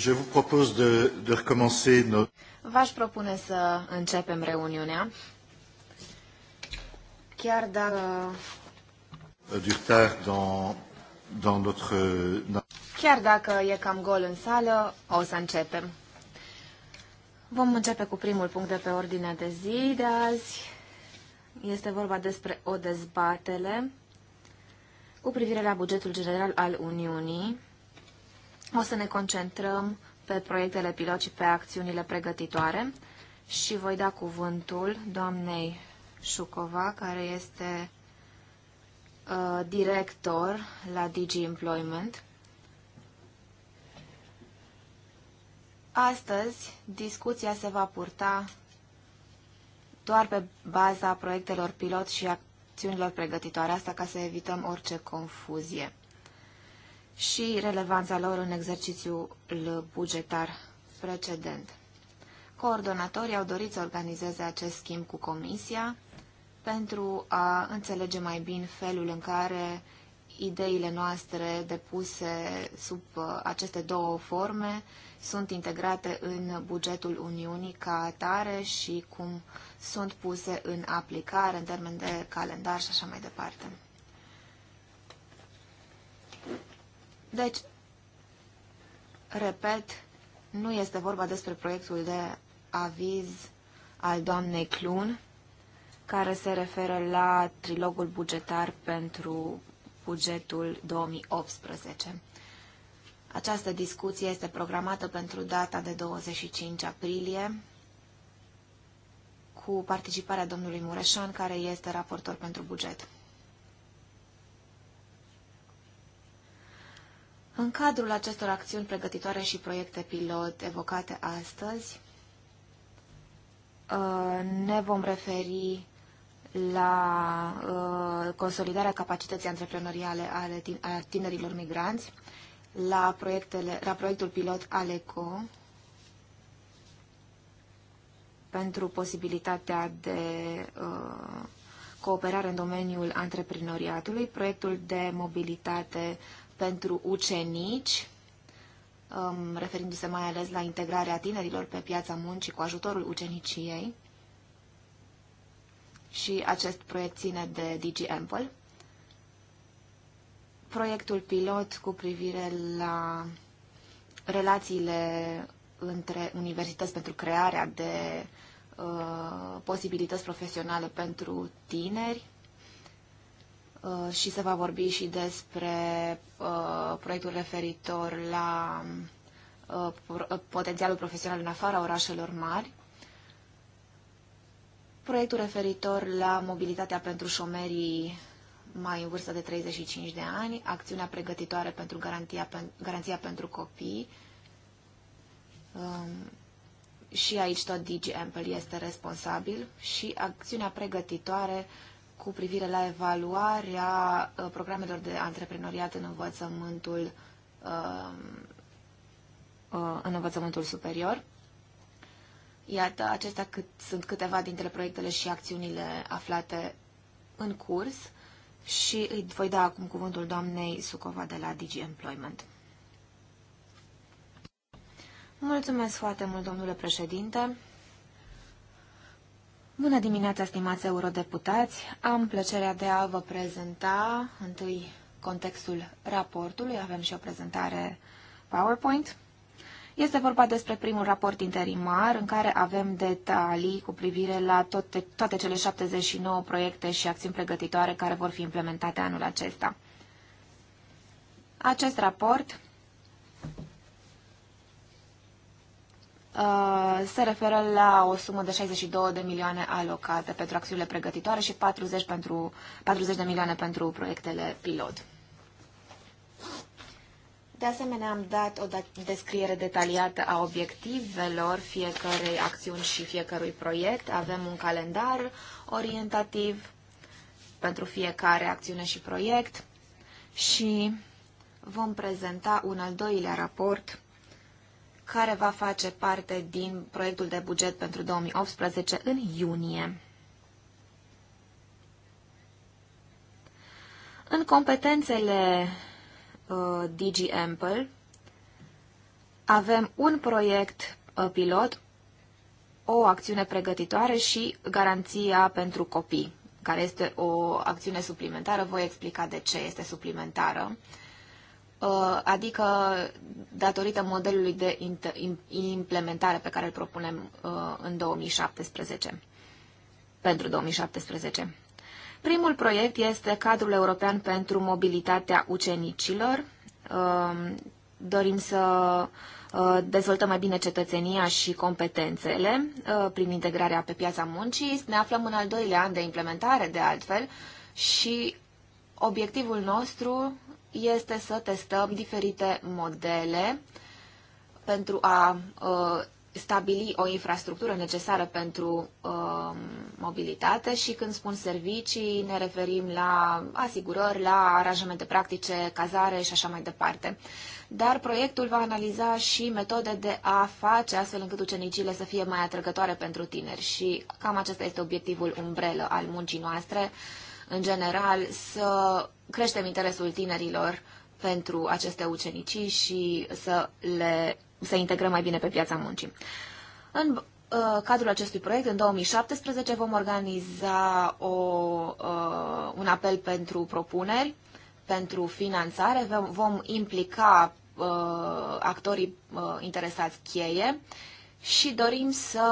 Je vous propose de, de recommencer notre... V-aș propune să începem reuniunea. Chiar dacă... Euh, du retard dans, dans notre... Chiar dacă e cam gol în sală, o să începem. Vom începe cu primul punct de pe ordinea de zi de azi. Este vorba despre o dezbatele cu privire la bugetul general al Uniunii o să ne concentrăm pe proiectele pilot și pe acțiunile pregătitoare și voi da cuvântul doamnei Șucova, care este uh, director la DG Employment. Astăzi, discuția se va purta doar pe baza proiectelor pilot și acțiunilor pregătitoare, asta ca să evităm orice confuzie și relevanța lor în exercițiul bugetar precedent. Coordonatorii au dorit să organizeze acest schimb cu Comisia pentru a înțelege mai bine felul în care ideile noastre depuse sub uh, aceste două forme sunt integrate în bugetul Uniunii ca atare și cum sunt puse în aplicare în termen de calendar și așa mai departe. Deci, repet, nu este vorba despre proiectul de aviz al doamnei Clun, care se referă la trilogul bugetar pentru bugetul 2018. Această discuție este programată pentru data de 25 aprilie cu participarea domnului Mureșan, care este raportor pentru buget. În cadrul acestor acțiuni pregătitoare și proiecte pilot evocate astăzi, uh, ne vom referi la uh, consolidarea capacității antreprenoriale ale tinerilor migranți, la, proiectele, la proiectul pilot ALECO pentru posibilitatea de uh, cooperare în domeniul antreprenoriatului, proiectul de mobilitate uh, pentru ucenici, um, referindu-se mai ales la integrarea tinerilor pe piața muncii cu ajutorul uceniciei. Și acest proiect ține de DG Ample. Proiectul pilot cu privire la relațiile între universități pentru crearea de uh, posibilități profesionale pentru tineri Uh, și se va vorbi și despre uh, proiectul referitor la uh, potențialul profesional în afara orașelor mari, proiectul referitor la mobilitatea pentru șomerii mai în vârstă de 35 de ani, acțiunea pregătitoare pentru garantia, garanția pentru copii. Um, și aici tot DG Ample este responsabil și acțiunea pregătitoare uh, cu privire la evaluarea uh, programelor de antreprenoriat în învățământul, uh, uh, în învățământul superior. Iată, acestea cât, sunt câteva dintre proiectele și acțiunile aflate în curs și îi voi da acum cuvântul doamnei Sucova de la Digi Employment. Mulțumesc foarte mult, domnule președinte. Bună dimineața, stimați eurodeputați! Am plăcerea de a vă prezenta întâi contextul raportului. Avem și o prezentare PowerPoint. Este vorba despre primul raport interimar în care avem detalii cu privire la toate, toate cele 79 proiecte și acțiuni pregătitoare care vor fi implementate anul acesta. Acest raport Uh, se referă la o sumă de 62 de milioane alocate pentru acțiunile pregătitoare și 40, pentru, 40 de milioane pentru proiectele pilot. De asemenea, am dat o da- descriere detaliată a obiectivelor fiecărei acțiuni și fiecărui proiect. Avem un calendar orientativ pentru fiecare acțiune și proiect și vom prezenta un al doilea raport care va face parte din proiectul de buget pentru 2018 în iunie. În competențele uh, DG Ample avem un proiect uh, pilot, o acțiune pregătitoare și garanția pentru copii, care este o acțiune suplimentară. Voi explica de ce este suplimentară. Uh, Uh, adică datorită modelului de implementare pe care îl propunem uh, în 2017, pentru 2017. Primul proiect este cadrul european pentru mobilitatea ucenicilor. Uh, dorim să dezvoltăm mai bine cetățenia și competențele prin integrarea pe piața muncii. Ne aflăm în al doilea an de implementare, de altfel, și obiectivul nostru este să testăm diferite modele pentru a uh, stabili o infrastructură necesară pentru uh, mobilitate și când spun servicii ne referim la asigurări, la aranjamente practice, cazare și așa mai departe. Dar proiectul va analiza și metode de a face astfel încât ucenicile să fie mai atrăgătoare pentru tineri și cam acesta este obiectivul umbrelă al muncii noastre uh, în general, să creștem interesul tinerilor pentru aceste ucenicii și să le să integrăm mai bine pe piața muncii. În uh, cadrul acestui proiect, în 2017, vom organiza o, uh, un apel pentru propuneri, pentru finanțare, vom, vom implica uh, actorii uh, interesați cheie și dorim să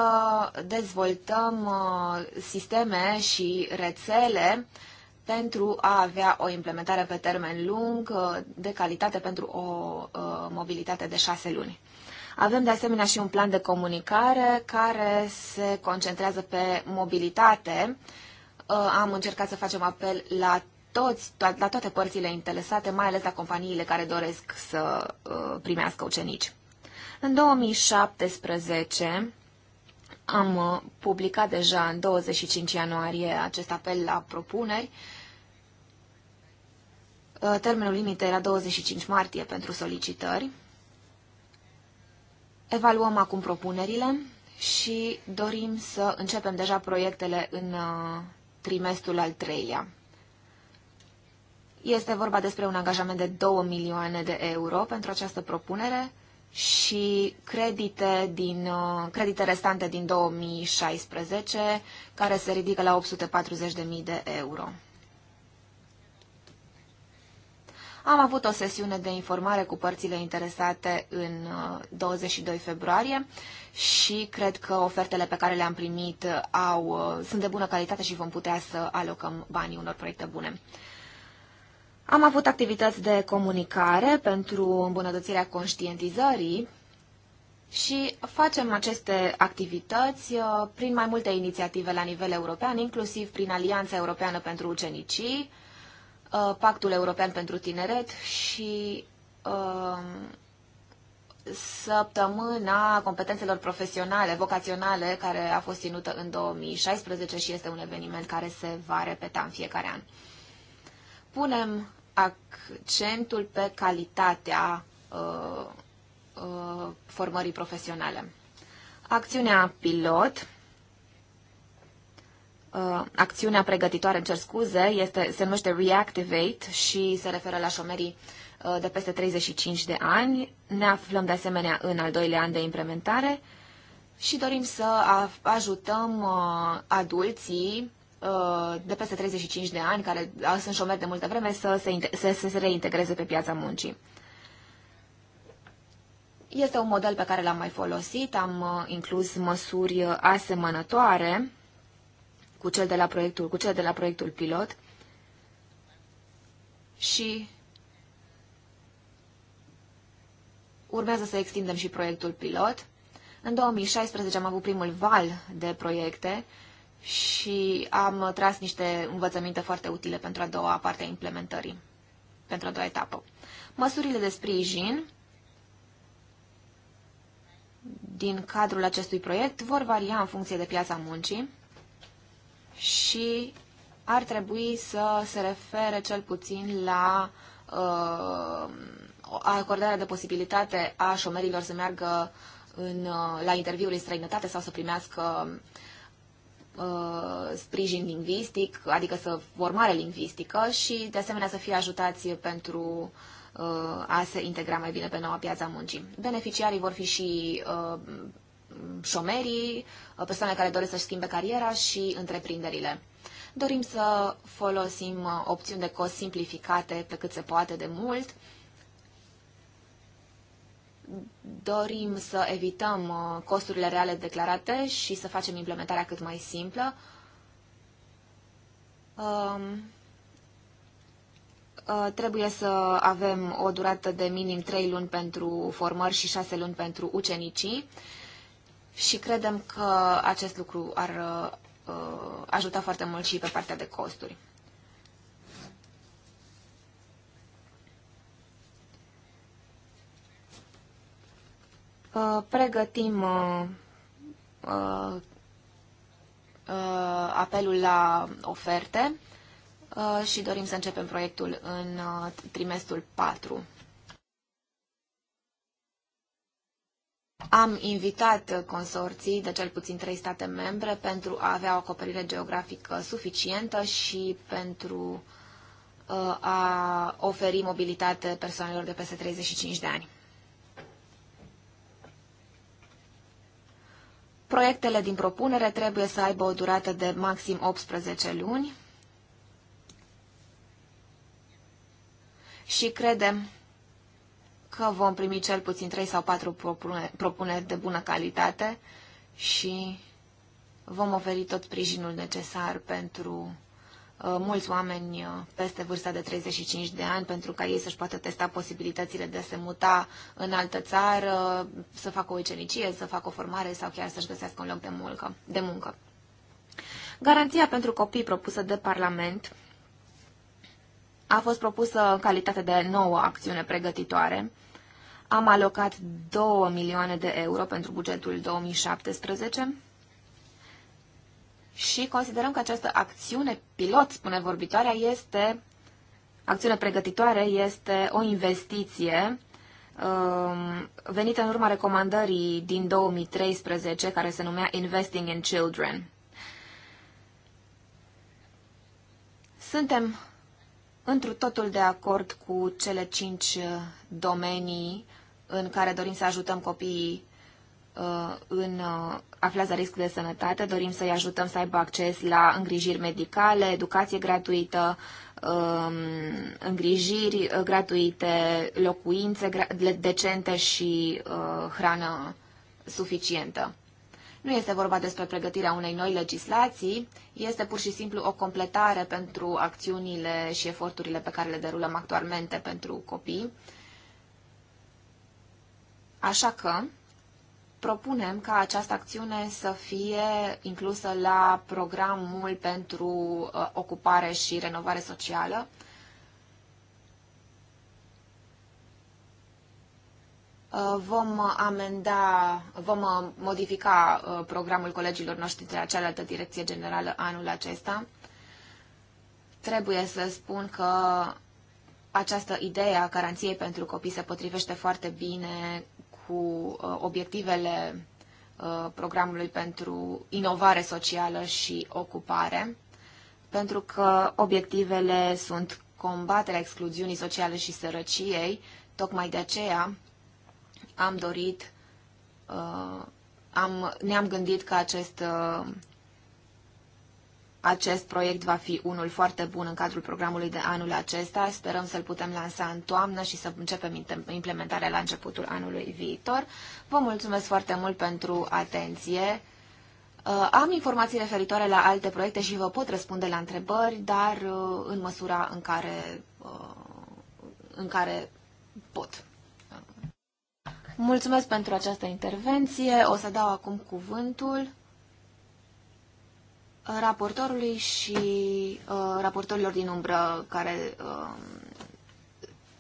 dezvoltăm uh, sisteme și rețele pentru a avea o implementare pe termen lung uh, de calitate pentru o uh, mobilitate de șase luni. Avem de asemenea și un plan de comunicare care se concentrează pe mobilitate. Am încercat să facem apel la toți, la toate părțile interesate, mai ales la companiile care doresc să primească ucenici. În 2017 am uh, publicat deja în 25 ianuarie acest apel la propuneri. Uh, termenul limită era 25 martie pentru solicitări. Evaluăm acum propunerile și dorim să începem deja proiectele în uh, trimestrul al treilea. Este vorba despre un angajament de 2 milioane de euro pentru această propunere și credite, din, uh, credite restante din 2016, care se ridică la 840.000 de euro. Am avut o sesiune de informare cu părțile interesate în 22 uh, februarie și cred că ofertele pe care le-am primit au, uh, sunt de bună calitate și vom putea să alocăm banii unor proiecte bune. Am avut activități de comunicare pentru îmbunătățirea conștientizării și facem aceste activități uh, prin mai multe inițiative la nivel european, inclusiv prin Alianța Europeană pentru Ucenicii, uh, Pactul European pentru Tineret și uh, săptămâna competențelor profesionale, vocaționale, care a fost ținută în 2016 și este un eveniment care se va repeta în fiecare an. Punem accentul pe calitatea uh, uh, formării profesionale. Acțiunea pilot, uh, acțiunea pregătitoare, îmi cer scuze, este, se numește Reactivate și se referă la șomerii uh, de peste 35 de ani. Ne aflăm de asemenea în al doilea an de implementare și dorim să ajutăm uh, adulții Uh, de peste 35 de ani, care uh, sunt șomeri de multă vreme, să se, să se reintegreze pe piața muncii. Este un model pe care l-am mai folosit, am uh, inclus măsuri asemănătoare cu cel de la proiectul, cu cel de la proiectul pilot și urmează să extindem și proiectul pilot. În 2016 am avut primul val de proiecte și am tras niște învățăminte foarte utile pentru a doua parte a implementării, pentru a doua etapă. Măsurile de sprijin din cadrul acestui proiect vor varia în funcție de piața muncii și ar trebui să se refere cel puțin la uh, acordarea de posibilitate a șomerilor să meargă în, uh, la interviuri în străinătate sau să primească Uh, sprijin lingvistic, adică să formare lingvistică și de asemenea să fie ajutați pentru uh, a se integra mai bine pe noua piața muncii. Beneficiarii vor fi și uh, șomerii, uh, persoane care doresc să-și schimbe cariera și întreprinderile. Dorim să folosim uh, opțiuni de cost simplificate pe cât se poate de mult, uh, dorim să evităm uh, costurile reale declarate și să facem implementarea cât mai simplă. Um, uh, trebuie să avem o durată de minim 3 luni pentru formări și 6 luni pentru ucenicii și credem că acest lucru ar uh, ajuta foarte mult și pe partea de costuri. pregătim uh, uh, uh, apelul la oferte și dorim să începem proiectul în trimestrul 4. Am invitat consorții de cel puțin trei state membre pentru a avea o acoperire geografică suficientă și pentru a oferi mobilitate persoanelor de peste 35 de ani. Proiectele din propunere trebuie să aibă o durată de maxim 18 luni și credem că vom primi cel puțin 3 sau 4 propuneri de bună calitate și vom oferi tot sprijinul necesar pentru Uh, mulți oameni uh, peste vârsta de 35 de ani pentru ca ei să-și poată testa posibilitățile de a se muta în altă țară, să facă o ucenicie, să facă o formare sau chiar să-și găsească un loc de muncă. De muncă. Garanția pentru copii propusă de Parlament a fost propusă în calitate de nouă acțiune pregătitoare. Am alocat 2 milioane de euro pentru bugetul 2017 și considerăm că această acțiune pilot, spune vorbitoarea, este, acțiune pregătitoare, este o investiție um, venită în urma recomandării din 2013, care se numea Investing in Children. Suntem întru totul de acord cu cele cinci domenii în care dorim să ajutăm copiii Uh, în, uh, aflați la risc de sănătate, dorim să-i ajutăm să aibă acces la îngrijiri medicale, educație gratuită, um, îngrijiri uh, gratuite, locuințe decente și hrană suficientă. Nu este vorba despre pregătirea unei noi legislații, este pur și simplu o completare pentru acțiunile și eforturile pe care le derulăm actualmente pentru copii. Așa că propunem ca această acțiune să fie inclusă la programul pentru uh, ocupare și renovare socială. Uh, vom amenda, vom uh, modifica programul colegilor noștri de la cealaltă direcție generală anul acesta. Trebuie să spun că această idee a garanției pentru copii se potrivește foarte bine cu uh, obiectivele uh, programului pentru inovare socială și ocupare, pentru că obiectivele sunt combaterea excluziunii sociale și sărăciei. Tocmai de aceea am dorit, uh, am, ne-am gândit că acest acest proiect va fi unul foarte bun în cadrul programului de anul acesta. Sperăm să-l putem lansa în toamnă și să începem implementarea la începutul anului viitor. Vă mulțumesc foarte mult pentru atenție. Uh, am informații referitoare la alte proiecte și vă pot răspunde la întrebări, dar uh, în măsura în care, uh, în care pot. Mulțumesc pentru această intervenție. O să dau acum cuvântul raportorului și uh, raportorilor din umbră care uh,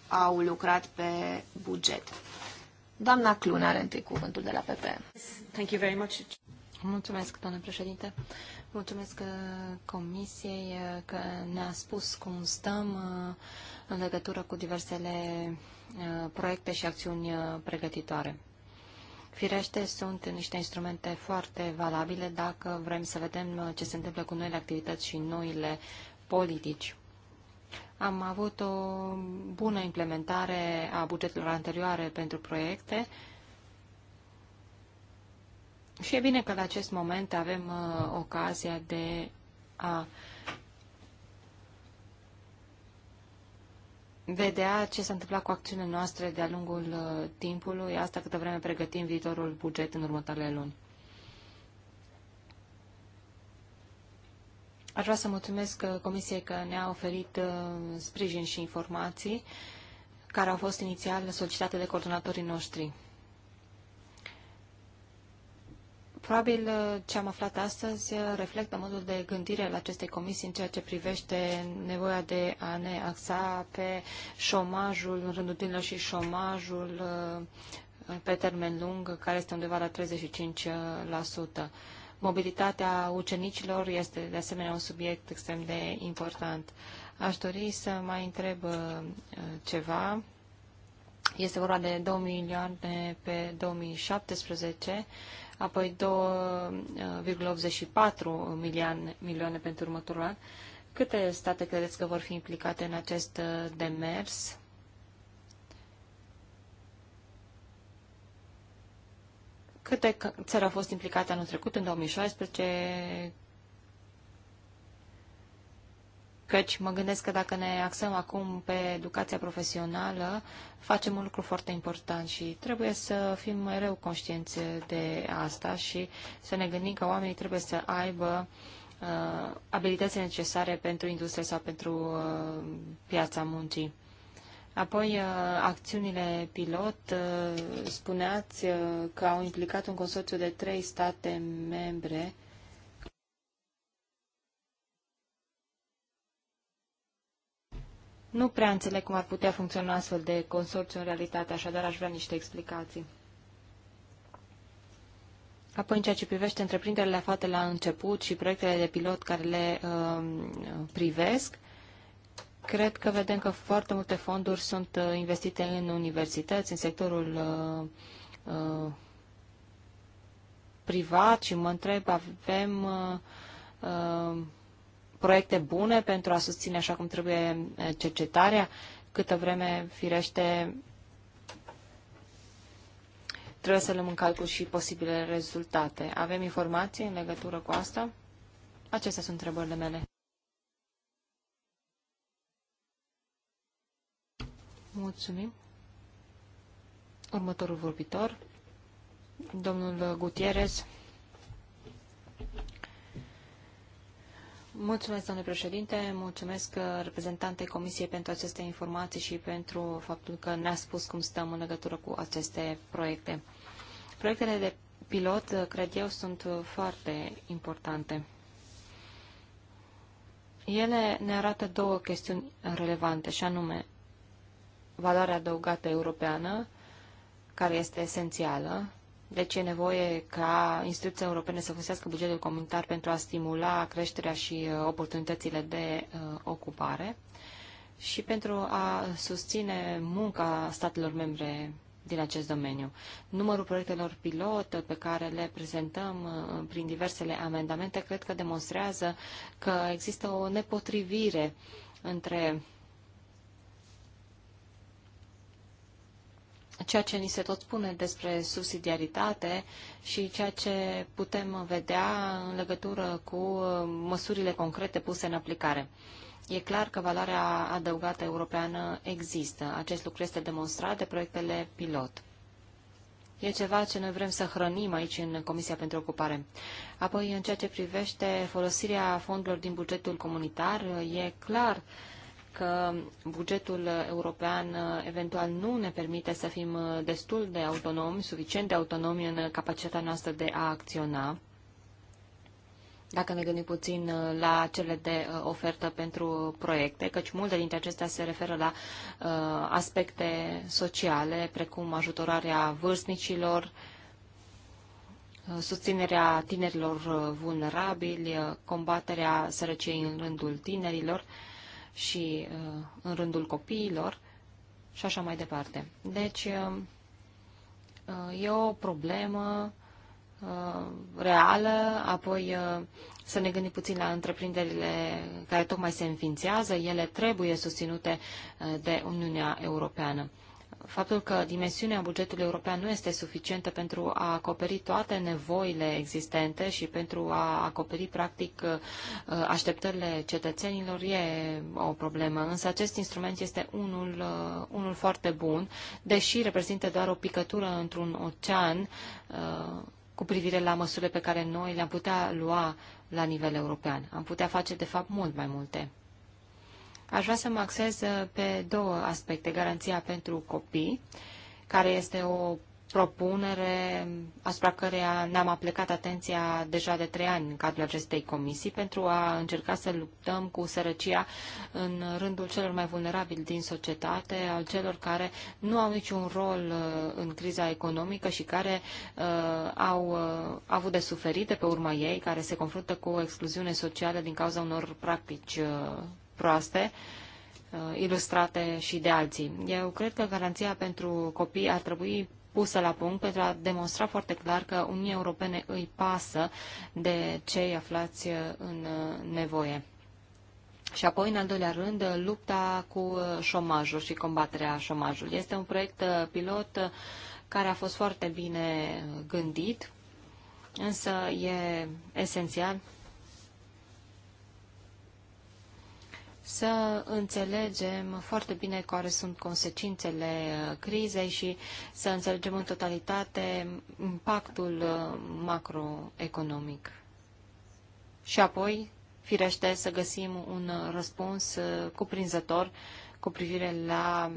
au lucrat pe buget. Doamna Clun are întâi cuvântul de la PP. Thank you very much. Mulțumesc, doamnă președinte. Mulțumesc uh, comisiei uh, că ne-a spus cum stăm uh, în legătură cu diversele proiecte și acțiuni pregătitoare. Firește, sunt niște instrumente foarte valabile dacă vrem să vedem uh, ce se întâmplă cu noile activități și noile politici. Am avut o bună implementare a bugetelor anterioare pentru proiecte și e bine că la acest moment avem uh, ocazia de a vedea ce s-a întâmplat cu acțiunile noastre de-a lungul uh, timpului, asta câtă vreme pregătim viitorul buget în următoarele luni. Aș vrea să mulțumesc uh, Comisiei că ne-a oferit uh, sprijin și informații care au fost inițial solicitate de coordonatorii noștri. Probabil uh, ce am aflat astăzi uh, reflectă modul de gândire al acestei comisii în ceea ce privește nevoia de a ne axa pe șomajul în rândul tinerilor și șomajul uh, pe termen lung, care este undeva la 35%. Mobilitatea ucenicilor este de asemenea un subiect extrem de important. Aș dori să mai întreb ceva. Este vorba de 2 milioane pe 2017 apoi 2,84 uh, milioane, milioane pentru următorul an. Câte state credeți că vor fi implicate în acest uh, demers? Câte țări au fost implicate anul trecut, în 2016? Căci mă gândesc că dacă ne axăm acum pe educația profesională, facem un lucru foarte important și trebuie să fim mereu conștienți de asta și să ne gândim că oamenii trebuie să aibă uh, abilitățile necesare pentru industrie sau pentru uh, piața muncii. Apoi, uh, acțiunile pilot, uh, spuneați uh, că au implicat un consorțiu de trei state membre Nu prea înțeleg cum ar putea funcționa astfel de consorțiu în realitate, așadar aș vrea niște explicații. Apoi, în ceea ce privește întreprinderile aflate la început și proiectele de pilot care le uh, privesc, cred că vedem că foarte multe fonduri sunt uh, investite în universități, în sectorul uh, uh, privat și mă întreb, avem uh, uh proiecte bune pentru a susține așa cum trebuie cercetarea, câtă vreme, firește, trebuie să luăm în calcul și posibile rezultate. Avem informații în legătură cu asta? Acestea sunt întrebările mele. Mulțumim. Următorul vorbitor, domnul Gutierrez. Mulțumesc, domnule președinte, mulțumesc uh, reprezentantei Comisiei pentru aceste informații și pentru faptul că ne-a spus cum stăm în legătură cu aceste proiecte. Proiectele de pilot, uh, cred eu, sunt uh, foarte importante. Ele ne arată două chestiuni relevante, și anume valoarea adăugată europeană, care este esențială, deci e nevoie ca instituția europene să folosească bugetul comunitar pentru a stimula creșterea și uh, oportunitățile de uh, ocupare și pentru a susține munca statelor membre din acest domeniu. Numărul proiectelor pilot pe care le prezentăm uh, prin diversele amendamente cred că demonstrează că există o nepotrivire între ceea ce ni se tot spune despre subsidiaritate și ceea ce putem vedea în legătură cu uh, măsurile concrete puse în aplicare. E clar că valoarea adăugată europeană există. Acest lucru este demonstrat de proiectele pilot. E ceva ce noi vrem să hrănim aici în Comisia pentru Ocupare. Apoi, în ceea ce privește folosirea fondurilor din bugetul comunitar, e clar uh, că bugetul european uh, eventual nu ne permite să fim uh, destul de autonomi, suficient de autonomi în uh, capacitatea noastră de a acționa. Dacă ne gândim puțin la cele de ofertă pentru proiecte, căci multe dintre acestea se referă la aspecte sociale, precum ajutorarea vârstnicilor, susținerea tinerilor vulnerabili, combaterea sărăciei în rândul tinerilor, și uh, în rândul copiilor și așa mai departe. Deci, uh, uh, e o problemă reală, apoi să ne gândim puțin la întreprinderile care tocmai se înființează, ele trebuie susținute de Uniunea Europeană faptul că dimensiunea bugetului european nu este suficientă pentru a acoperi toate nevoile existente și pentru a acoperi, practic, uh, așteptările cetățenilor e o problemă. Însă acest instrument este unul, uh, unul foarte bun, deși reprezintă doar o picătură într-un ocean uh, cu privire la măsurile pe care noi le-am putea lua la nivel european. Am putea face, de fapt, mult mai multe. Aș vrea să mă axez uh, pe două aspecte. Garanția pentru copii, care este o propunere asupra căreia ne-am aplicat atenția deja de trei ani în cadrul acestei comisii pentru a încerca să luptăm cu sărăcia în rândul celor mai vulnerabili din societate, al celor care nu au niciun rol uh, în criza economică și care uh, au uh, avut de suferit de pe urma ei, care se confruntă cu o excluziune socială din cauza unor practici uh, proaste uh, ilustrate și de alții. Eu cred că garanția pentru copii ar trebui pusă la punct pentru a demonstra foarte clar că Uniunea Europene îi pasă de cei aflați uh, în uh, nevoie. Și apoi, în al doilea rând, lupta cu șomajul și combaterea șomajului. Este un proiect pilot care a fost foarte bine gândit, însă e esențial să înțelegem foarte bine care sunt consecințele crizei și să înțelegem în totalitate impactul uh, macroeconomic. Și apoi, firește, să găsim un răspuns uh, cuprinzător cu privire la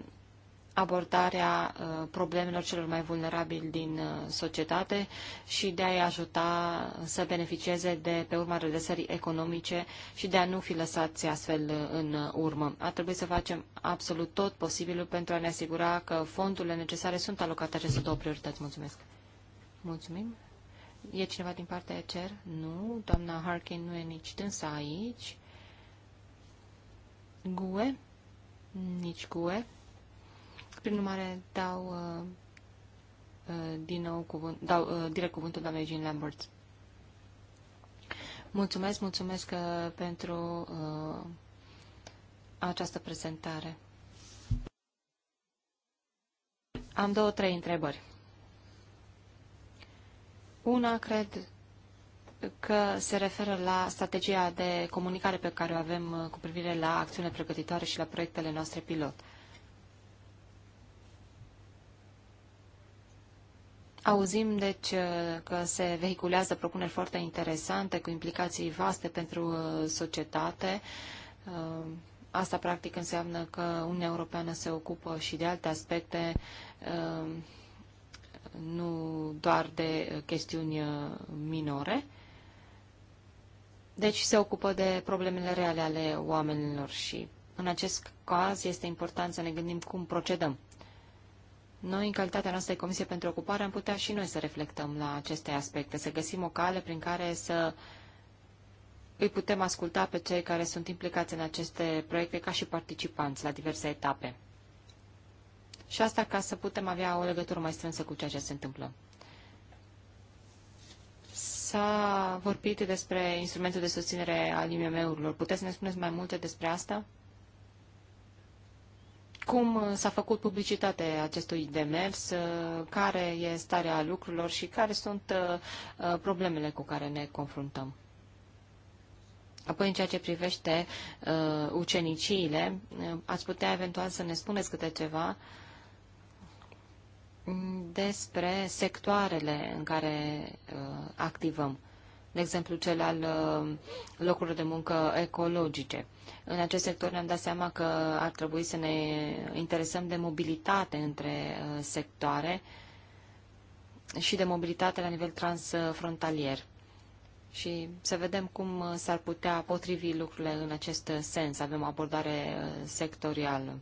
abordarea uh, problemelor celor mai vulnerabili din uh, societate și de a-i ajuta uh, să beneficieze de pe urma redresării economice și de a nu fi lăsați astfel în urmă. A trebui să facem absolut tot posibilul pentru a ne asigura că fondurile necesare sunt alocate acestor două priorități. Mulțumesc! Mulțumim! E cineva din partea CER? Nu. Doamna Harkin nu e nici dânsa aici. GUE? Nici GUE. Prin urmare, dau uh, uh, din nou cuvânt, dau, uh, direct cuvântul doamnei Jean Lambert. Mulțumesc, mulțumesc uh, pentru uh, această prezentare. Am două, trei întrebări. Una, cred că se referă la strategia de comunicare pe care o avem uh, cu privire la acțiune pregătitoare și la proiectele noastre pilot. Auzim, deci, uh, că se vehiculează propuneri foarte interesante, cu implicații vaste pentru uh, societate. Uh, asta, practic, înseamnă că Uniunea Europeană se ocupă și de alte aspecte, nu doar de chestiuni minore. Deci se ocupă de problemele reale ale oamenilor și în acest caz este important să ne gândim cum procedăm. Noi, în calitatea noastră de Comisie pentru Ocupare, am putea și noi să reflectăm la aceste aspecte, să găsim o cale prin care să îi putem asculta pe cei care sunt implicați în aceste proiecte ca și participanți la diverse etape. Și asta ca să putem avea o legătură mai strânsă cu ceea ce se întâmplă. S-a vorbit despre instrumentul de susținere al IMM-urilor. Puteți să ne spuneți mai multe despre asta? cum s-a făcut publicitate acestui demers, uh, care e starea lucrurilor și care sunt uh, uh, problemele cu care ne confruntăm. Apoi, în ceea ce privește uh, uceniciile, ați putea eventual să ne spuneți câte ceva mm, despre sectoarele în care uh, activăm de exemplu cel al uh, locurilor de muncă ecologice. În acest sector ne-am dat seama că ar trebui să ne interesăm de mobilitate între uh, sectoare și de mobilitate la nivel transfrontalier. Și să vedem cum uh, s-ar putea potrivi lucrurile în acest sens. Avem o abordare sectorială.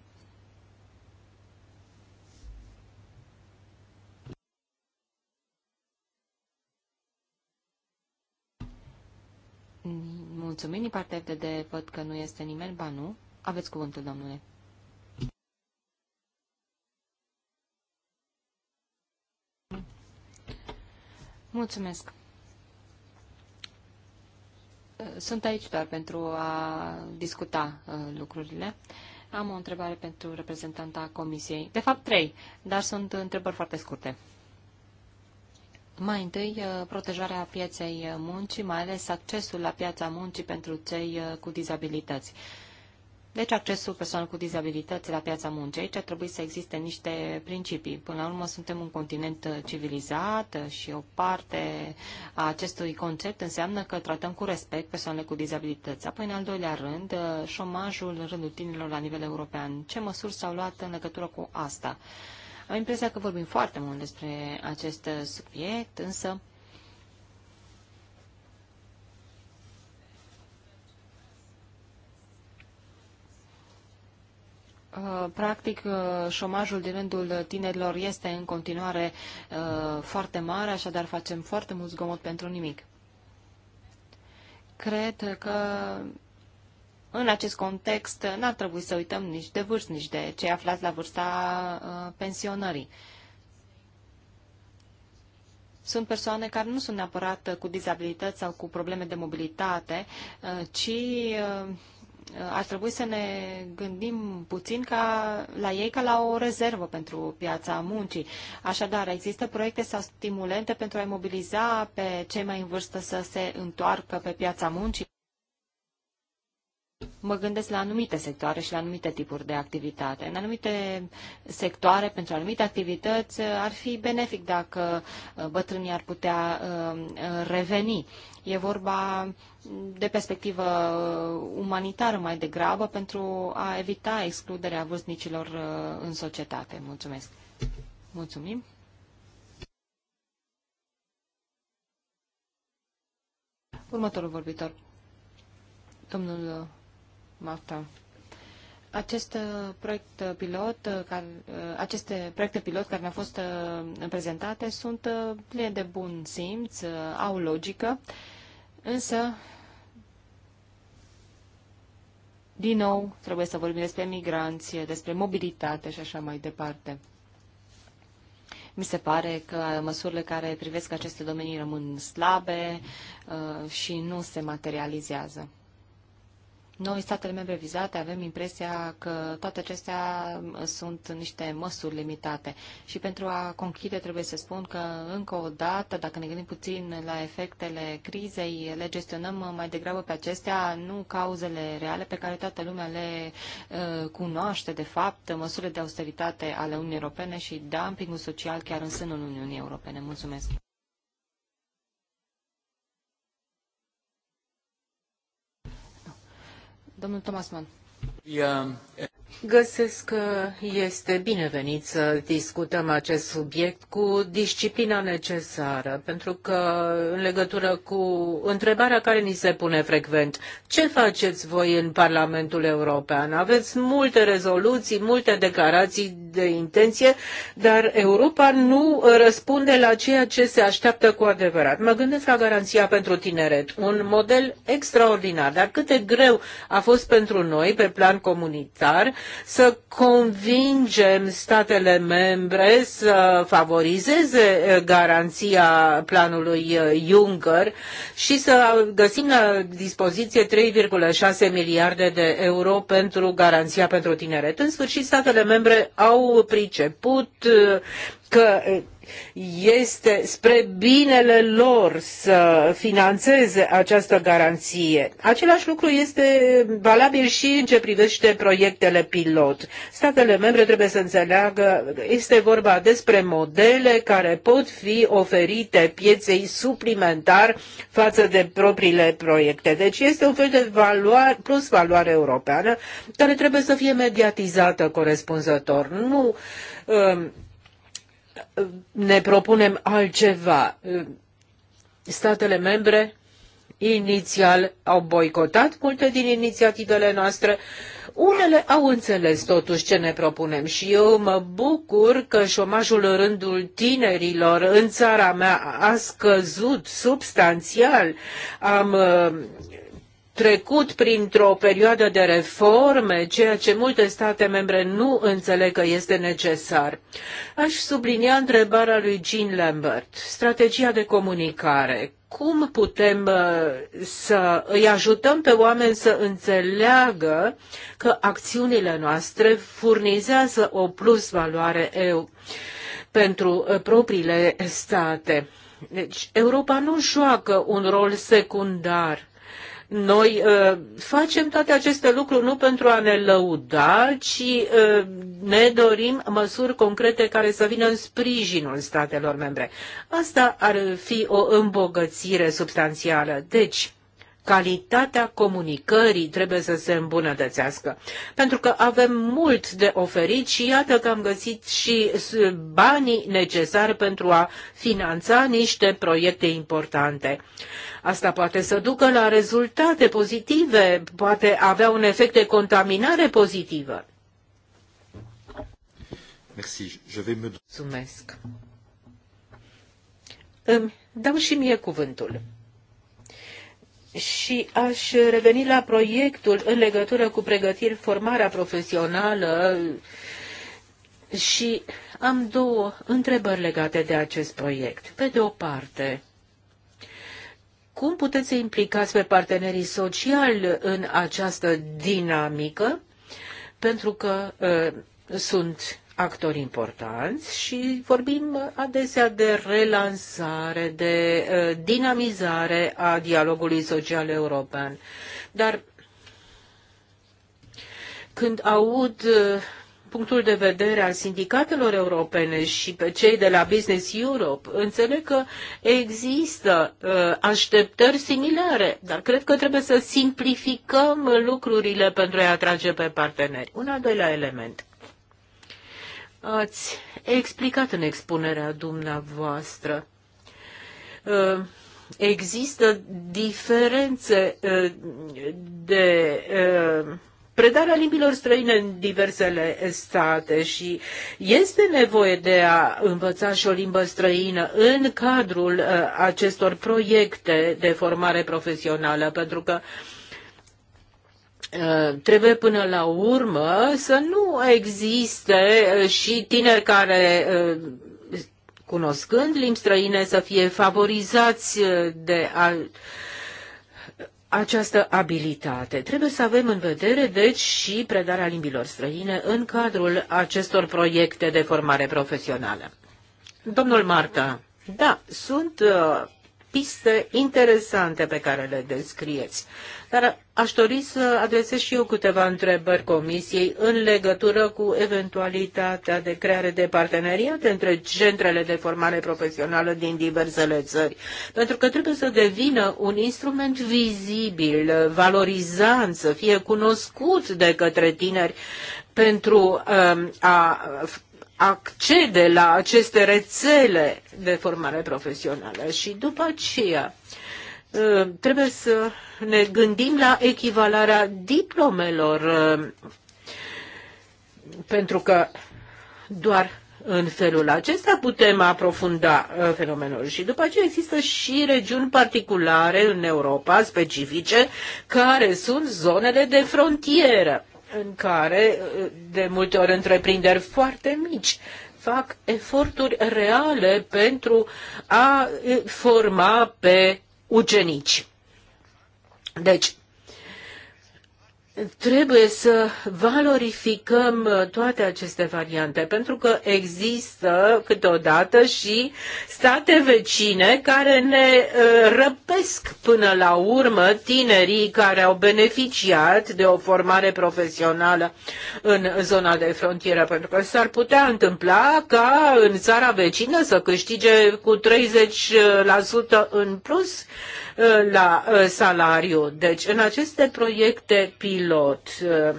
Mulțumim din partea FDD, văd că nu este nimeni, ba nu. Aveți cuvântul, domnule. Mulțumesc. Sunt aici doar pentru a discuta uh, lucrurile. Am o întrebare pentru reprezentanta Comisiei. De fapt, trei, dar sunt întrebări foarte scurte. Mai întâi, uh, protejarea pieței uh, muncii, mai ales accesul la piața muncii pentru cei uh, cu dizabilități. Deci accesul persoanelor cu dizabilități la piața muncii, aici trebuie să existe niște principii. Până la urmă suntem un continent civilizat și o parte a acestui concept înseamnă că tratăm cu respect persoanele cu dizabilități. Apoi, în al doilea rând, șomajul în rândul tinerilor la nivel european. Ce măsuri s-au luat în legătură cu asta? Am impresia că vorbim foarte mult despre acest subiect, însă uh, Practic, uh, șomajul din rândul tinerilor este în continuare uh, foarte mare, așadar facem foarte mult zgomot pentru nimic. Cred că în acest context n-ar trebui să uităm nici de vârst, nici de cei aflați la vârsta uh, pensionării. Sunt persoane care nu sunt neapărat cu dizabilități sau cu probleme de mobilitate, uh, ci uh, ar trebui să ne gândim puțin ca la ei ca la o rezervă pentru piața muncii. Așadar, există proiecte sau stimulente pentru a mobiliza pe cei mai în vârstă să se întoarcă pe piața muncii? Mă gândesc la anumite sectoare și la anumite tipuri de activitate. În anumite sectoare, pentru anumite activități, ar fi benefic dacă uh, bătrânii ar putea uh, uh, reveni. E vorba de perspectivă umanitară mai degrabă pentru a evita excluderea vârstnicilor în societate. Mulțumesc. Mulțumim. Următorul vorbitor. Domnul Marta. Acest uh, proiect uh, pilot, uh, care, aceste proiecte pilot care ne-au fost prezentate sunt pline de bun simț, au logică, însă, din nou, trebuie să vorbim despre migranție, despre mobilitate și așa mai departe. Mi se pare că măsurile care privesc aceste domenii rămân slabe și nu se materializează. Noi, statele membre vizate, avem impresia că toate acestea sunt niște măsuri limitate. Și pentru a conchide, trebuie să spun că, încă o dată, dacă ne gândim puțin la efectele crizei, le gestionăm mai degrabă pe acestea, nu cauzele reale pe care toată lumea le uh, cunoaște, de fapt, măsurile de austeritate ale Uniunii Europene și dumpingul social chiar în sânul Uniunii Europene. Mulțumesc! Domnul Thomas Mann. Găsesc că este binevenit să discutăm acest subiect cu disciplina necesară, pentru că în legătură cu întrebarea care ni se pune frecvent, ce faceți voi în Parlamentul European? Aveți multe rezoluții, multe declarații de intenție, dar Europa nu răspunde la ceea ce se așteaptă cu adevărat. Mă gândesc la garanția pentru tineret, un model extraordinar, dar cât de greu a fost pentru noi pe plan comunitar să convingem statele membre să favorizeze eh, garanția planului eh, Juncker și să găsim la dispoziție 3,6 miliarde de euro pentru garanția pentru tineret. În sfârșit, statele membre au priceput eh, că este spre binele lor să financeze această garanție. Același lucru este valabil și în ce privește proiectele pilot. Statele membre trebuie să înțeleagă, este vorba despre modele care pot fi oferite pieței suplimentar față de propriile proiecte. Deci este un fel de valoare, plus valoare europeană care trebuie să fie mediatizată corespunzător. Nu um, ne propunem altceva. Statele membre inițial au boicotat multe din inițiativele noastre, unele au înțeles totuși ce ne propunem și eu mă bucur că șomajul în rândul tinerilor în țara mea a scăzut substanțial. Am trecut printr-o perioadă de reforme, ceea ce multe state membre nu înțeleg că este necesar. Aș sublinia întrebarea lui Jean Lambert. Strategia de comunicare. Cum putem uh, să îi ajutăm pe oameni să înțeleagă că acțiunile noastre furnizează o plus valoare eu pentru uh, propriile state? Deci, Europa nu joacă un rol secundar noi uh, facem toate aceste lucruri nu pentru a ne lăuda, ci uh, ne dorim măsuri concrete care să vină în sprijinul statelor membre. Asta ar fi o îmbogățire substanțială. Deci, calitatea comunicării trebuie să se îmbunătățească. Pentru că avem mult de oferit și iată că am găsit și banii necesari pentru a finanța niște proiecte importante. Asta poate să ducă la rezultate pozitive, poate avea un efect de contaminare pozitivă. Merci. Je vais me... Mulțumesc. Îmi dau și mie cuvântul și aș reveni la proiectul în legătură cu pregătiri, formarea profesională și am două întrebări legate de acest proiect. Pe de o parte, cum puteți să implicați pe partenerii sociali în această dinamică? Pentru că uh, sunt actori importanți și vorbim adesea de relansare, de uh, dinamizare a dialogului social european. Dar când aud uh, punctul de vedere al sindicatelor europene și pe cei de la Business Europe, înțeleg că există uh, așteptări similare, dar cred că trebuie să simplificăm lucrurile pentru a-i atrage pe parteneri. Un al doilea element ați explicat în expunerea dumneavoastră. Uh, există diferențe uh, de uh, predarea limbilor străine în diversele state și este nevoie de a învăța și o limbă străină în cadrul acestor proiecte de formare profesională, pentru că uh, Eh, trebuie până la urmă să nu existe eh, și tineri care eh, cunoscând limbi străine să fie favorizați de a, această abilitate. Trebuie să avem în vedere, deci, și predarea limbilor străine în cadrul acestor proiecte de formare profesională. Domnul Marta, da, sunt uh, piste interesante pe care le descrieți. Dar aș dori să adresez și eu câteva întrebări Comisiei în legătură cu eventualitatea de creare de parteneriate între centrele de formare profesională din diversele țări. Pentru că trebuie să devină un instrument vizibil, valorizant, să fie cunoscut de către tineri pentru um, a accede la aceste rețele de formare profesională și după aceea ă, trebuie să ne gândim la echivalarea diplomelor ă, pentru că doar în felul acesta putem aprofunda ă, fenomenul. Și după aceea există și regiuni particulare în Europa, specifice, care sunt zonele de frontieră în care de multe ori întreprinderi foarte mici fac eforturi reale pentru a forma pe ucenici. Deci, Trebuie să valorificăm toate aceste variante, pentru că există câteodată și state vecine care ne uh, răpesc până la urmă tinerii care au beneficiat de o formare profesională în zona de frontieră, pentru că s-ar putea întâmpla ca în țara vecină să câștige cu 30% în plus Uh, la uh, salariu. Deci, în aceste proiecte pilot uh,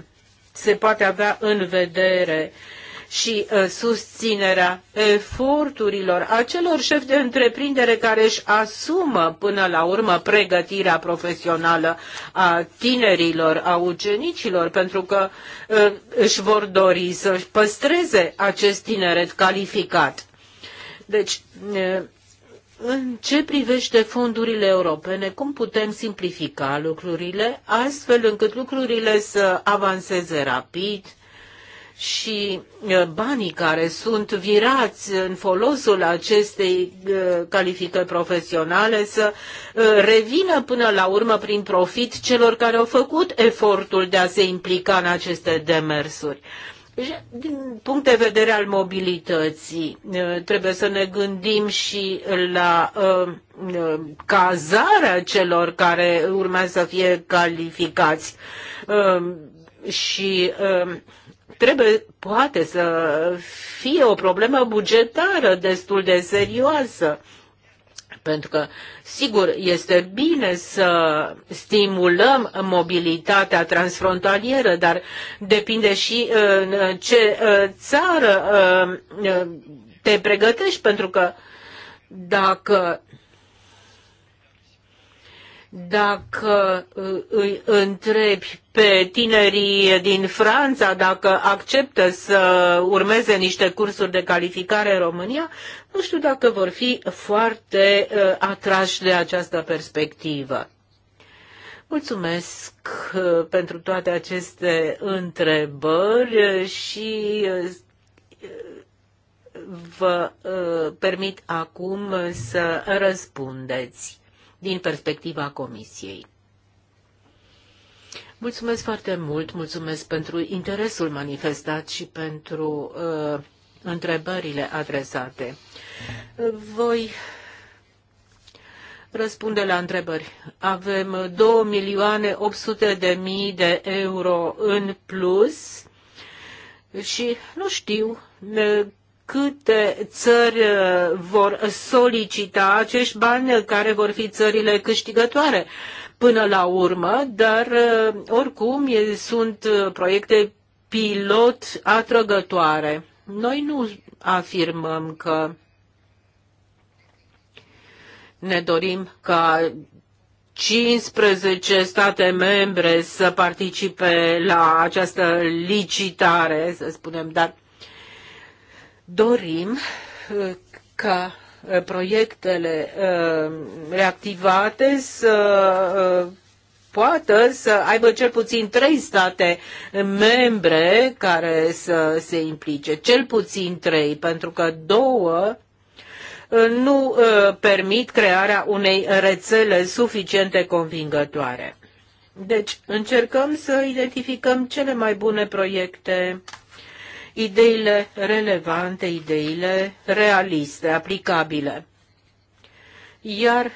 se poate avea în vedere și susținerea eforturilor acelor șefi de întreprindere care își asumă până la urmă pregătirea profesională a tinerilor, a ucenicilor, pentru că își vor dori să și păstreze acest tineret calificat. Deci, în ce privește fondurile europene, cum putem simplifica lucrurile astfel încât lucrurile să avanseze rapid și uh, banii care sunt virați în folosul acestei uh, calificări profesionale să uh, revină până la urmă prin profit celor care au făcut efortul de a se implica în aceste demersuri. Din punct de vedere al mobilității, trebuie să ne gândim și la cazarea celor care urmează să fie calificați și trebuie poate să fie o problemă bugetară destul de serioasă. Pentru că, sigur, este bine să stimulăm mobilitatea transfrontalieră, dar depinde și uh, în ce uh, țară uh, te pregătești, pentru că dacă dacă ă, îi întrebi pe tinerii din Franța dacă acceptă să urmeze niște cursuri de calificare în România, nu știu dacă vor fi foarte ă, atrași de această perspectivă. Mulțumesc ă, pentru toate aceste întrebări și vă permit acum să răspundeți din perspectiva Comisiei. Mulțumesc foarte mult, mulțumesc pentru interesul manifestat și pentru uh, întrebările adresate. Voi răspunde la întrebări. Avem 2 milioane 800 de mii de euro în plus și nu știu câte țări uh, vor solicita acești bani, care vor fi țările câștigătoare până la urmă, dar uh, oricum sunt uh, proiecte pilot atrăgătoare. Noi nu afirmăm că ne dorim ca 15 state membre să participe la această licitare, să spunem, dar dorim uh, ca uh, proiectele uh, reactivate să poată să aibă cel puțin trei state membre care să se implice, cel puțin trei, pentru că două nu permit crearea unei rețele suficiente convingătoare. Deci, încercăm să identificăm cele mai bune proiecte ideile relevante, ideile realiste, aplicabile. Iar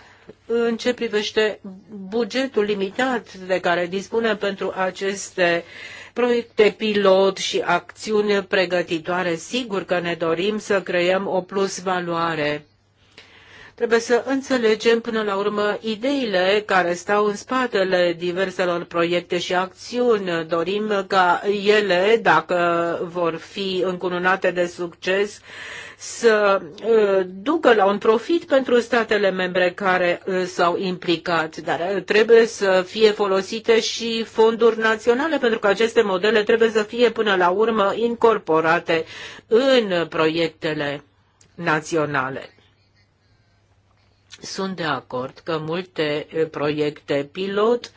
în ce privește bugetul limitat de care dispunem pentru aceste proiecte pilot și acțiuni pregătitoare, sigur că ne dorim să creăm o plus valoare Trebuie să înțelegem până la urmă ideile care stau în spatele diverselor proiecte și acțiuni. Dorim ca ele, dacă vor fi încununate de succes, să uh, ducă la un profit pentru statele membre care uh, s-au implicat, dar uh, trebuie să fie folosite și fonduri naționale, pentru că aceste modele trebuie să fie până la urmă incorporate în proiectele naționale sunt de acord că multe proiecte pilot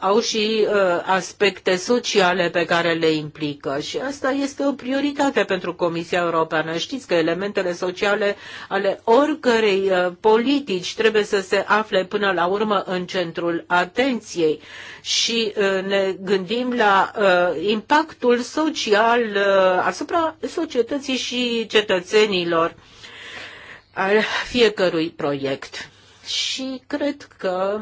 au și aspecte sociale pe care le implică și asta este o prioritate pentru Comisia Europeană. Știți că elementele sociale ale oricărei politici trebuie să se afle până la urmă în centrul atenției și ne gândim la impactul social asupra societății și cetățenilor al fiecărui proiect. Și cred că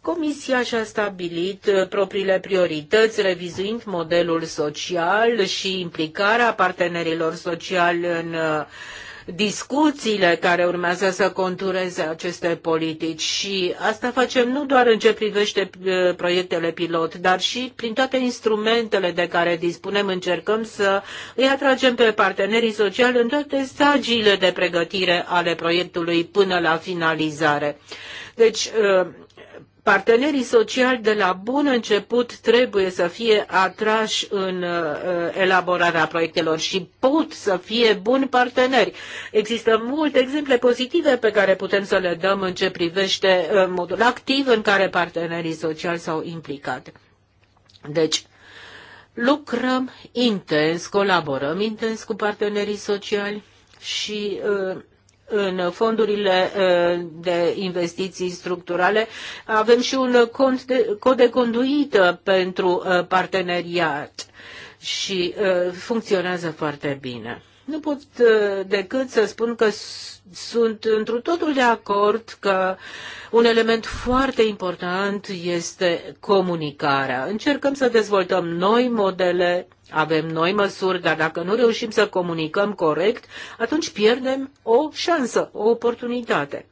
Comisia și-a stabilit propriile priorități, revizuind modelul social și implicarea partenerilor sociali în uh, discuțiile care urmează să contureze aceste politici și asta facem nu doar în ce privește uh, proiectele pilot, dar și prin toate instrumentele de care dispunem încercăm să îi atragem pe partenerii sociali în toate stagiile de pregătire ale proiectului până la finalizare. Deci uh, Partenerii sociali de la bun început trebuie să fie atrași în uh, elaborarea proiectelor și pot să fie buni parteneri. Există multe exemple pozitive pe care putem să le dăm în ce privește uh, modul activ în care partenerii sociali s-au implicat. Deci, lucrăm intens, colaborăm intens cu partenerii sociali și uh, în fondurile uh, de investiții structurale, avem și un cont de, cod de conduită pentru uh, parteneriat și uh, funcționează foarte bine. Nu pot decât să spun că sunt într totul de acord că un element foarte important este comunicarea. Încercăm să dezvoltăm noi modele avem noi măsuri, dar dacă nu reușim să comunicăm corect, atunci pierdem o șansă, o oportunitate.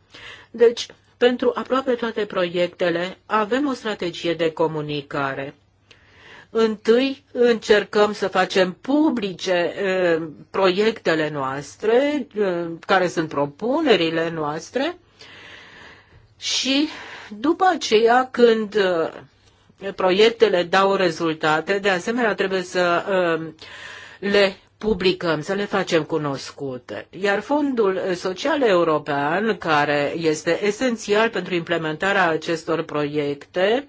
Deci, pentru aproape toate proiectele avem o strategie de comunicare. Întâi încercăm să facem publice e, proiectele noastre, e, care sunt propunerile noastre, și după aceea când proiectele dau rezultate, de asemenea trebuie să um, le publicăm, să le facem cunoscute. Iar Fondul Social European, care este esențial pentru implementarea acestor proiecte,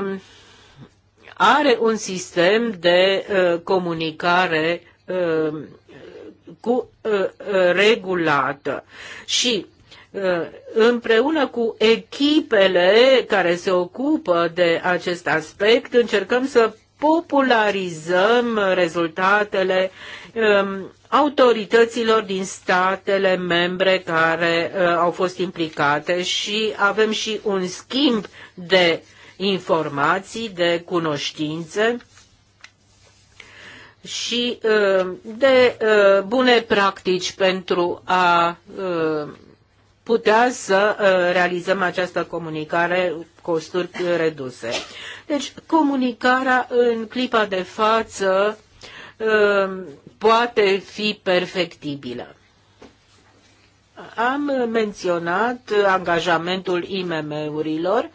um, are un sistem de uh, comunicare um, cu uh, uh, regulată. Și Uh, împreună cu echipele care se ocupă de acest aspect, încercăm să popularizăm rezultatele um, autorităților din statele membre care uh, au fost implicate și avem și un schimb de informații, de cunoștințe și uh, de bune practici pentru a putea să uh, realizăm această comunicare costuri uh, reduse. Deci comunicarea în clipa de față uh, poate fi perfectibilă. Am menționat angajamentul IMM-urilor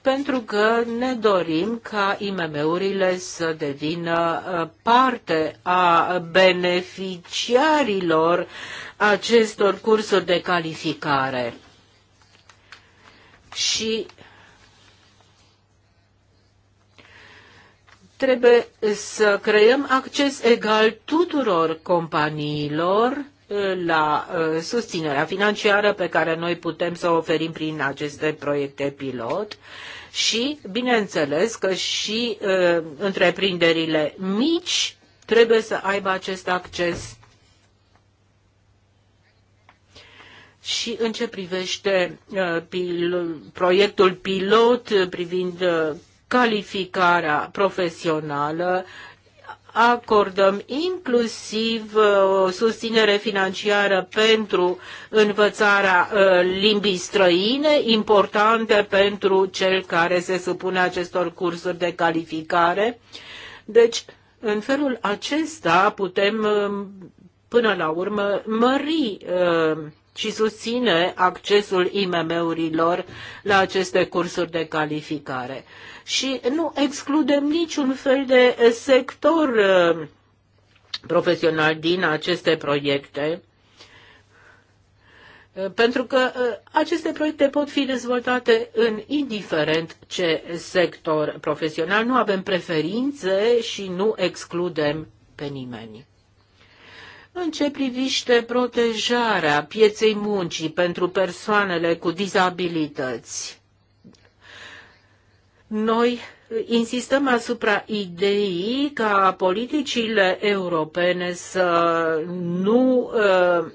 pentru că ne dorim ca IMM-urile să devină parte a beneficiarilor acestor cursuri de calificare. Și trebuie să creăm acces egal tuturor companiilor uh, la uh, susținerea financiară pe care noi putem să o oferim prin aceste proiecte pilot și, bineînțeles, că și uh, întreprinderile mici trebuie să aibă acest acces Și în ce privește uh, pil, proiectul pilot uh, privind uh, calificarea profesională, acordăm inclusiv o susținere financiară pentru învățarea limbii străine, importante pentru cel care se supune acestor cursuri de calificare. Deci, în felul acesta putem până la urmă mări și susține accesul IMM-urilor la aceste cursuri de calificare. Și nu excludem niciun fel de sector uh, profesional din aceste proiecte, uh, pentru că uh, aceste proiecte pot fi dezvoltate în indiferent ce sector profesional. Nu avem preferințe și nu excludem pe nimeni. În ce privește protejarea pieței muncii pentru persoanele cu dizabilități, noi insistăm asupra ideii ca politicile europene să nu uh,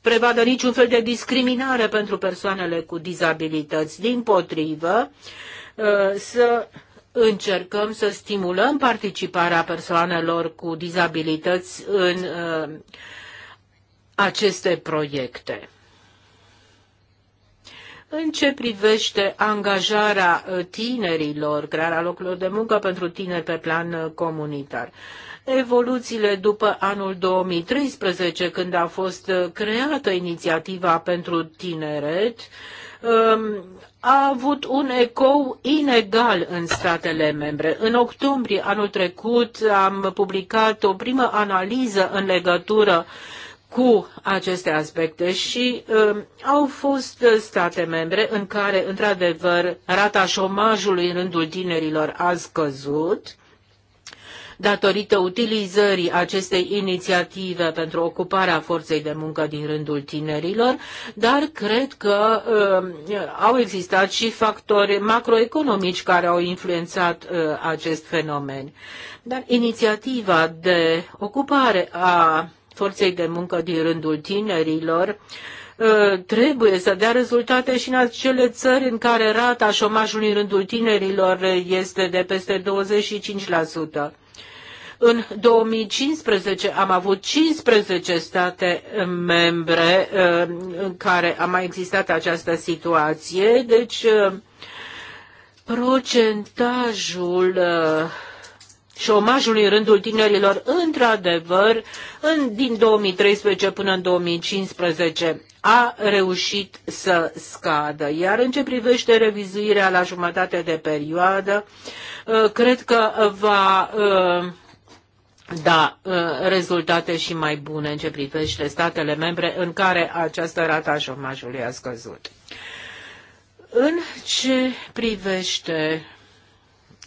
prevadă niciun fel de discriminare pentru persoanele cu dizabilități. Din potrivă, uh, să încercăm să stimulăm participarea persoanelor cu dizabilități în uh, aceste proiecte. În ce privește angajarea uh, tinerilor, crearea locurilor de muncă pentru tineri pe plan uh, comunitar, evoluțiile după anul 2013, când a fost creată inițiativa pentru tineret, um, a avut un ecou inegal în statele membre. În octombrie anul trecut am publicat o primă analiză în legătură cu aceste aspecte și uh, au fost state membre în care, într-adevăr, rata șomajului în rândul tinerilor a scăzut, datorită utilizării acestei inițiative pentru ocuparea forței de muncă din rândul tinerilor, dar cred că uh, au existat și factori macroeconomici care au influențat uh, acest fenomen. Dar inițiativa de ocupare a forței de muncă din rândul tinerilor uh, trebuie să dea rezultate și în acele țări în care rata șomajului în rândul tinerilor este de peste 25%. În 2015 am avut 15 state eh, membre eh, în care a mai existat această situație, deci eh, procentajul șomajului în rândul tinerilor, într-adevăr, în, din 2013 până în 2015 a reușit să scadă. Iar în ce privește revizuirea la jumătate de perioadă, cred că va da uh, rezultate și mai bune în ce privește statele membre în care această rata șomajului a scăzut. În ce privește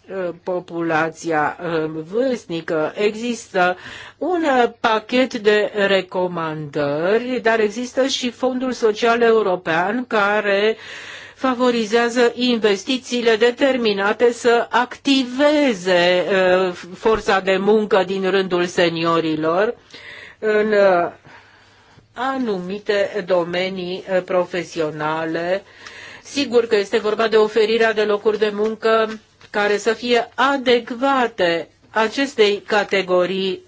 uh, populația uh, vârstnică. Există un pachet de recomandări, dar există și Fondul Social European care uh, favorizează investițiile determinate să activeze uh, forța de muncă din rândul seniorilor în uh, anumite domenii uh, profesionale. Sigur că este vorba de oferirea de locuri de muncă care să fie adecvate acestei categorii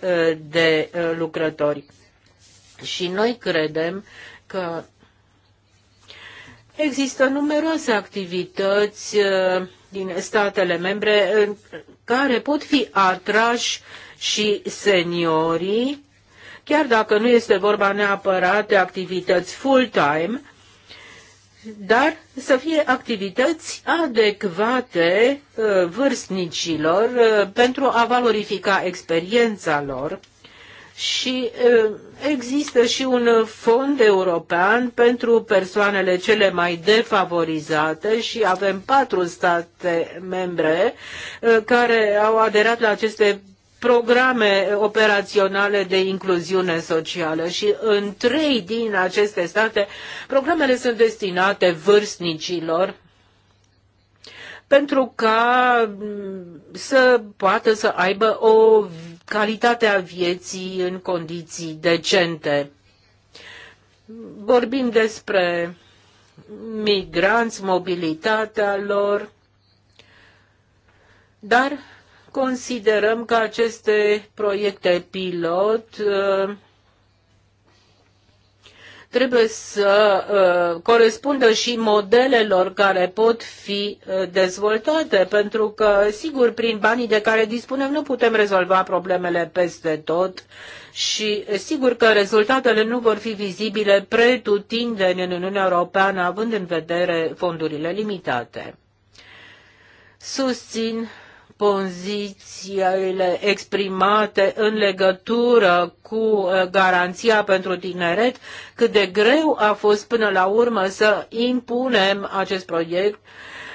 de lucrători. Și noi credem că Există numeroase activități uh, din statele membre care pot fi atrași și seniorii, chiar dacă nu este vorba neapărat de activități full-time, dar să fie activități adecvate uh, vârstnicilor uh, pentru a valorifica experiența lor și există și un fond european pentru persoanele cele mai defavorizate și avem patru state membre care au aderat la aceste programe operaționale de incluziune socială și în trei din aceste state programele sunt destinate vârstnicilor pentru ca să poată să aibă o calitatea vieții în condiții decente. Vorbim despre migranți, mobilitatea lor, dar considerăm că aceste proiecte pilot uh, trebuie să uh, corespundă și modelelor care pot fi uh, dezvoltate, pentru că, sigur, prin banii de care dispunem nu putem rezolva problemele peste tot și sigur că rezultatele nu vor fi vizibile pretutindeni în Uniunea Europeană, având în vedere fondurile limitate. Susțin pozițiile exprimate în legătură cu uh, garanția pentru tineret, cât de greu a fost până la urmă să impunem acest proiect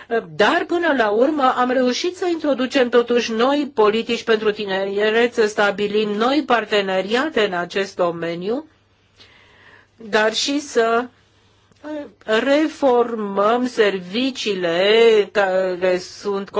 uh, dar până la urmă am reușit să introducem totuși noi politici pentru tineret, să stabilim noi parteneriate în acest domeniu, dar și să uh, reformăm serviciile care sunt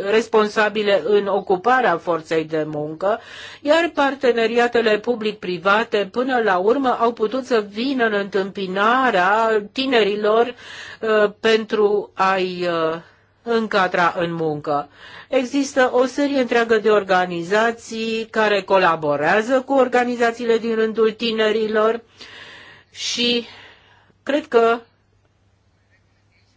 responsabile în ocuparea forței de muncă, iar parteneriatele public-private până la urmă au putut să vină în întâmpinarea tinerilor uh, pentru a-i uh, încadra în muncă. Există o serie întreagă de organizații care colaborează cu organizațiile din rândul tinerilor și cred că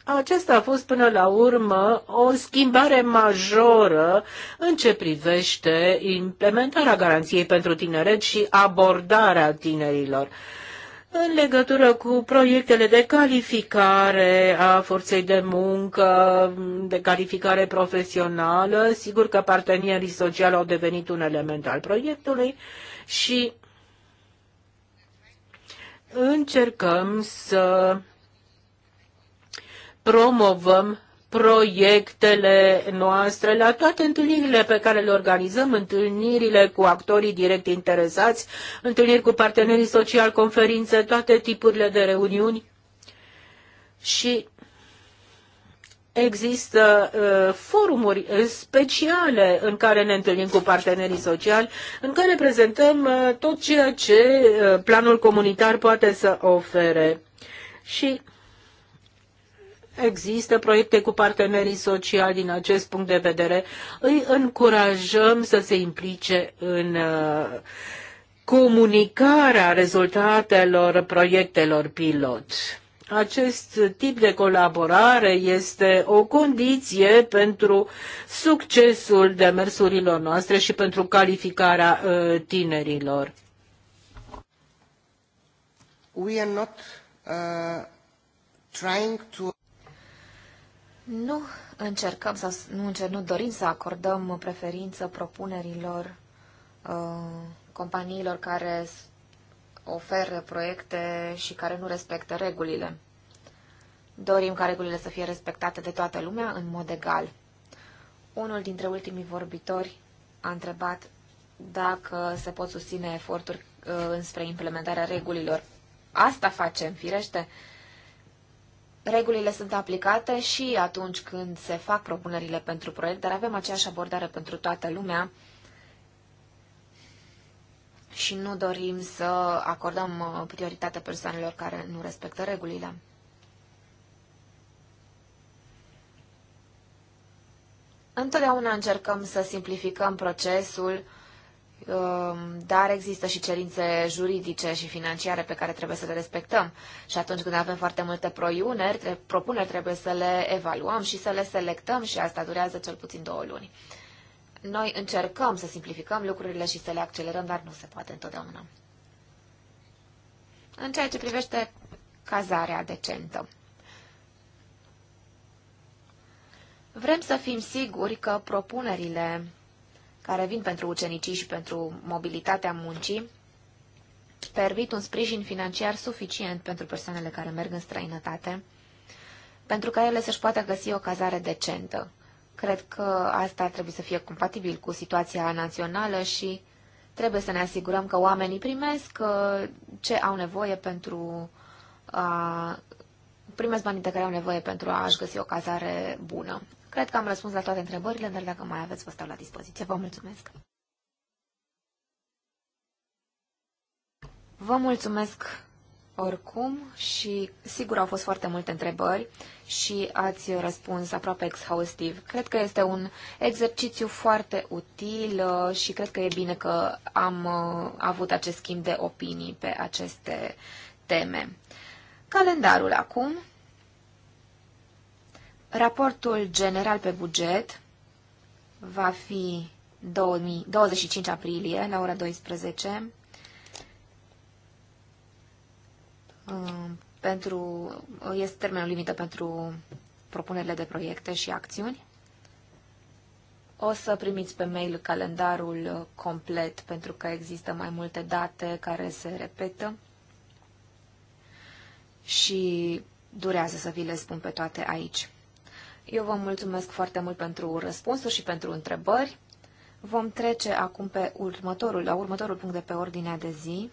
aceasta a fost până la urmă o schimbare majoră în ce privește implementarea garanției pentru tineret și abordarea tinerilor în legătură cu proiectele de calificare a forței de muncă, de calificare profesională. Sigur că partenerii sociali au devenit un element al proiectului și încercăm să promovăm proiectele noastre la toate întâlnirile pe care le organizăm, întâlnirile cu actorii direct interesați, întâlniri cu partenerii social, conferințe, toate tipurile de reuniuni. Și Există uh, forumuri uh, speciale în care ne întâlnim cu partenerii sociali, în care prezentăm uh, tot ceea ce uh, planul comunitar poate să ofere. Și Există proiecte cu partenerii sociali din acest punct de vedere. Îi încurajăm să se implice în uh, comunicarea rezultatelor proiectelor pilot. Acest tip de colaborare este o condiție pentru succesul demersurilor noastre și pentru calificarea uh, tinerilor. We are not, uh, trying to... Nu încercăm sau nu, încerc, nu dorim să acordăm preferință propunerilor uh, companiilor care oferă proiecte și care nu respectă regulile. Dorim ca regulile să fie respectate de toată lumea în mod egal. Unul dintre ultimii vorbitori a întrebat dacă se pot susține eforturi uh, înspre implementarea regulilor. Asta facem, firește. Uh, regulile sunt aplicate și atunci când se fac propunerile pentru proiect, dar avem aceeași abordare pentru toată lumea și nu dorim să acordăm uh, prioritate persoanelor care nu respectă regulile. Întotdeauna încercăm să simplificăm procesul Um, dar există și cerințe juridice și financiare pe care trebuie să le respectăm. Și atunci când avem foarte multe proiuneri, propuneri, trebuie să le evaluăm și să le selectăm și asta durează cel puțin două luni. Noi încercăm să simplificăm lucrurile și să le accelerăm, dar nu se poate întotdeauna. În ceea ce privește cazarea decentă. Vrem să fim siguri că propunerile care vin pentru ucenicii și pentru mobilitatea muncii, permit un sprijin financiar suficient pentru persoanele care merg în străinătate, pentru ca ele să-și poată găsi o cazare decentă. Cred că asta trebuie să fie compatibil cu situația națională și trebuie să ne asigurăm că oamenii primesc uh, ce au nevoie pentru a primesc banii de care au nevoie pentru a-și găsi o cazare bună. Cred că am răspuns la toate întrebările, dar dacă mai aveți, vă stau la dispoziție. Vă mulțumesc! Vă mulțumesc oricum și sigur au fost foarte multe întrebări și ați răspuns aproape exhaustiv. Cred că este un exercițiu foarte util uh, și cred că e bine că am uh, avut acest schimb de opinii pe aceste teme. Calendarul acum. Raportul general pe buget va fi 25 aprilie la ora 12 ă, pentru, este termenul limită pentru propunerile de proiecte și acțiuni. O să primiți pe mail calendarul complet pentru că există mai multe date care se repetă și durează să vi le spun pe toate aici. Eu vă mulțumesc foarte mult pentru răspunsuri și pentru întrebări. Vom trece acum pe următorul, la următorul punct de pe ordinea de zi.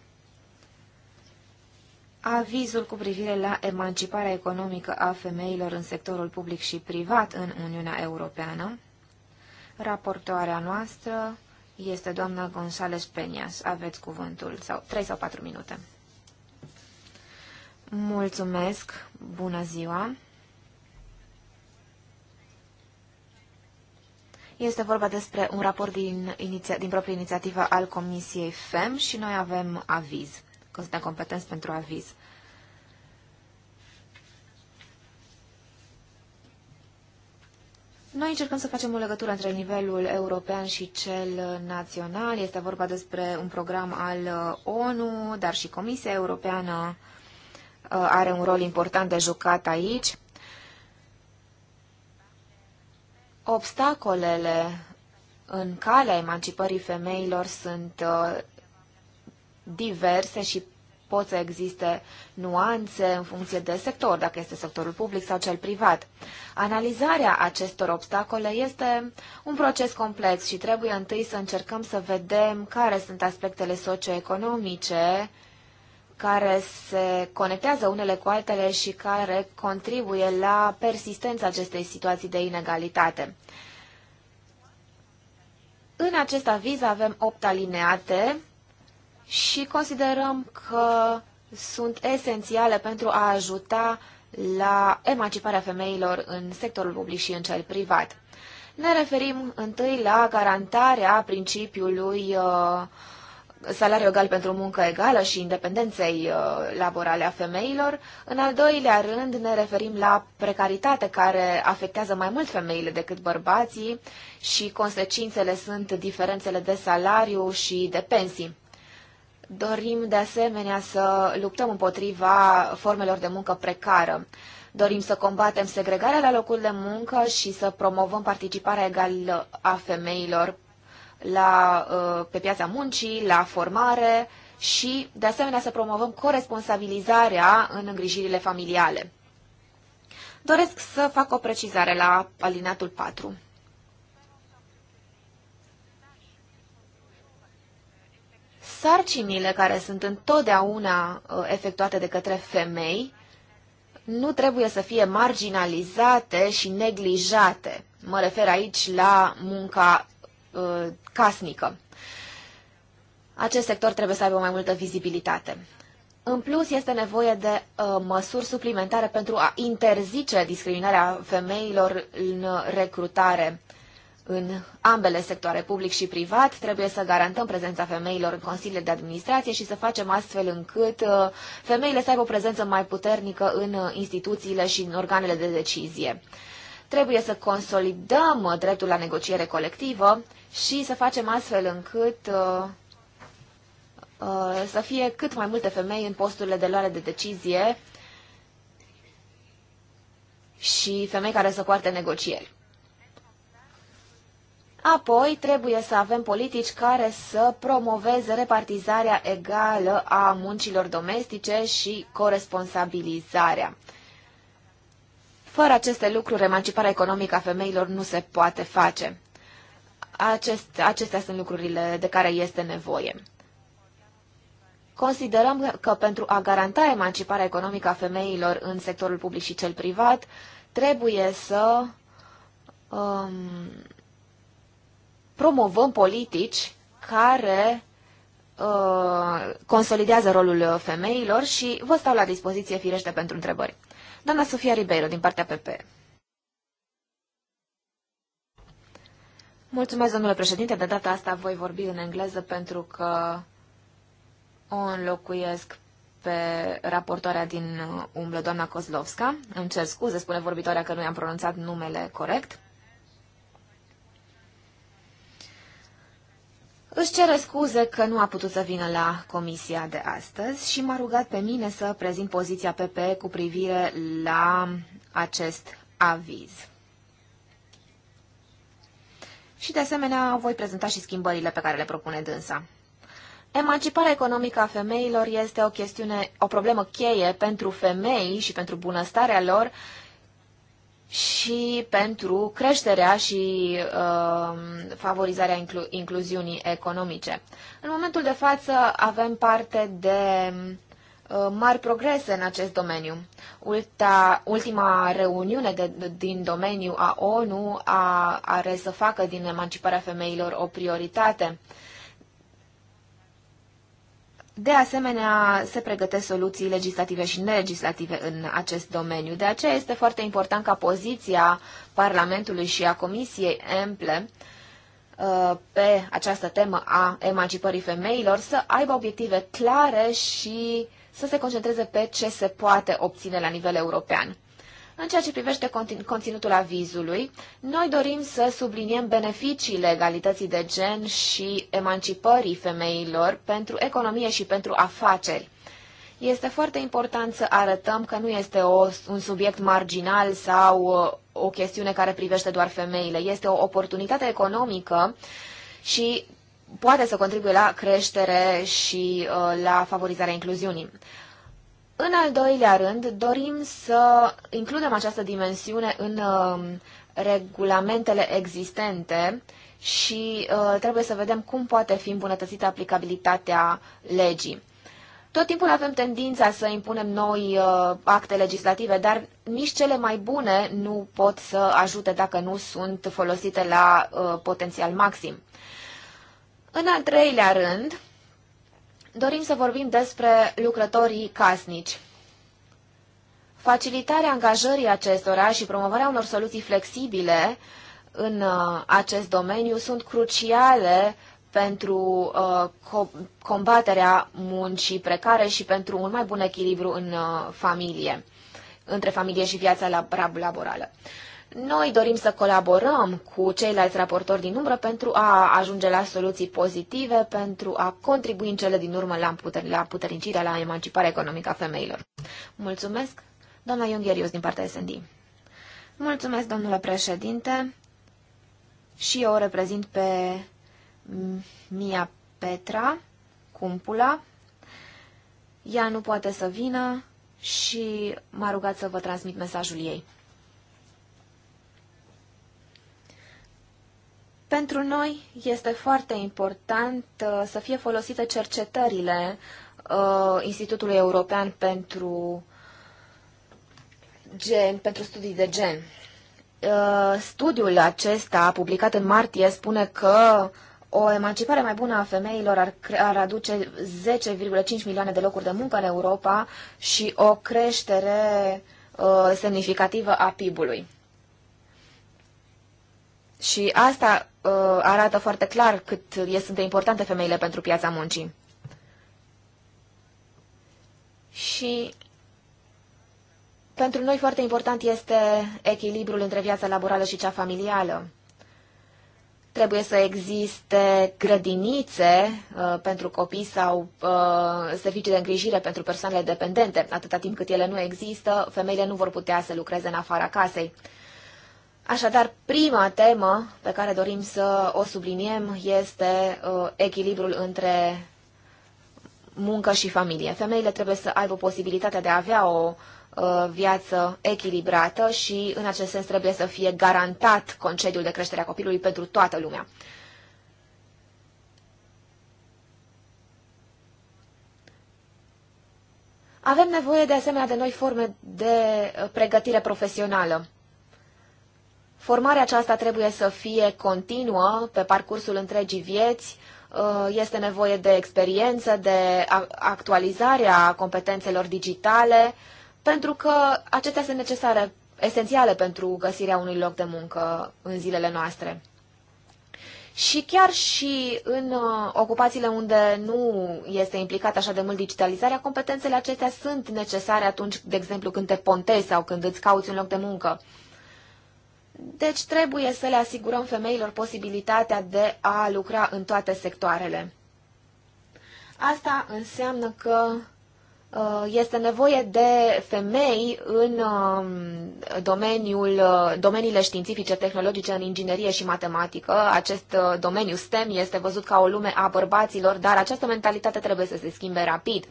Avizul cu privire la emanciparea economică a femeilor în sectorul public și privat în Uniunea Europeană. Raportoarea noastră este doamna González Peñas. Aveți cuvântul, sau 3 sau 4 minute. Mulțumesc, bună ziua! Este vorba despre un raport din, iniția, din proprie inițiativă al Comisiei FEM și noi avem aviz, că suntem competenți pentru aviz. Noi încercăm să facem o legătură între nivelul european și cel național. Este vorba despre un program al uh, ONU, dar și Comisia Europeană uh, are un rol important de jucat aici. obstacolele în calea emancipării femeilor sunt uh, diverse și pot să existe nuanțe în funcție de sector, dacă este sectorul public sau cel privat. Analizarea acestor obstacole este un proces complex și trebuie întâi să încercăm să vedem care sunt aspectele socioeconomice care se conectează unele cu altele și care contribuie la persistența acestei situații de inegalitate. În acest aviz avem opt alineate și considerăm că sunt esențiale pentru a ajuta la emanciparea femeilor în sectorul public și în cel privat. Ne referim întâi la garantarea principiului uh, salariu egal pentru muncă egală și independenței uh, laborale a femeilor. În al doilea rând, ne referim la precaritate care afectează mai mult femeile decât bărbații și consecințele sunt diferențele de salariu și de pensii. Dorim de asemenea să luptăm împotriva formelor de muncă precară. Dorim să combatem segregarea la locul de muncă și să promovăm participarea egală a femeilor la, uh, pe piața muncii, la formare și, de asemenea, să promovăm coresponsabilizarea în îngrijirile familiale. Doresc să fac o precizare la alineatul 4. sarcinile care sunt întotdeauna uh, efectuate de către femei nu trebuie să fie marginalizate și neglijate. Mă refer aici la munca Uh, casnică. Acest sector trebuie să aibă mai multă vizibilitate. În plus, este nevoie de uh, măsuri suplimentare pentru a interzice discriminarea femeilor în recrutare în ambele sectoare, public și privat, trebuie să garantăm prezența femeilor în consiliile de administrație și să facem astfel încât uh, femeile să aibă o prezență mai puternică în uh, instituțiile și în organele de decizie. Trebuie să consolidăm uh, dreptul la negociere colectivă și să facem astfel încât uh, uh, să fie cât mai multe femei în posturile de luare de decizie și femei care să poarte negocieri. Apoi, trebuie să avem politici care să promoveze repartizarea egală a muncilor domestice și coresponsabilizarea. Fără aceste lucruri, emanciparea economică a femeilor nu se poate face. Acest, acestea sunt lucrurile de care este nevoie. Considerăm că pentru a garanta emanciparea economică a femeilor în sectorul public și cel privat, trebuie să um, promovăm politici care uh, consolidează rolul femeilor și vă stau la dispoziție firește pentru întrebări. Doamna Sofia Ribeiro, din partea PP. Mulțumesc, domnule președinte. De data asta voi vorbi în engleză pentru că o înlocuiesc pe raportoarea din umblă, doamna Kozlovska. Îmi cer scuze, spune vorbitoarea că nu i-am pronunțat numele corect. Își cere scuze că nu a putut să vină la comisia de astăzi și m-a rugat pe mine să prezint poziția PPE cu privire la acest aviz. Și de asemenea voi prezenta și schimbările pe care le propune dânsa. Emanciparea economică a femeilor este o chestiune, o problemă cheie pentru femei și pentru bunăstarea lor și pentru creșterea și uh, favorizarea inclu- incluziunii economice. În momentul de față avem parte de uh, mari progrese în acest domeniu. Ulta, ultima reuniune de, din domeniu a ONU a, are să facă din emanciparea femeilor o prioritate. Uh, de asemenea, se pregătesc soluții legislative și nelegislative în acest domeniu. De aceea este foarte important ca poziția Parlamentului și a Comisiei Emple uh, pe această temă a emancipării femeilor să aibă obiective clare și să se concentreze pe ce se poate obține la nivel european. În ceea ce privește conținutul avizului, noi dorim să subliniem beneficiile egalității de gen și emancipării femeilor pentru economie și pentru afaceri. Este foarte important să arătăm că nu este o, un subiect marginal sau uh, o chestiune care privește doar femeile. Este o oportunitate economică și poate să contribuie la creștere și uh, la favorizarea incluziunii. În al doilea rând, dorim să includem această dimensiune în um, regulamentele existente și uh, trebuie să vedem cum poate fi îmbunătățită aplicabilitatea legii. Tot timpul avem tendința să impunem noi uh, acte legislative, dar nici cele mai bune nu pot să ajute dacă nu sunt folosite la uh, potențial maxim. În al treilea rând, Dorim să vorbim despre lucrătorii casnici. Facilitarea angajării acestora și promovarea unor soluții flexibile în uh, acest domeniu sunt cruciale pentru uh, combaterea muncii precare și pentru un mai bun echilibru în uh, familie, între familie și viața laborală. Noi dorim să colaborăm cu ceilalți raportori din umbră pentru a ajunge la soluții pozitive, pentru a contribui în cele din urmă la, puter, la puternicirea, la emanciparea economică a femeilor. Mulțumesc, doamna Iungherius, din partea S&D. Mulțumesc, domnule președinte. Și eu o reprezint pe Mia Petra, cumpula. Ea nu poate să vină și m-a rugat să vă transmit mesajul ei. Pentru noi este foarte important uh, să fie folosite cercetările uh, Institutului European pentru gen, pentru studii de gen. Uh, studiul acesta, publicat în martie, spune că o emancipare mai bună a femeilor ar, ar aduce 10,5 milioane de locuri de muncă în Europa și o creștere uh, semnificativă a PIB-ului. Și asta Uh, arată foarte clar cât sunt de importante femeile pentru piața muncii. Și pentru noi foarte important este echilibrul între viața laborală și cea familială. Trebuie să existe grădinițe uh, pentru copii sau uh, servicii de îngrijire pentru persoanele dependente. Atâta timp cât ele nu există, femeile nu vor putea să lucreze în afara casei. Uh, Așadar, prima temă pe care dorim să o subliniem este uh, echilibrul între muncă și familie. Femeile trebuie să aibă posibilitatea de a avea o uh, viață echilibrată și, în acest sens, trebuie să fie garantat concediul de creștere a copilului pentru toată lumea. Avem nevoie, de asemenea, de noi forme de uh, pregătire profesională. Formarea aceasta trebuie să fie continuă pe parcursul întregii vieți. Uh, este nevoie de experiență, de actualizarea competențelor digitale, pentru că acestea sunt necesare, esențiale pentru găsirea unui loc de muncă în zilele noastre. Și chiar și în uh, ocupațiile unde nu este implicată așa de mult digitalizarea, competențele acestea sunt necesare atunci, de exemplu, când te pontezi sau când îți cauți un loc de muncă. Deci trebuie să le asigurăm femeilor posibilitatea de a lucra în toate sectoarele. Asta înseamnă că uh, este nevoie de femei în um, domeniul, uh, domeniile științifice, tehnologice, în inginerie și matematică. Acest uh, domeniu STEM este văzut ca o lume a bărbaților, dar această mentalitate trebuie să se schimbe rapid.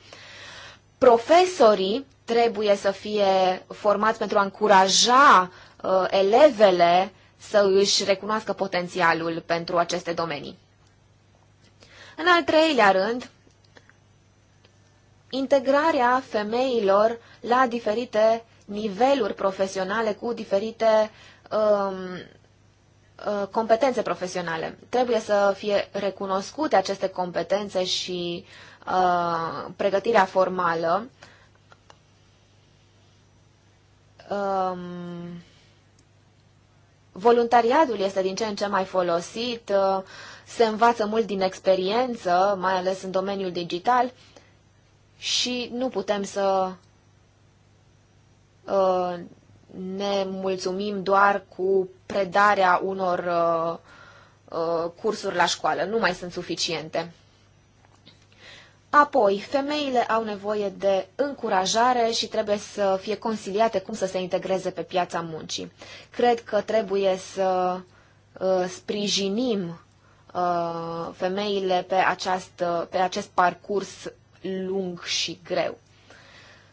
Profesorii trebuie să fie formați pentru a încuraja uh, elevele să își recunoască potențialul pentru aceste domenii. În al treilea rând, integrarea femeilor la diferite niveluri profesionale cu diferite um, uh, competențe profesionale. Trebuie să fie recunoscute aceste competențe și uh, pregătirea formală. Um, Voluntariatul este din ce în ce mai folosit, uh, se învață mult din experiență, mai ales în domeniul digital, și nu putem să uh, ne mulțumim doar cu predarea unor uh, cursuri la școală. Nu mai sunt suficiente. Apoi, femeile au nevoie de încurajare și trebuie să fie consiliate cum să se integreze pe piața muncii. Cred că trebuie să uh, sprijinim uh, femeile pe, această, pe acest parcurs lung și greu.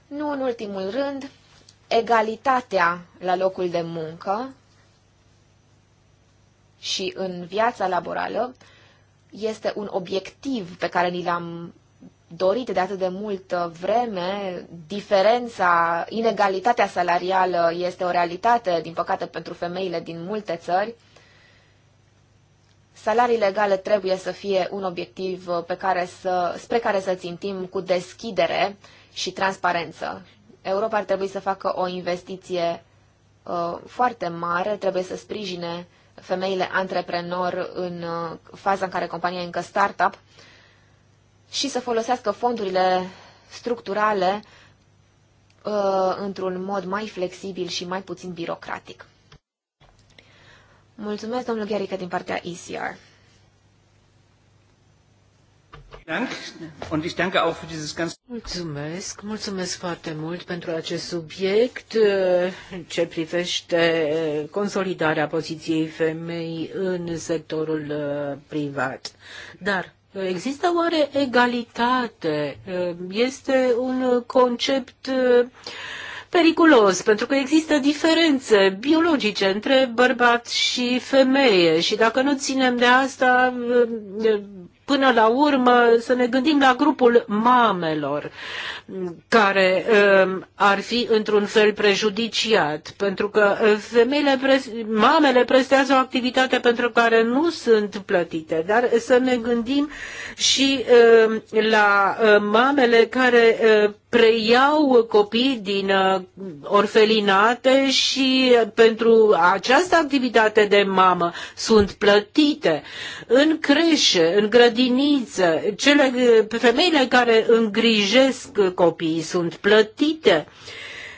Nu în ultimul rând, egalitatea la locul de muncă și în viața laborală este un obiectiv pe care ni l-am dorit de atât de mult uh, vreme, diferența, inegalitatea salarială este o realitate, din păcate, pentru femeile din multe țări. Salariile egale trebuie să fie un obiectiv uh, pe care să, spre care să țintim cu deschidere și transparență. Europa ar trebui să facă o investiție uh, foarte mare, trebuie să sprijine femeile antreprenor în uh, faza în care compania e încă startup și să folosească fondurile structurale uh, într-un mod mai flexibil și mai puțin birocratic. Mulțumesc, domnul Gherică, din partea ECR. Mulțumesc, mulțumesc foarte mult pentru acest subiect ce privește uh, consolidarea poziției femei în sectorul uh, privat. Dar Există oare egalitate? Eh, este un concept eh, periculos, pentru că există diferențe biologice între bărbat și femeie și dacă nu ținem de asta, eh, până la urmă să ne gândim la grupul mamelor care um, ar fi într-un fel prejudiciat, pentru că uh, femeile, mamele prestează o activitate pentru care nu sunt plătite, dar să ne gândim și um, la uh, mamele care uh, preiau copii din uh, orfelinate și uh, pentru această activitate de mamă sunt plătite în creșe, în grădiniță. Cele, uh, femeile care îngrijesc copiii sunt plătite.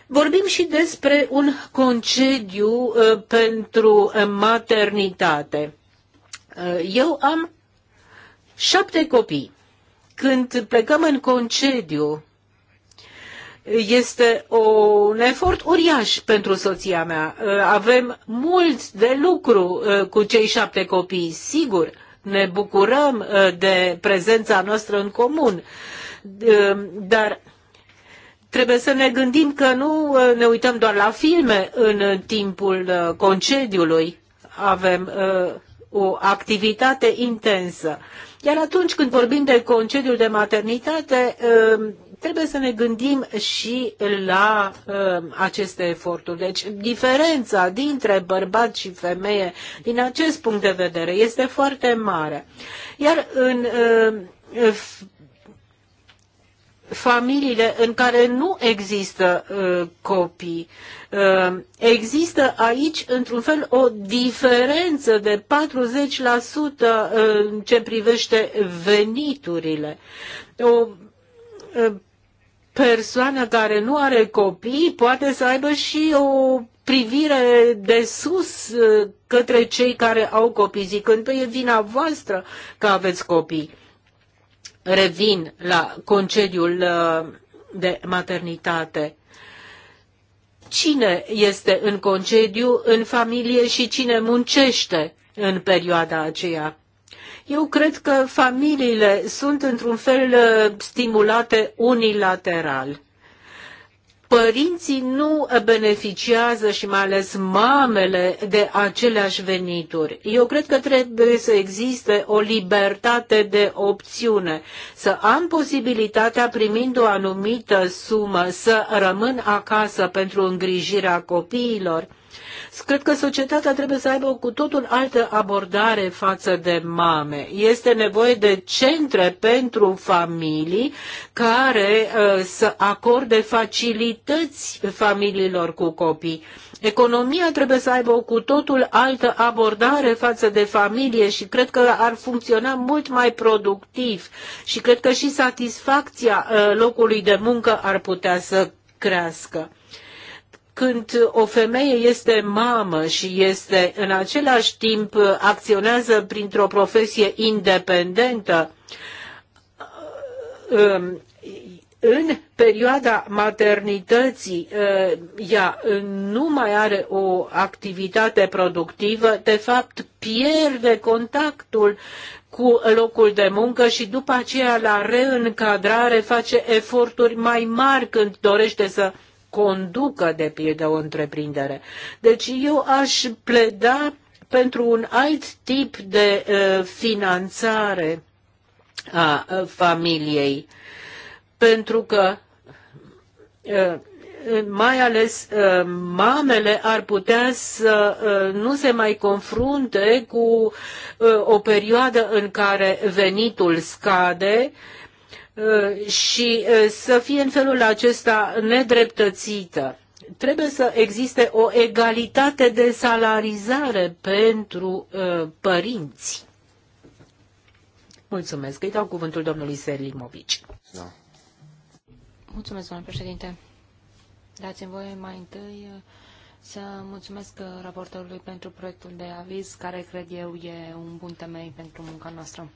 Vorbim și despre un concediu pentru maternitate. Eu am șapte copii. Când plecăm în concediu, este o, un efort uriaș pentru soția mea. Uh, avem mult de lucru uh, cu cei șapte copii, sigur. Ne bucurăm uh, de prezența noastră în comun, dar trebuie să ne gândim că nu ne uităm doar la filme în timpul concediului. Avem o activitate intensă. Iar atunci când vorbim de concediul de maternitate, trebuie să ne gândim și la uh, aceste eforturi. Deci, diferența dintre bărbat și femeie, din acest punct de vedere, este foarte mare. Iar în uh, familiile în care nu există uh, copii. Uh, există aici, într-un fel, o diferență de 40% uh, în ce privește veniturile. O uh, persoana care nu are copii poate să aibă și o privire de sus uh, către cei care au copii, zicând, că e vina voastră că aveți copii. Revin la concediul uh, de maternitate. Cine este în concediu, în familie și cine muncește în perioada aceea? Eu cred că familiile sunt într-un fel uh, stimulate unilateral. Părinții nu beneficiază și mai ales mamele de aceleași venituri. Eu cred că trebuie să existe o libertate de opțiune, să am posibilitatea primind o anumită sumă să rămân acasă pentru îngrijirea copiilor Cred că societatea trebuie să aibă cu totul altă abordare față de mame. Este nevoie de centre pentru familii care uh, să acorde facilități familiilor cu copii. Economia trebuie să aibă cu totul altă abordare față de familie și cred că ar funcționa mult mai productiv și cred că și satisfacția uh, locului de muncă ar putea să crească când o femeie este mamă și este în același timp acționează printr-o profesie independentă, um, în perioada maternității uh, ea nu mai are o activitate productivă, de fapt pierde contactul cu locul de muncă și după aceea la reîncadrare face eforturi mai mari când dorește să conducă, de pildă, o întreprindere. Deci eu aș pleda pentru un alt tip de uh, finanțare a uh, familiei, pentru că uh, mai ales uh, mamele ar putea să uh, nu se mai confrunte cu uh, o perioadă în care venitul scade Uh, și uh, să fie în felul acesta nedreptățită. Trebuie să existe o egalitate de salarizare pentru uh, părinți. Mulțumesc. Îi dau cuvântul domnului Serlimovici. Da. Mulțumesc, domnule președinte. Dați-mi voie mai întâi să mulțumesc raportorului pentru proiectul de aviz, care cred eu e un bun temei pentru munca noastră.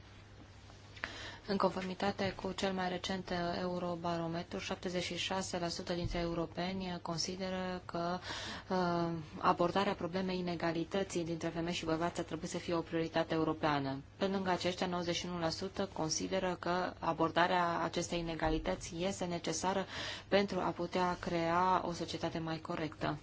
În conformitate cu cel mai recent eurobarometru, 76% dintre europeni consideră că uh, abordarea problemei inegalității dintre femei și bărbați ar trebui să fie o prioritate europeană. Pe lângă aceștia, 91% consideră că abordarea acestei inegalități este necesară pentru a putea crea o societate mai corectă.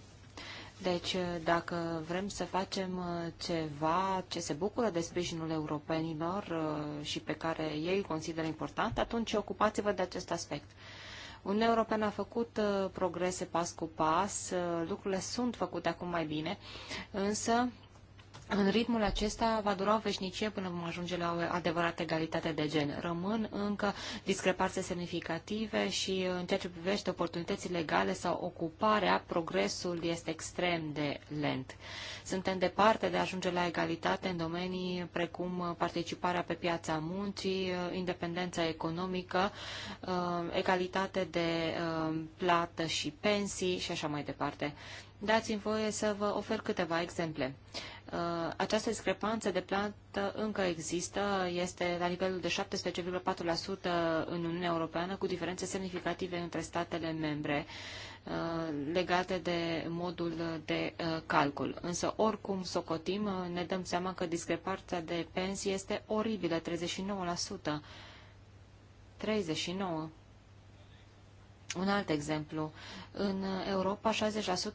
Deci, eh, dacă vrem să facem eh, ceva ce se bucură de sprijinul europenilor eh, și pe care ei îl consideră important, atunci ocupați-vă de acest aspect. Uniunea Europeană a făcut progrese pas cu pas, lucrurile sunt făcute acum mai bine, însă în ritmul acesta va dura o veșnicie până vom ajunge la o adevărată egalitate de gen. Rămân încă discrepanțe semnificative și în ceea ce privește oportunități legale sau ocuparea, progresul este extrem de lent. Suntem departe de a ajunge la egalitate în domenii precum participarea pe piața muncii, independența economică, ehm, egalitate de ehm, plată și pensii și așa mai departe. Dați-mi voie să vă ofer câteva exemple. Uh, această discrepanță de plată încă există, este la nivelul de 17,4% în Uniunea Europeană, cu diferențe semnificative între statele membre uh, legate de modul de uh, calcul. Însă, oricum socotim, ne dăm seama că discrepanța de pensii este oribilă, 39%. 39%. Un alt exemplu. În Europa,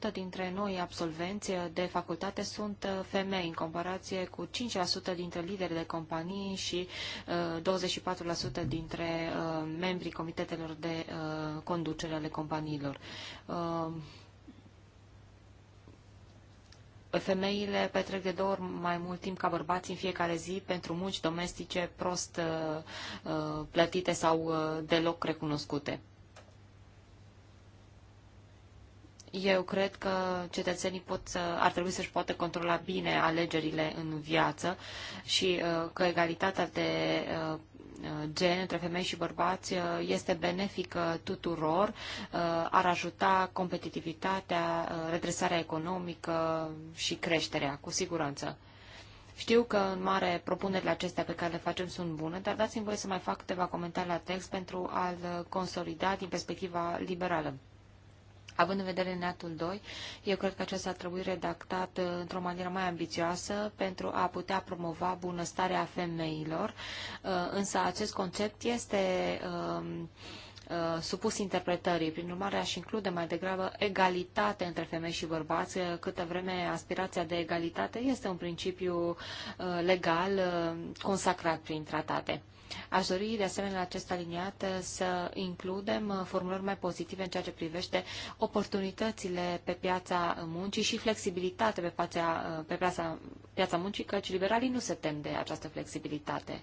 60% dintre noi absolvenți de facultate sunt uh, femei, în comparație cu 5% dintre lideri de companii și uh, 24% dintre uh, membrii comitetelor de uh, conducere ale companiilor. Uh, femeile petrec de două ori mai mult timp ca bărbații în fiecare zi pentru munci domestice prost uh, uh plătite sau uh, deloc recunoscute. Eu cred că cetățenii pot să, ar trebui să-și poată controla bine alegerile în viață și uh, că egalitatea de uh, uh, gen între femei și bărbați este benefică tuturor, ar ajuta competitivitatea, redresarea economică și creșterea, cu siguranță. Știu că în mare propunerile acestea pe care le facem sunt bune, dar dați-mi voie să mai fac câteva comentarii la text pentru a-l consolida din perspectiva liberală. Având în vedere neatul 2, eu cred că acesta ar trebui redactat uh, într-o manieră mai ambițioasă pentru a putea promova bunăstarea femeilor, uh, însă acest concept este um, uh, supus interpretării. Prin urmare, aș include mai degrabă egalitate între femei și bărbați, câtă vreme aspirația de egalitate este un principiu legal consacrat prin tratate. Aș dori de asemenea acest aliniat uh, să includem uh, formulări mai pozitive în ceea ce privește oportunitățile pe piața muncii și flexibilitate pe, piața, uh, pe piața, piața muncii, căci liberalii nu se tem de această flexibilitate.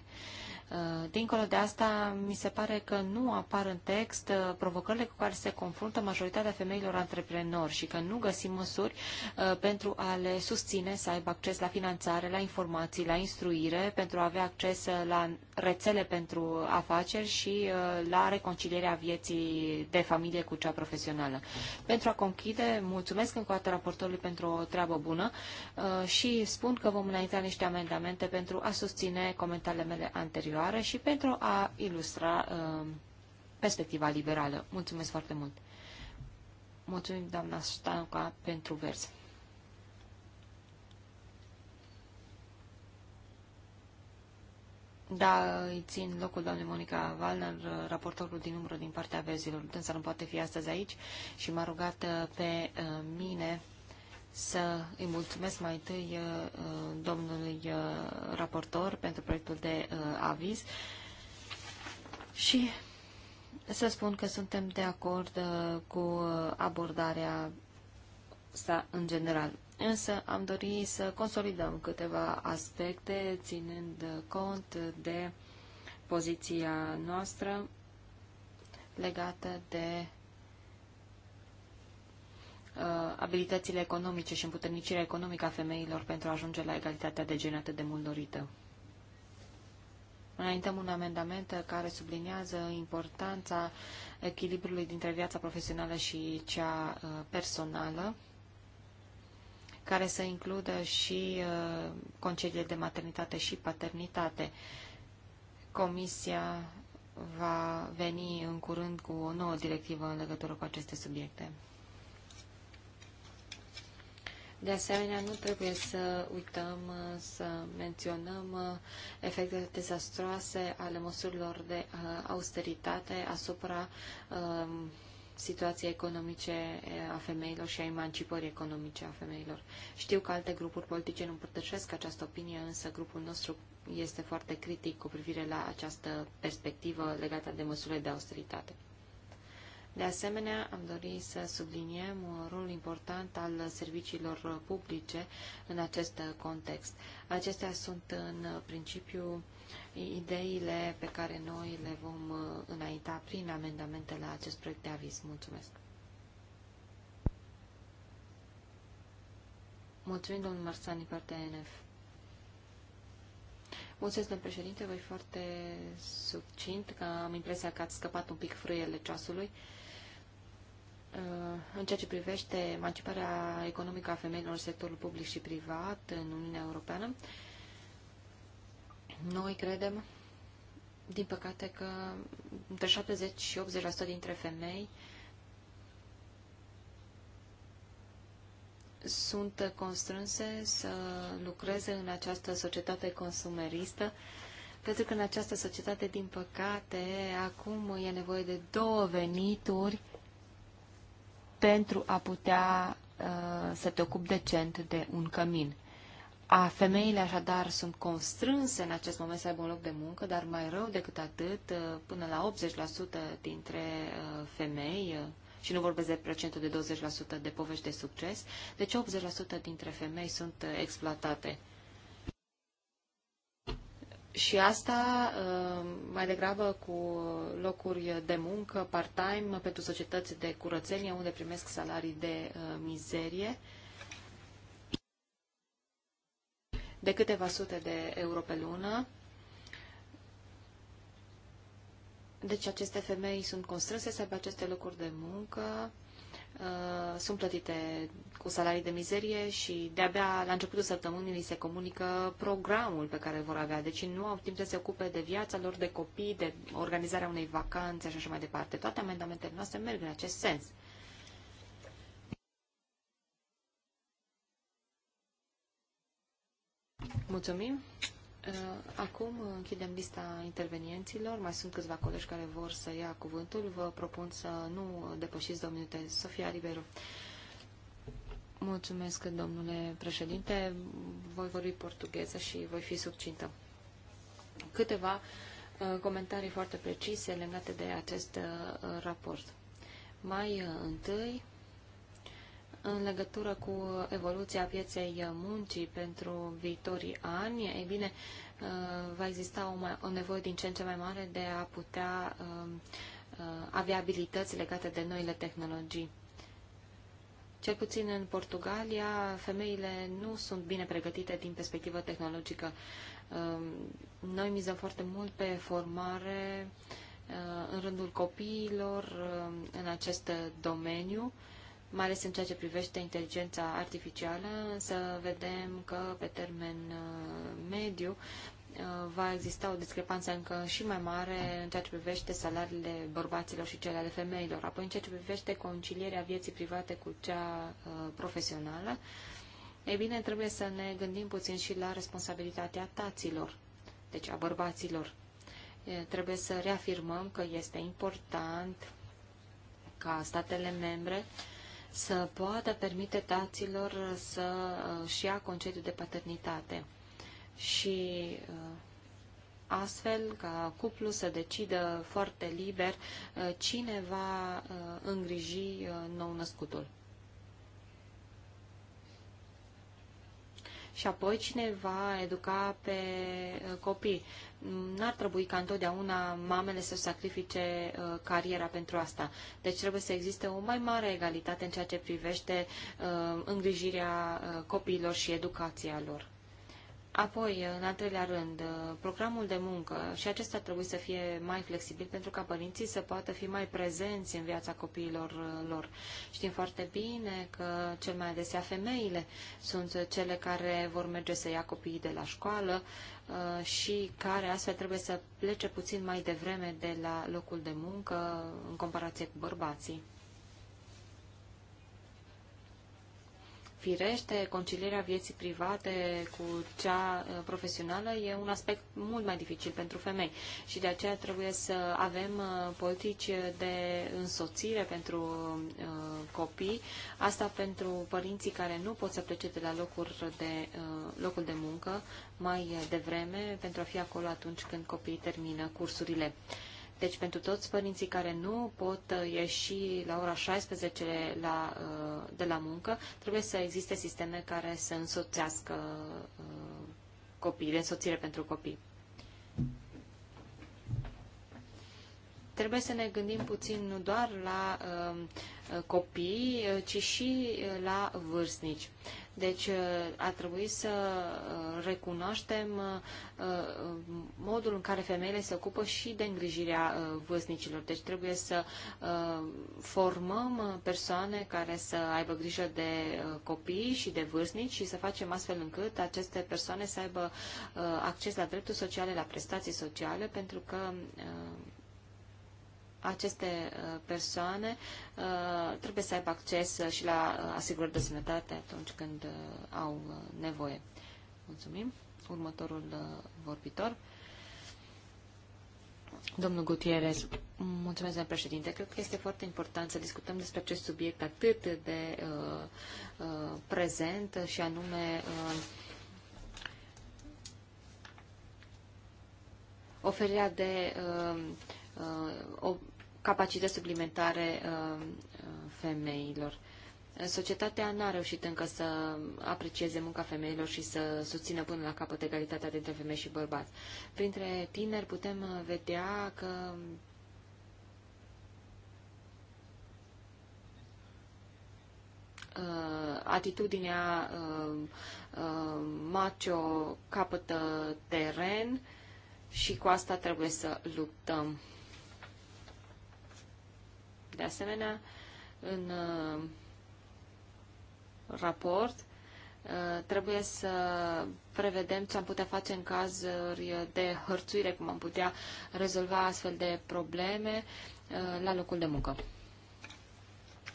Uh, dincolo de asta, mi se pare că nu apar în text uh, provocările cu care se confruntă majoritatea femeilor antreprenori și că nu găsim măsuri uh, pentru a le susține să aibă acces la finanțare, la informații, la instruire, pentru a avea acces la rețele pentru afaceri și la reconcilierea vieții de familie cu cea profesională. Pentru a conchide, mulțumesc încă o dată raportorului pentru o treabă bună și spun că vom înainta niște amendamente pentru a susține comentariile mele anterioare continuare și pentru a ilustra uh, perspectiva liberală. Mulțumesc foarte mult! Mulțumim, doamna Stanca, pentru vers. Da, îi țin locul doamnei Monica Valner, raportorul din umbră din partea verzilor. Dânsa nu poate fi astăzi aici și m-a rugat uh, pe uh, mine să îi mulțumesc mai întâi uh, uh, domnului uh, raportor pentru proiectul de aviz și să spun că suntem de acord cu abordarea sa în general. Însă am dorit să consolidăm câteva aspecte ținând cont de poziția noastră legată de Uh, abilitățile economice și împuternicirea economică a femeilor pentru a ajunge la egalitatea de gen atât de mult dorită. Înaintăm un amendament care subliniază importanța echilibrului dintre viața profesională și cea uh, personală, care să includă și uh, concediile de maternitate și paternitate. Comisia va veni în curând cu o nouă directivă în legătură cu aceste subiecte. De asemenea, nu trebuie să uităm uh, să menționăm uh, efectele dezastroase ale măsurilor de uh, austeritate asupra um, situației economice a femeilor și a emancipării economice a femeilor. Știu că alte grupuri politice nu împărtășesc această opinie, însă grupul nostru este foarte critic cu privire la această perspectivă legată de măsurile de austeritate. De asemenea, am dorit să subliniem rolul important al serviciilor publice în acest context. Acestea sunt în principiu ideile pe care noi le vom înainta prin amendamente la acest proiect de aviz. Mulțumesc! Mulțumim, domnul Marsani, partea NF. Mulțumesc, domnul președinte, voi foarte succint, că am impresia că ați scăpat un pic frâiele ceasului. Uh, în ceea ce privește emanciparea economică a femeilor în sectorul public și privat în Uniunea Europeană, noi credem, din păcate, că între 70 și 80% dintre femei sunt constrânse să lucreze în această societate consumeristă, pentru că în această societate, din păcate, acum e nevoie de două venituri pentru a putea uh, să te ocupi decent de un cămin. A femeile așadar sunt constrânse în acest moment să aibă un loc de muncă, dar mai rău decât atât, uh, până la 80% dintre uh, femei, și nu vorbesc de procentul de 20% de povești de succes, deci 80% dintre femei sunt exploatate. Și asta uh, mai degrabă cu locuri de muncă part-time pentru societăți de curățenie unde primesc salarii de uh, mizerie de câteva sute de euro pe lună. Deci aceste femei sunt constrânse să aibă aceste locuri de muncă, uh, sunt plătite cu salarii de mizerie și de-abia la începutul săptămânii se comunică programul pe care vor avea. Deci nu au timp să se ocupe de viața lor, de copii, de organizarea unei vacanțe și așa mai departe. Toate amendamentele noastre merg în acest sens. Mulțumim. Uh, acum închidem lista intervenienților. Mai sunt câțiva colegi care vor să ia cuvântul. Vă propun să nu depășiți două minute. Sofia Ribeiro. Mulțumesc, domnule președinte. Voi vorbi portugheză și voi fi succintă. Câteva uh, comentarii foarte precise legate de acest uh, raport. Mai uh, întâi, în legătură cu evoluția pieței muncii pentru viitorii ani, e bine, va exista o, mai, o nevoie din ce în ce mai mare de a putea avea abilități legate de noile tehnologii. Cel puțin în Portugalia, femeile nu sunt bine pregătite din perspectivă tehnologică. Um, noi mizăm foarte mult pe formare uh, în rândul copiilor um, în acest domeniu, mai ales în ceea ce privește inteligența artificială, să vedem că pe termen uh, mediu Uh, va exista o discrepanță încă și mai mare în ceea ce privește salariile bărbaților și cele ale femeilor. Apoi, în ceea ce privește concilierea vieții private cu cea uh, profesională, e bine, trebuie să ne gândim puțin și la responsabilitatea taților, deci a bărbaților. Trebuie să reafirmăm că este important ca statele membre să poată permite taților să-și uh, ia concediu de paternitate și uh, astfel ca cuplu să decidă foarte liber uh, cine va uh, îngriji nou-născutul. și apoi cine va educa pe copii. N-ar trebui ca întotdeauna mamele să sacrifice cariera pentru asta. Deci trebuie să existe o mai mare egalitate în ceea ce privește îngrijirea copiilor și educația lor. Apoi, în al treilea rând, programul de muncă și acesta trebuie să fie mai flexibil pentru ca părinții să poată fi mai prezenți în viața copiilor uh, lor. Știm foarte bine că cel mai adesea femeile sunt cele care vor merge să ia copiii de la școală uh, și care astfel trebuie să plece puțin mai devreme de la locul de muncă în comparație cu bărbații. Firește, concilierea vieții private cu cea uh, profesională e un aspect mult mai dificil pentru femei și de aceea trebuie să avem uh, politici de însoțire pentru uh, copii, asta pentru părinții care nu pot să plece de la locuri de, locul de muncă mai devreme pentru a fi acolo atunci când copiii termină cursurile. Deci pentru toți părinții care nu pot uh, ieși la ora 16 la, uh, de la muncă, trebuie să existe sisteme care să însoțească uh, copiii, de însoțire pentru copii trebuie să ne gândim puțin nu doar la um, uh, copii, uh, ci și uh, la vârstnici. Deci ar trebui să recunoaștem modul în care femeile se ocupă și de îngrijirea vârstnicilor. Deci trebuie să formăm persoane care să aibă grijă de copii și de vârstnici și să facem astfel încât aceste persoane să aibă acces la drepturi sociale, la prestații sociale, pentru că aceste uh, persoane uh, trebuie să aibă acces și la uh, asigurări de sănătate atunci când au nevoie. Mulțumim. Următorul vorbitor. Domnul Gutierrez, mulțumesc, domnule președinte. Cred că este foarte important să discutăm despre acest subiect atât de uh, uh, prezent și anume uh, oferirea de uh, uh, capacități suplimentare uh, femeilor. Societatea n-a reușit încă să aprecieze munca femeilor și să susțină până la capăt egalitatea dintre femei și bărbați. Printre tineri putem uh, vedea că uh, atitudinea macio capătă teren și cu asta trebuie să luptăm. De asemenea, în uh, raport uh, trebuie să prevedem ce am putea face în cazuri de hărțuire, cum am putea rezolva astfel de probleme uh, la locul de muncă.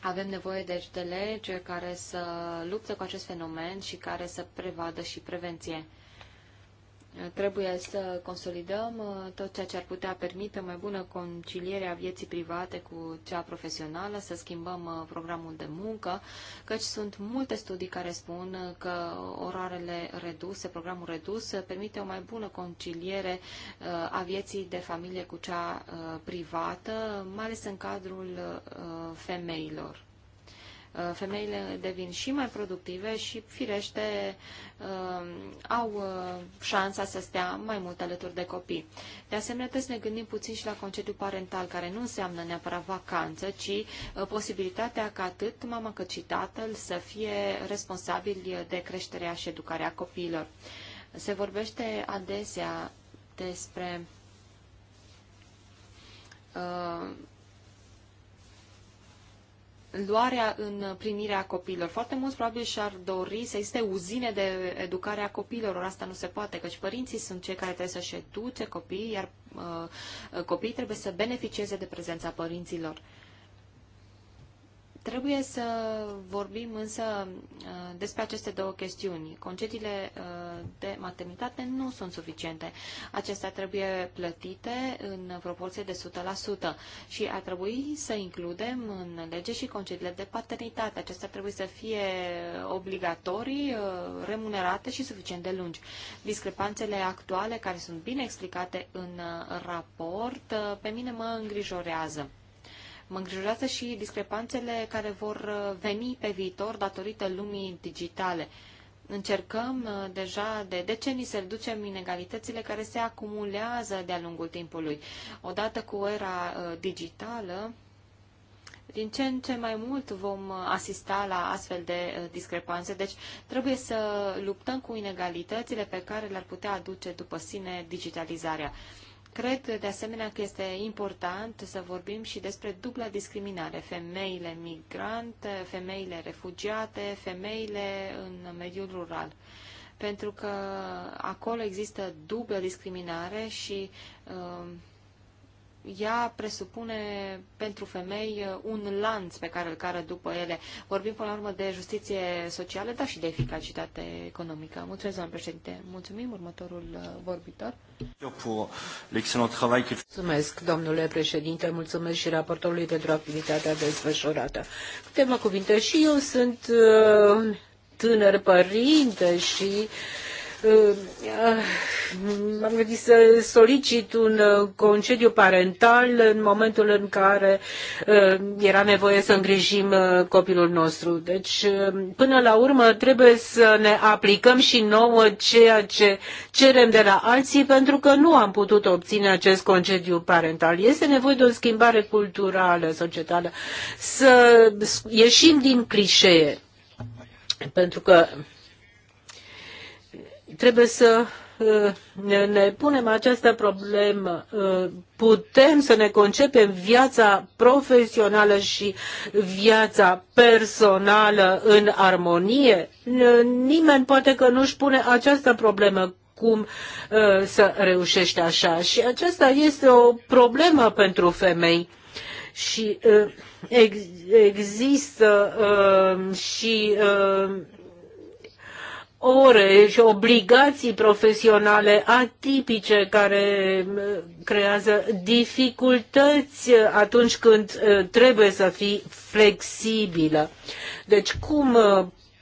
Avem nevoie, deci, de lege care să lupte cu acest fenomen și care să prevadă și prevenție. Trebuie să consolidăm uh, tot ceea ce ar putea permite mai bună conciliere a vieții private cu cea profesională, să schimbăm uh, programul de muncă, căci sunt multe studii care spun uh, că orarele reduse, programul redus, permite o mai bună conciliere a vieții de familie cu cea privată, mai ales în cadrul femeilor. Uh, femeile devin și mai productive și, firește, uh, au uh, șansa să stea mai mult alături de copii. De asemenea, trebuie să ne gândim puțin și la concediu parental, care nu înseamnă neapărat vacanță, ci posibilitatea ca atât mama cât și tatăl să fie responsabili de creșterea și educarea copiilor. Se vorbește adesea despre uh, luarea în primirea copiilor. Foarte mulți probabil și-ar dori să existe uzine de educare a copiilor, asta nu se poate, căci părinții sunt cei care trebuie să-și educe copiii, iar uh, copiii trebuie să beneficieze de prezența părinților. Trebuie să vorbim însă uh, despre aceste două chestiuni. Concediile uh, de maternitate nu sunt suficiente. Acestea trebuie plătite în proporție de 100% și ar trebui să includem în lege și concediile de paternitate. Acestea trebuie să fie obligatorii, uh, remunerate și suficient de lungi. Discrepanțele actuale, care sunt bine explicate în raport, pe mine mă îngrijorează. Mă îngrijorează și discrepanțele care vor uh, veni pe viitor datorită lumii digitale. Încercăm uh, deja de decenii să reducem inegalitățile care se acumulează de-a lungul timpului. Odată cu era uh, digitală, din ce în ce mai mult vom asista la astfel de discrepanțe. Deci trebuie să luptăm cu inegalitățile pe care le-ar putea aduce după sine digitalizarea. Cred de asemenea că este important să vorbim și despre dubla discriminare. Femeile migrante, femeile refugiate, femeile în mediul rural. Pentru că acolo există dublă discriminare și uh, ea presupune pentru femei uh, un lanț pe care îl cară după ele. Vorbim până la urmă de justiție socială, dar și de eficacitate economică. Mulțumesc, doamnă președinte. Mulțumim, următorul uh, vorbitor. Mulțumesc, domnule președinte, mulțumesc și raportorului pentru activitatea desfășurată. Câteva cuvinte. Și eu sunt uh, tânăr părinte și uh, am gândit să solicit un uh, concediu parental în momentul în care uh, era nevoie să îngrijim uh, copilul nostru. Deci, până la urmă, trebuie să ne aplicăm și nouă ceea ce cerem de la alții, pentru că nu am putut obține acest concediu parental. Este nevoie de o schimbare culturală, societală, să ieșim din clișee. Pentru că trebuie să uh, ne punem această problemă, uh, putem să ne concepem viața profesională și viața personală în armonie? Nimeni poate că nu își pune această problemă cum uh, să reușești așa. Și aceasta este o problemă pentru femei și există și ore și obligații profesionale atipice care creează dificultăți atunci când trebuie să fii flexibilă. Deci cum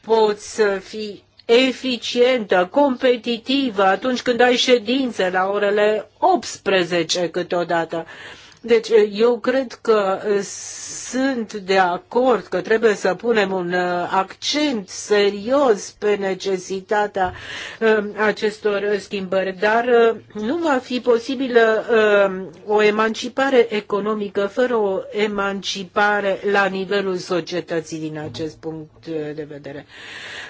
poți să fii eficientă, competitivă atunci când ai ședințe la orele 18 câteodată. Deci eh, eu cred că eh, sunt de acord că trebuie să punem un eh, accent serios pe necesitatea acestor schimbări, dar nu va fi posibilă o emancipare economică fără o emancipare la nivelul societății din acest punct de vedere.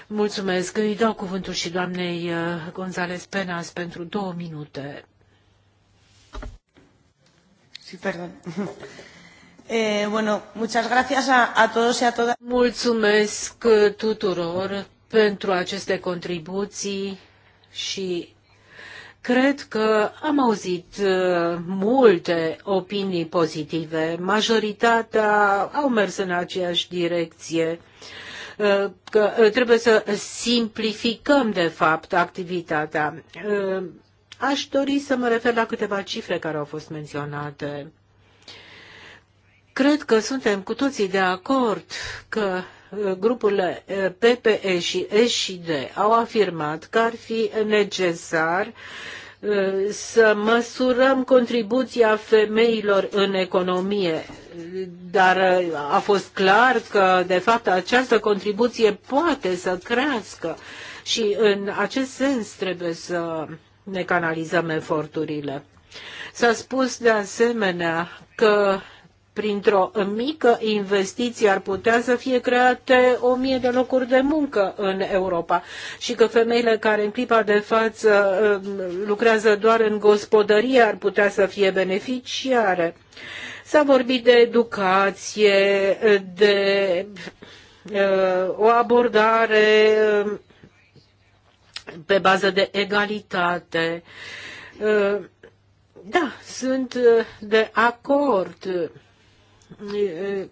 Mulțumesc. Îi dau cuvântul și doamnei González Penas pentru două minute. Sí, perdón. Eh, bueno, muchas gracias a, a todos y a todas. Mulțumesc tuturor pentru aceste contribuții și cred că am auzit eh, multe opinii pozitive. Majoritatea au mers în aceeași direcție eh, că eh, trebuie să simplificăm, de fapt, activitatea. Aș dori să mă refer la câteva cifre care au fost menționate. Cred că suntem cu toții de acord că uh, grupurile uh, PPE și SD au afirmat că ar fi necesar uh, să măsurăm contribuția femeilor în economie, dar a fost clar că, de fapt, această contribuție poate să crească și, în acest sens, trebuie să ne canalizăm eforturile. S-a spus de asemenea că printr-o mică investiție ar putea să fie create o mie de locuri de muncă în Europa și că femeile care în clipa de față um, lucrează doar în gospodărie ar putea să fie beneficiare. S-a vorbit de educație, de uh, o abordare um, pe bază de egalitate. Uh, da, sunt uh, de acord. Uh,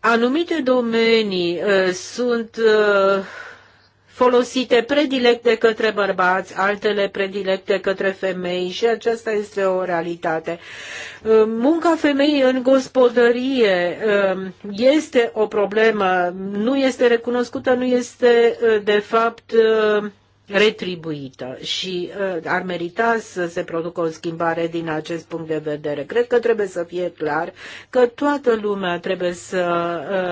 anumite domenii sunt folosite predilecte către bărbați, altele predilecte către femei și aceasta este o realitate. Ă, munca femeii în gospodărie ă, este o problemă, nu este recunoscută, nu este ă, de fapt retribuită și uh, ar merita să se producă o schimbare din acest punct de vedere. Cred că trebuie să fie clar că toată lumea trebuie să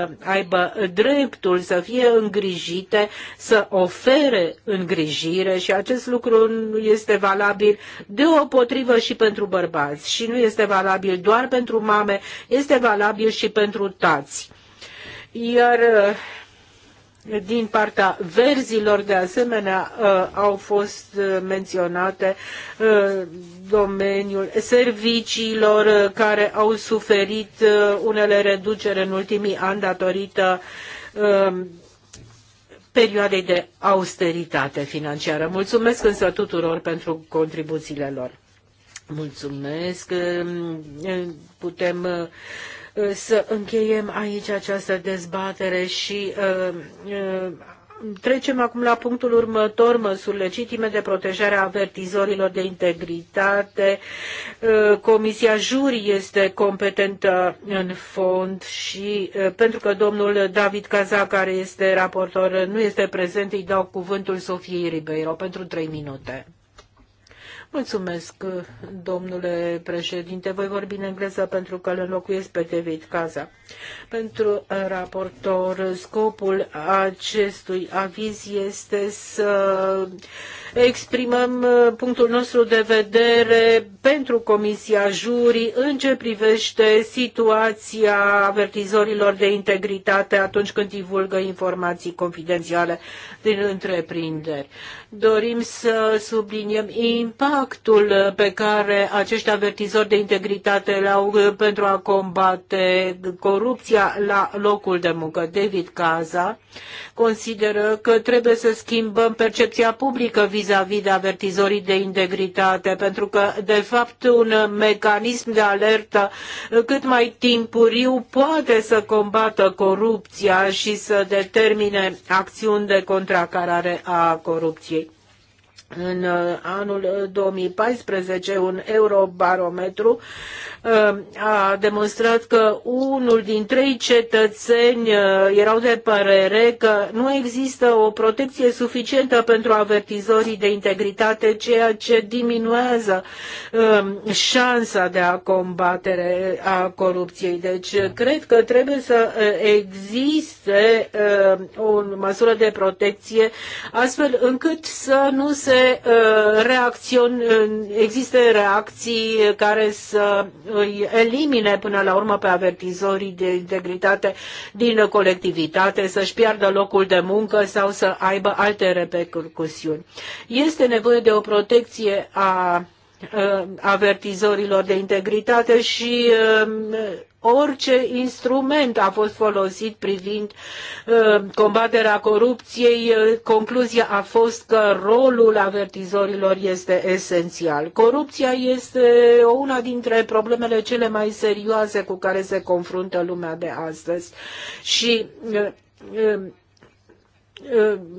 uh, aibă dreptul să fie îngrijite, să ofere îngrijire și acest lucru nu este valabil deopotrivă și pentru bărbați și nu este valabil doar pentru mame, este valabil și pentru tați. Iar uh, din partea verzilor, de asemenea, uh, au fost uh, menționate uh, domeniul serviciilor care au suferit unele reduceri în ultimii ani datorită um, perioadei de austeritate financiară. Mulțumesc însă tuturor pentru contribuțiile lor. Mulțumesc. Um, putem Uh, să încheiem aici această dezbatere și uh, uh, Trecem acum la punctul următor, măsuri legitime de protejare a avertizorilor de integritate. Comisia Juri este competentă în fond și pentru că domnul David Caza, care este raportor, nu este prezent, îi dau cuvântul Sofiei Ribeiro pentru trei minute. Mulțumesc, domnule președinte. Voi vorbi în engleză pentru că îl înlocuiesc pe David Caza. Pentru raportor, scopul acestui aviz este să exprimăm uh, punctul nostru de vedere pentru Comisia Juri în ce privește situația avertizorilor de integritate atunci când divulgă informații confidențiale din întreprinderi. Dorim să subliniem impactul pe care acești avertizori de integritate l-au uh, pentru a combate corupția la locul de muncă. David Caza consideră că trebuie să schimbăm percepția publică vis vis-a-vis -vis de avertizorii de integritate, pentru că, de fapt, un mecanism de alertă cât mai timpuriu poate să combată corupția și să determine acțiuni de contracarare a corupției. În uh, anul 2014, uh, un eurobarometru uh, a demonstrat că unul din trei cetățeni erau de părere că nu există o protecție suficientă pentru avertizorii de integritate, ceea ce diminuează um, șansa de a combatere a corupției. Deci, cred că trebuie să existe o măsură de protecție astfel încât să nu se Uh, uh, există reacțion, reacții care să îi elimine până la urmă pe avertizorii de integritate din colectivitate, să-și piardă locul de muncă sau să aibă alte repercusiuni. Este nevoie de o protecție a uh, avertizorilor de integritate și um, orice instrument a fost folosit privind uh, combaterea corupției, uh, concluzia a fost că rolul avertizorilor este esențial. Corupția este una dintre problemele cele mai serioase cu care se confruntă lumea de astăzi și uh,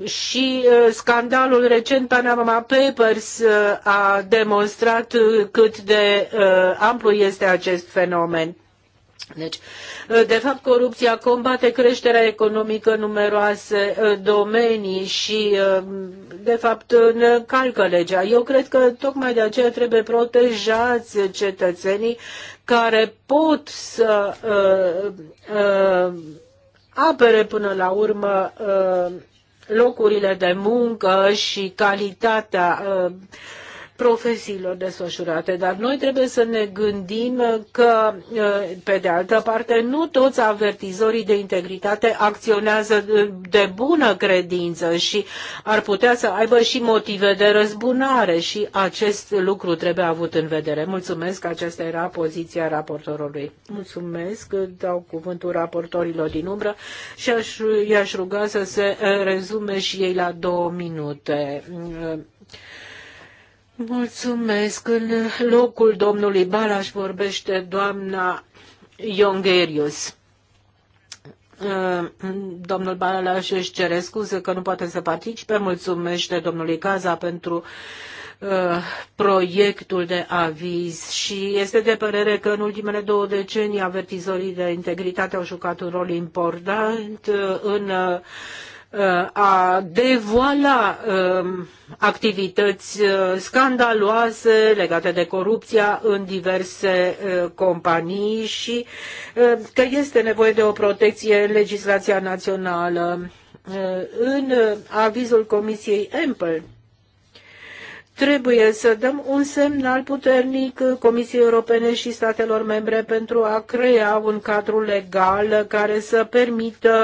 și scandalul recent Panama Papers a demonstrat cât de amplu este acest fenomen. Deci, de fapt, corupția combate creșterea economică în numeroase uh, domenii și, uh, de fapt, ne uh, calcă legea. Eu cred că tocmai de aceea trebuie protejați cetățenii care pot să uh, uh, apere până la urmă uh, locurile de muncă și calitatea uh, profesiilor desfășurate. Dar noi trebuie să ne gândim că, pe de altă parte, nu toți avertizorii de integritate acționează de bună credință și ar putea să aibă și motive de răzbunare și acest lucru trebuie avut în vedere. Mulțumesc, aceasta era poziția raportorului. Mulțumesc, dau cuvântul raportorilor din umbră și i-aș ruga să se rezume și ei la două minute. Mulțumesc. În locul domnului Balaș vorbește doamna Iongerius. Uh, domnul Balaș își cere scuze că nu poate să participe. Mulțumește domnului Caza pentru uh, proiectul de aviz și este de părere că în ultimele două decenii avertizorii de integritate au jucat un rol important uh, în a devoala um, activități uh, scandaloase legate de corupția în diverse uh, companii și uh, că este nevoie de o protecție în legislația națională. În avizul Comisiei EMPL. Trebuie să dăm un semnal puternic Comisiei Europene și statelor membre pentru a crea un cadru legal care să permită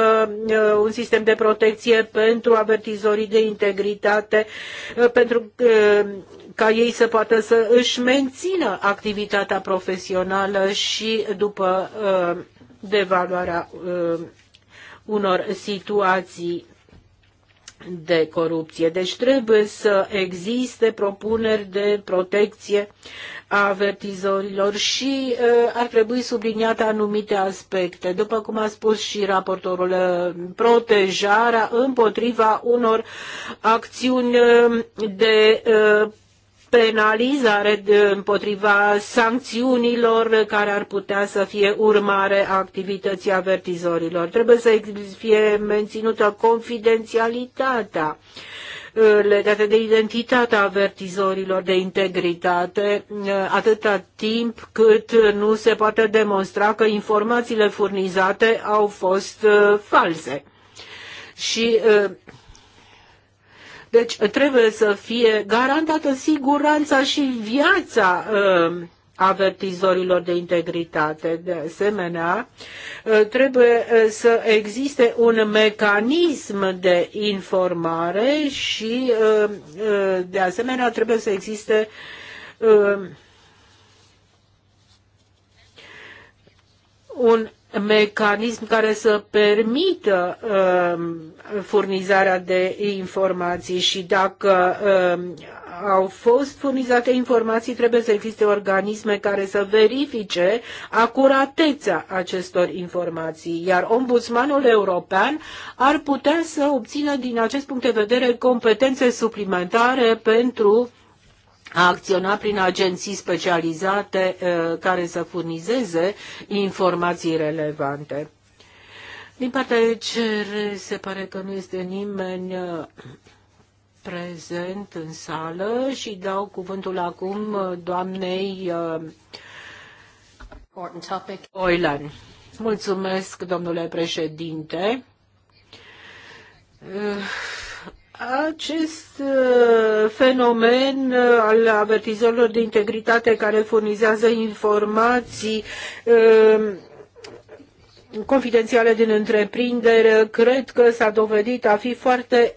uh, un sistem de protecție pentru avertizorii de integritate, uh, pentru uh, ca ei să poată să își mențină activitatea profesională și după devaluarea unor situații de corupție. Deci trebuie să existe propuneri de protecție a avertizorilor și uh, ar trebui subliniate anumite aspecte. După cum a spus și raportorul, uh, protejarea împotriva unor acțiuni uh, de uh, penalizare de împotriva sancțiunilor care ar putea să fie urmare a activității avertizorilor. Trebuie să fie menținută confidențialitatea uh, legate de identitatea avertizorilor de integritate, uh, atâta timp cât nu se poate demonstra că informațiile furnizate au fost uh, false. Și deci uh, trebuie să fie garantată siguranța și viața uh, avertizorilor de integritate. De asemenea, uh, trebuie uh, să existe un mecanism de informare și, de asemenea, trebuie să existe un mecanism care să permită uh, furnizarea de informații și dacă uh, au fost furnizate informații, trebuie să existe organisme care să verifice acuratețea acestor informații, iar ombudsmanul european ar putea să obțină din acest punct de vedere competențe suplimentare pentru a acționa prin agenții specializate uh, care să furnizeze informații relevante. Din partea ECR se pare că nu este nimeni uh, prezent în sală și dau cuvântul acum uh, doamnei Oilan. Mulțumesc, domnule președinte acest uh, fenomen uh, al avertizorilor de integritate care furnizează informații uh, confidențiale din întreprindere, cred că s-a dovedit a fi foarte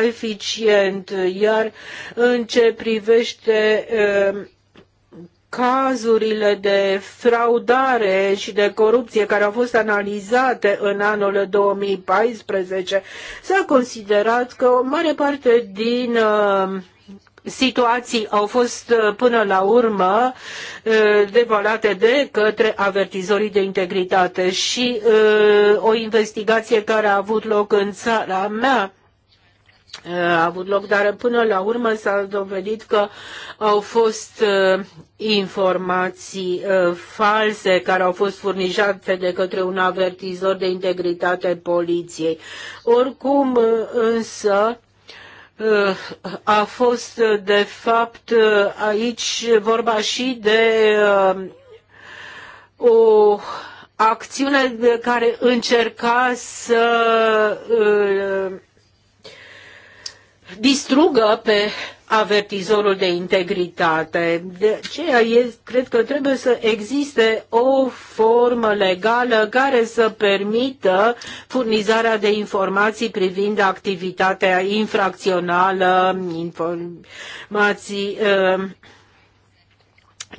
eficient, iar în ce privește cazurile de fraudare și de corupție care au fost analizate în anul 2014, s-a considerat că o mare parte din uh, situații au fost uh, până la urmă uh, devalate de către avertizorii de integritate și uh, o investigație care a avut loc în țara mea a avut loc, dar până la urmă s-a dovedit că au fost uh, informații uh, false care au fost furnizate de către un avertizor de integritate poliției. Oricum, uh, însă, a fost de fapt aici vorba și de o acțiune care încerca să distrugă pe avertizorul de integritate. De aceea e, cred că trebuie să existe o formă legală care să permită furnizarea de informații privind activitatea infracțională, informații uh,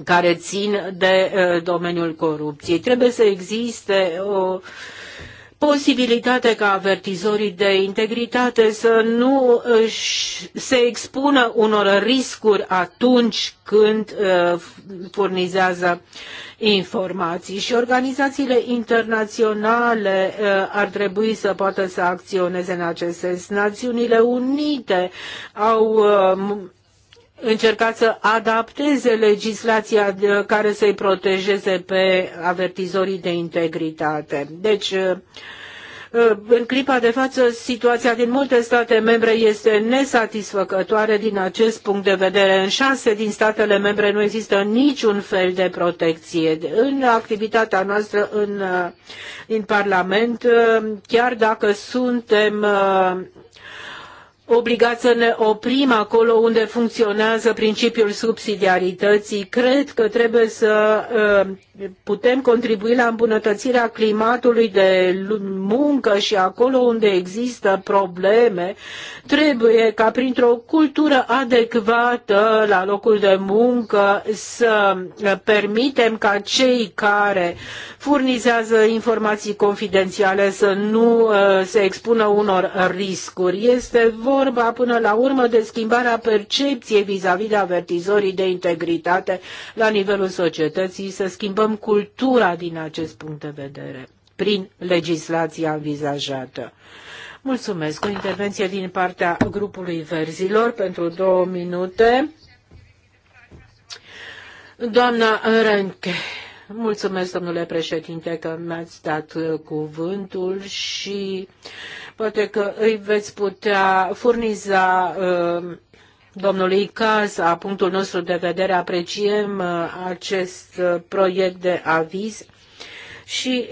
care țin de uh, domeniul corupției. Trebuie să existe o uh, posibilitate ca avertizorii de integritate să nu se expună unor riscuri atunci când uh, furnizează informații și organizațiile internaționale uh, ar trebui să poată să acționeze în acest sens. Națiunile Unite au uh, încercat să adapteze legislația uh, care să-i protejeze pe avertizorii de integritate. Deci, uh, uh, în clipa de față, situația din multe state membre este nesatisfăcătoare din acest punct de vedere. În șase din statele membre nu există niciun fel de protecție. În activitatea noastră în, în Parlament, chiar dacă suntem obligați să ne oprim acolo unde funcționează principiul subsidiarității. Cred că trebuie să uh, putem contribui la îmbunătățirea climatului de muncă și acolo unde există probleme, trebuie ca printr-o cultură adecvată la locul de muncă să uh, permitem ca cei care furnizează informații confidențiale să nu uh, se expună unor riscuri. Este vorba vorba până la urmă de schimbarea percepției vis-a-vis -vis de avertizorii de integritate la nivelul societății, să schimbăm cultura din acest punct de vedere prin legislația învizajată. Mulțumesc. O intervenție din partea grupului Verzilor pentru două minute. Doamna Renke, Mulțumesc, domnule președinte, că mi-ați dat uh, cuvântul și poate că îi veți putea furniza uh, domnului domnului a punctul nostru de vedere, apreciem uh, acest proiect de aviz și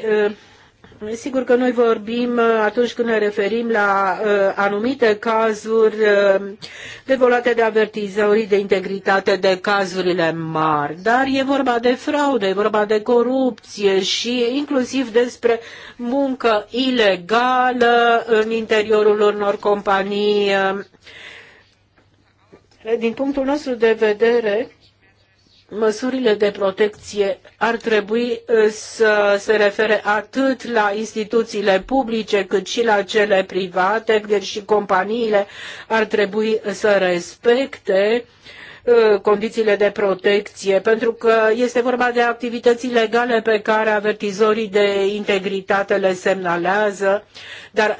Sigur că noi vorbim uh, atunci când ne referim la uh, anumite cazuri uh, devolate de avertizorii de integritate de cazurile mari, dar e vorba de fraude, e vorba de corupție și inclusiv despre muncă ilegală în interiorul unor companii. Uh, din punctul nostru de vedere, măsurile de protecție ar trebui uh, să se refere atât la instituțiile publice cât și la cele private, deci și companiile ar trebui să respecte uh, condițiile de protecție, pentru că este vorba de activități legale pe care avertizorii de integritate le semnalează, dar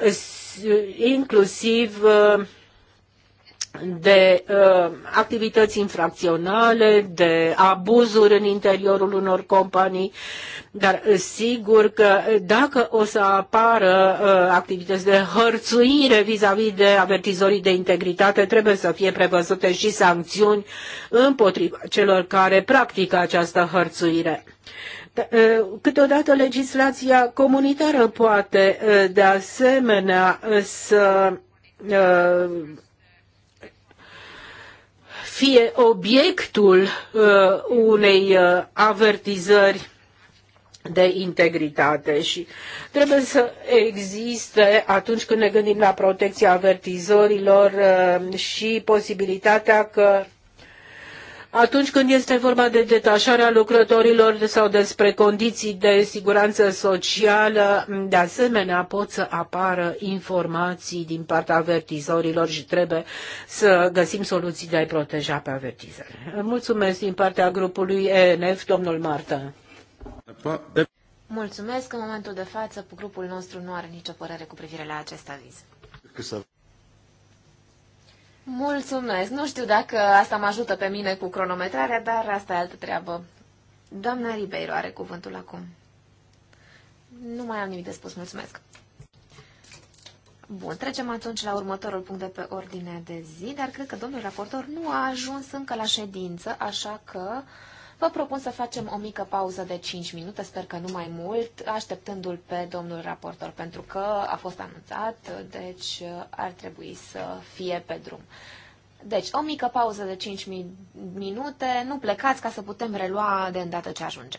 inclusiv uh, de uh, activități infracționale, de abuzuri în interiorul unor companii, dar uh, sigur că uh, dacă o să apară uh, activități de hărțuire vis-a-vis -vis de avertizorii de integritate, trebuie să fie prevăzute și sancțiuni împotriva celor care practică această hărțuire. Da, uh, câteodată legislația comunitară poate de asemenea să fie obiectul uh, unei uh, avertizări de integritate și trebuie să existe atunci când ne gândim la protecția avertizorilor uh, și posibilitatea că atunci când este vorba de detașarea lucrătorilor sau despre condiții de siguranță socială, de asemenea pot să apară informații din partea avertizorilor și trebuie să găsim soluții de a-i proteja pe avertizări. Mulțumesc din partea grupului ENF, domnul Marta. Mulțumesc. În momentul de față, grupul nostru nu are nicio părere cu privire la acest aviz. Mulțumesc. Nu știu dacă asta mă ajută pe mine cu cronometrarea, dar asta e altă treabă. Doamna Ribeiro are cuvântul acum. Nu mai am nimic de spus. Mulțumesc. Bun, trecem atunci la următorul punct de pe ordinea de zi, dar cred că domnul raportor nu a ajuns încă la ședință, așa că uh, Vă propun să facem o mică pauză de 5 minute, sper că nu mai mult, așteptându-l pe domnul raportor, pentru că a fost anunțat, deci uh, ar trebui să fie pe drum. Deci, o mică pauză de 5 minute, nu plecați ca să putem relua de îndată ce ajunge.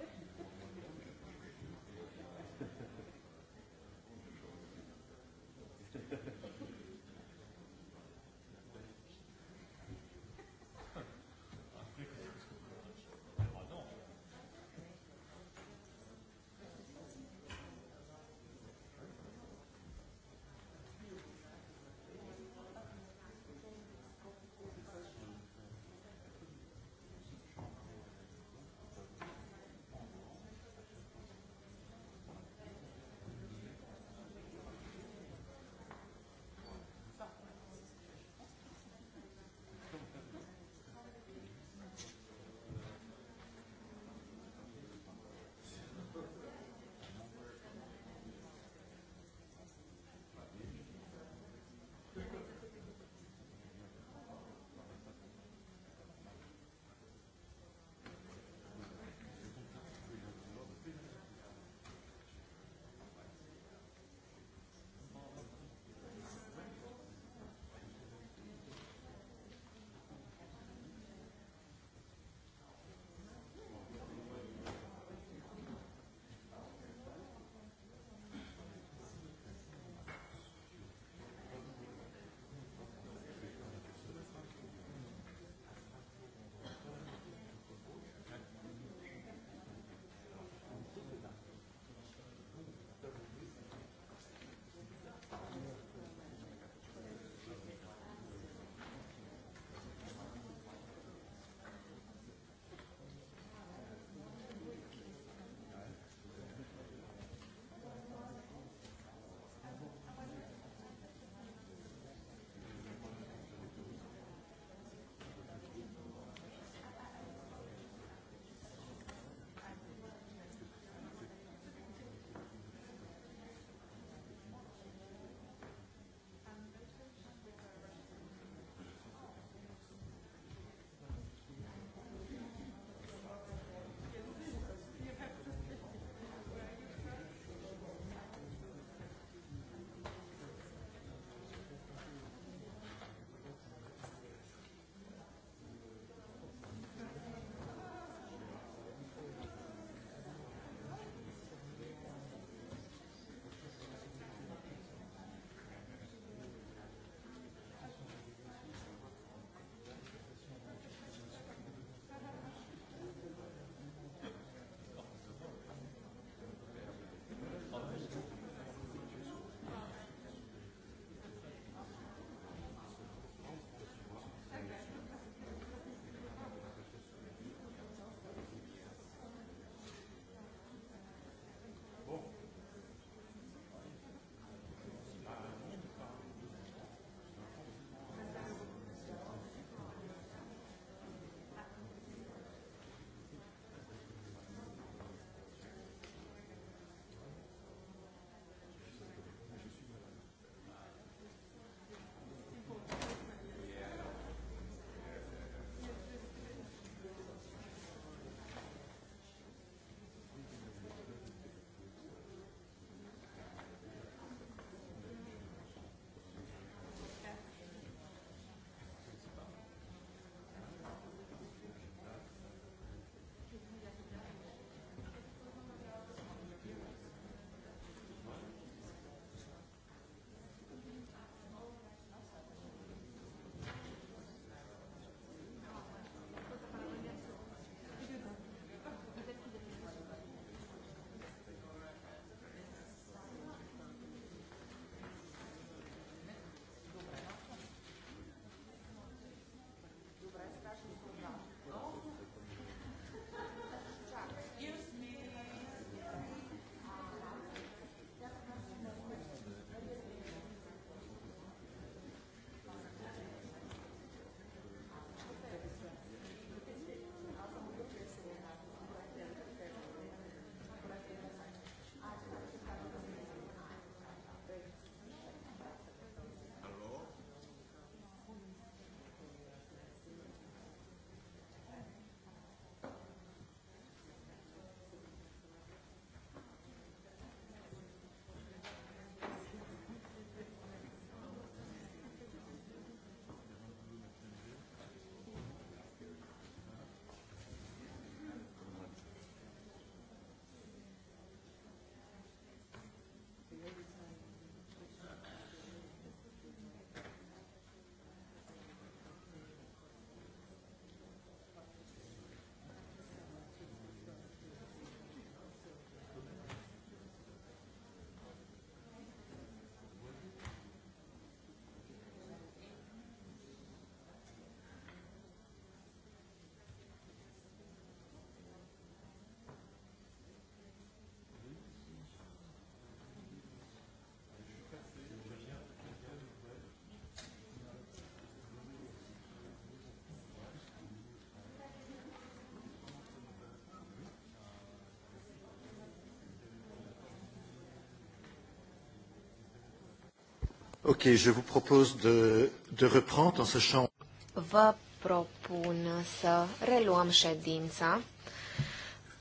Ok, je vous propose de, de reprendre en sachant... Vă propun să reluăm ședința.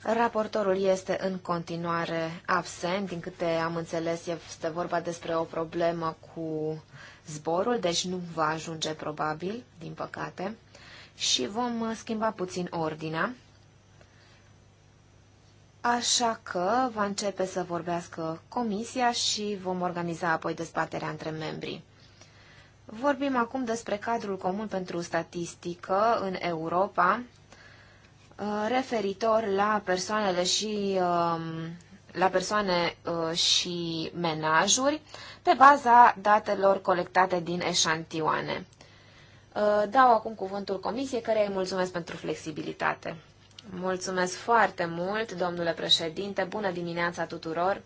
Raportorul este în continuare absent, din câte am înțeles este vorba despre o problemă cu zborul, deci nu va ajunge probabil, din păcate, și vom schimba puțin ordinea. Așa că va începe să vorbească comisia și vom organiza apoi dezbaterea între membrii. Vorbim acum despre cadrul comun pentru statistică în Europa, uh, referitor la persoanele și um, la persoane uh, și menajuri pe baza datelor colectate din eșantioane. Uh, dau acum cuvântul comisiei, care îi mulțumesc pentru flexibilitate. Mulțumesc foarte mult, domnule președinte. Bună dimineața tuturor.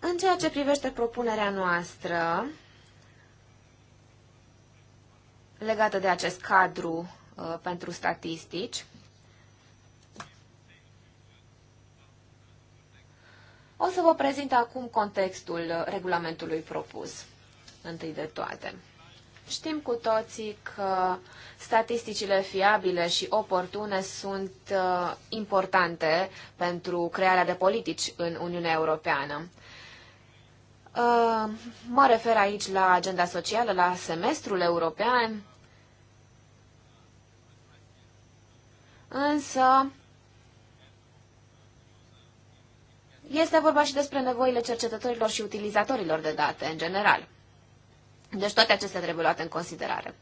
În ceea ce privește propunerea noastră legată de acest cadru uh, pentru statistici, o să vă prezint acum contextul uh, regulamentului propus, întâi de toate. Știm cu toții că statisticile fiabile și oportune sunt uh, importante pentru crearea de politici în Uniunea Europeană. Uh, mă refer aici la agenda socială, la semestrul european, însă este vorba și despre nevoile cercetătorilor și utilizatorilor de date în general. Deci toate acestea trebuie luate în considerare.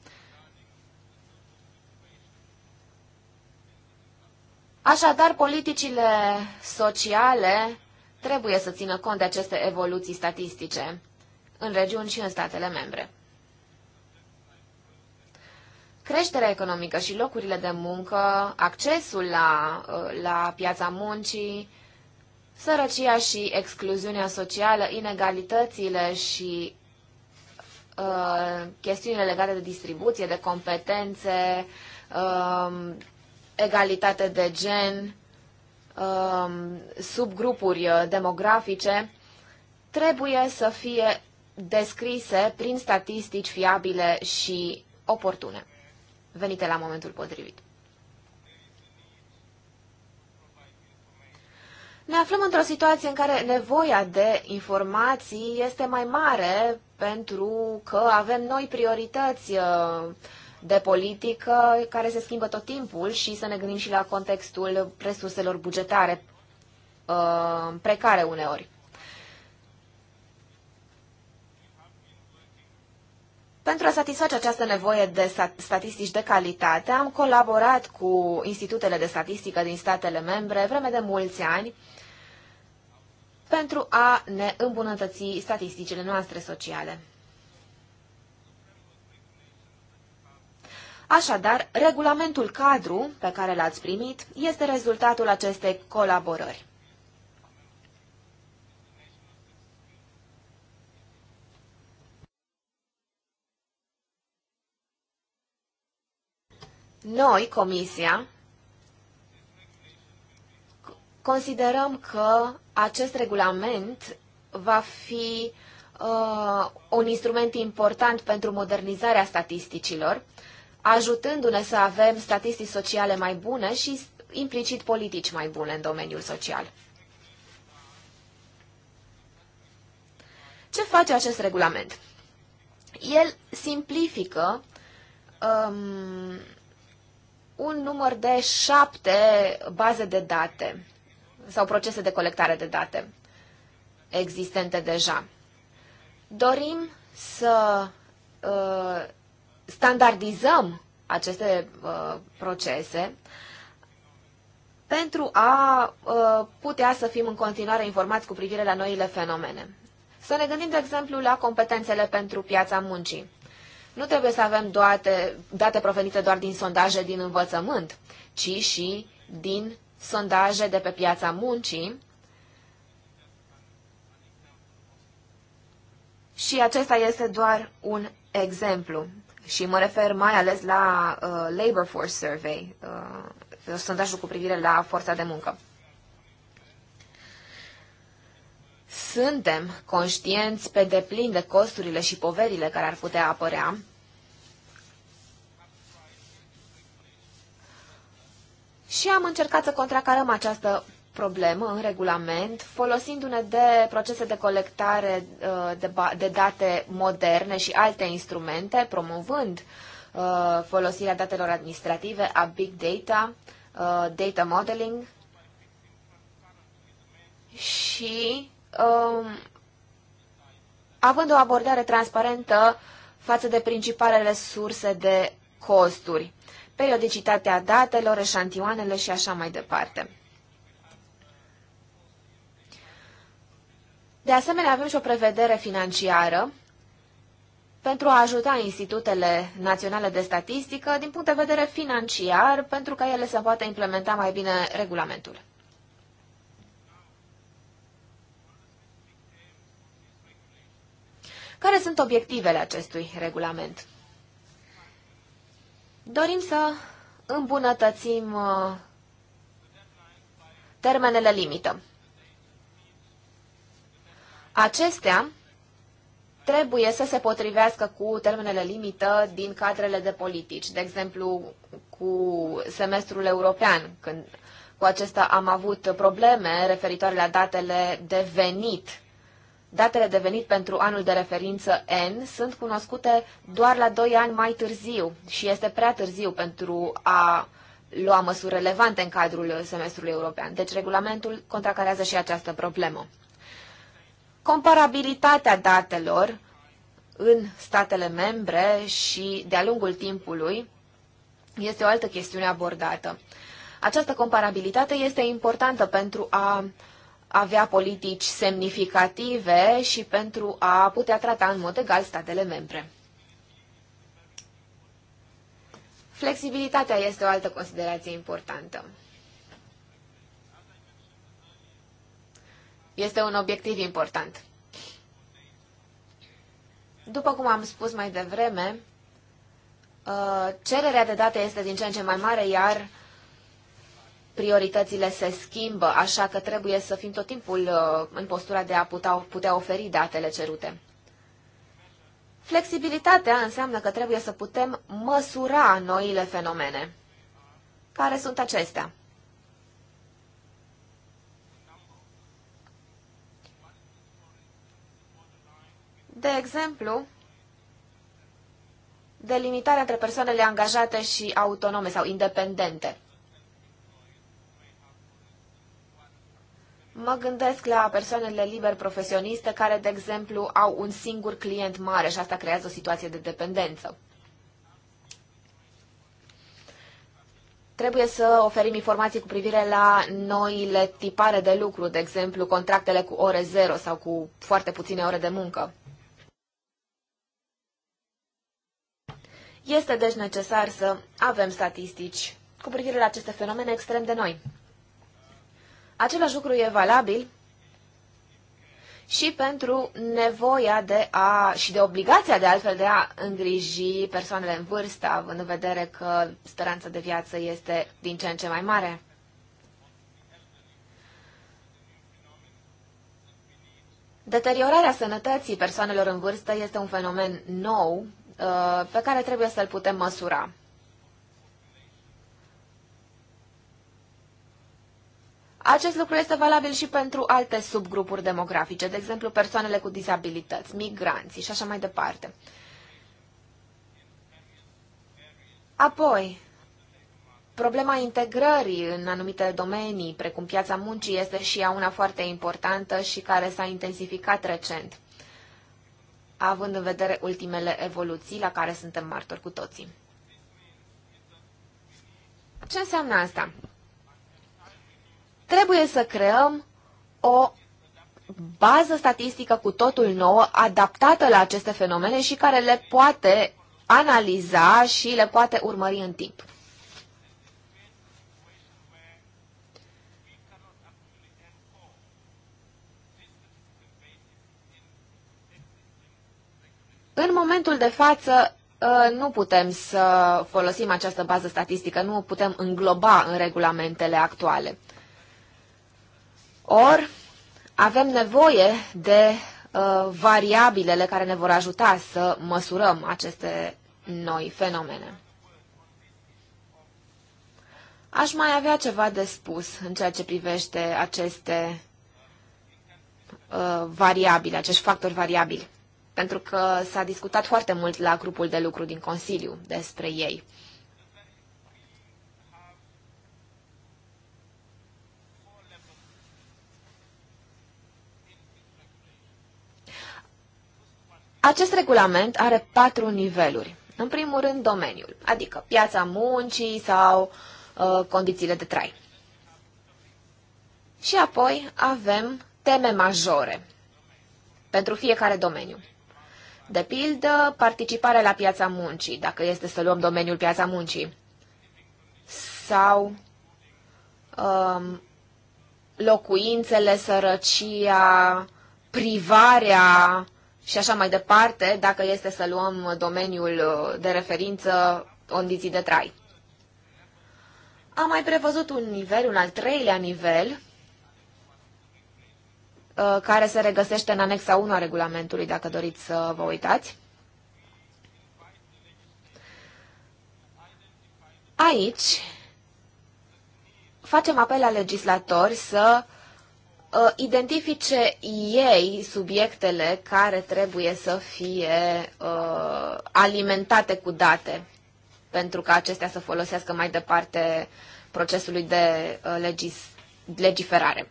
Așadar, politicile sociale trebuie să țină cont de aceste evoluții statistice în regiuni și în statele membre. Creșterea economică și locurile de muncă, accesul la, la piața muncii, sărăcia și excluziunea socială, inegalitățile și uh, chestiunile legate de distribuție, de competențe, uh, egalitate de gen, um, uh, subgrupuri demografice, trebuie să fie descrise prin statistici fiabile și oportune, venite la momentul potrivit. Ne aflăm într-o situație în care nevoia de informații este mai mare pentru că avem noi priorități uh, de politică care se schimbă tot timpul și să ne gândim și la contextul resurselor bugetare uh, precare uneori. Pentru a satisface această nevoie de statistici de calitate, am colaborat cu institutele de statistică din statele membre vreme de mulți ani pentru a ne îmbunătăți statisticile noastre sociale. Așadar, regulamentul cadru pe care l-ați primit este rezultatul acestei colaborări. Noi, Comisia, considerăm că acest regulament va fi uh, un instrument important pentru modernizarea statisticilor, ajutându-ne să avem statistici sociale mai bune și implicit politici mai bune în domeniul social. Ce face acest regulament? El simplifică um, un număr de șapte baze de date sau procese de colectare de date existente deja. Dorim să uh, standardizăm aceste uh, procese pentru a uh, putea să fim în continuare informați cu privire la noile fenomene. Să ne gândim, de exemplu, la competențele pentru piața muncii. Nu trebuie să avem doate, date provenite doar din sondaje din învățământ, ci și din sondaje de pe piața muncii și acesta este doar un exemplu. Și mă refer mai ales la uh, Labor Force Survey, uh, sondajul cu privire la forța de muncă. Suntem conștienți pe deplin de costurile și poverile care ar putea apărea Și am încercat să contracarăm această problemă în regulament, folosindu-ne de procese de colectare uh, de date moderne și alte instrumente, promovând uh, folosirea datelor administrative, a big data, uh, data modeling și um, având o abordare transparentă față de principalele surse de costuri periodicitatea datelor, eșantioanele și așa mai departe. De asemenea, avem și o prevedere financiară pentru a ajuta institutele naționale de statistică din punct de vedere financiar pentru ca ele să poată implementa mai bine regulamentul. Care sunt obiectivele acestui regulament? Dorim să îmbunătățim uh, termenele limită. Acestea trebuie să se potrivească cu termenele limită din cadrele de politici, de exemplu cu semestrul european, când cu acesta am avut probleme referitoare la datele de venit datele de venit pentru anul de referință N sunt cunoscute doar la 2 ani mai târziu și este prea târziu pentru a lua măsuri relevante în cadrul semestrului european. Deci regulamentul contracarează și această problemă. Comparabilitatea datelor în statele membre și de-a lungul timpului este o altă chestiune abordată. Această comparabilitate este importantă pentru a avea politici semnificative și pentru a putea trata în mod egal statele membre. Flexibilitatea este o altă considerație importantă. Este un obiectiv important. După cum am spus mai devreme, uh, cererea de date este din ce în ce mai mare, iar prioritățile se schimbă, așa că trebuie să fim tot timpul uh, în postura de a putea, putea oferi datele cerute. Flexibilitatea înseamnă că trebuie să putem măsura noile fenomene. Care sunt acestea? De exemplu, delimitarea între persoanele angajate și autonome sau independente. Mă gândesc la persoanele liber profesioniste care, de exemplu, au un singur client mare și asta creează o situație de dependență. Trebuie să oferim informații cu privire la noile tipare de lucru, de exemplu, contractele cu ore zero sau cu foarte puține ore de muncă. Este deci necesar să avem statistici cu privire la aceste fenomene extrem de noi. Același lucru e valabil și pentru nevoia de a, și de obligația de altfel de a îngriji persoanele în vârstă, având în vedere că speranța de viață este din ce în ce mai mare. Deteriorarea sănătății persoanelor în vârstă este un fenomen nou uh, pe care trebuie să-l putem măsura. Acest lucru este valabil și pentru alte subgrupuri demografice, de exemplu persoanele cu dizabilități, migranții și așa mai departe. Apoi, problema integrării în anumite domenii, precum piața muncii, este și ea una foarte importantă și care s-a intensificat recent, având în vedere ultimele evoluții la care suntem martori cu toții. Ce înseamnă asta? Trebuie să creăm o bază statistică cu totul nouă, adaptată la aceste fenomene și care le poate analiza și le poate urmări în timp. În momentul de față, ă, nu putem să folosim această bază statistică, nu o putem îngloba în regulamentele actuale. Or, avem nevoie de uh, variabilele care ne vor ajuta să măsurăm aceste noi fenomene. Aș mai avea ceva de spus în ceea ce privește aceste uh, variabile, acești factori variabili, pentru că s-a discutat foarte mult la grupul de lucru din Consiliu despre ei. Acest regulament are patru niveluri. În primul rând, domeniul, adică piața muncii sau uh, condițiile de trai. Și apoi avem teme majore pentru fiecare domeniu. De pildă, participarea la piața muncii, dacă este să luăm domeniul piața muncii, sau um, locuințele, sărăcia, privarea și așa mai departe, dacă este să luăm domeniul uh, de referință condiții de trai. Am mai prevăzut un nivel, un al treilea nivel, uh, care se regăsește în anexa 1 a regulamentului, dacă doriți să vă uitați. Aici facem apel la legislatori să uh, uh, identifice ei subiectele care trebuie să fie uh, alimentate cu date pentru ca acestea să folosească mai departe procesului de uh, legis- legiferare.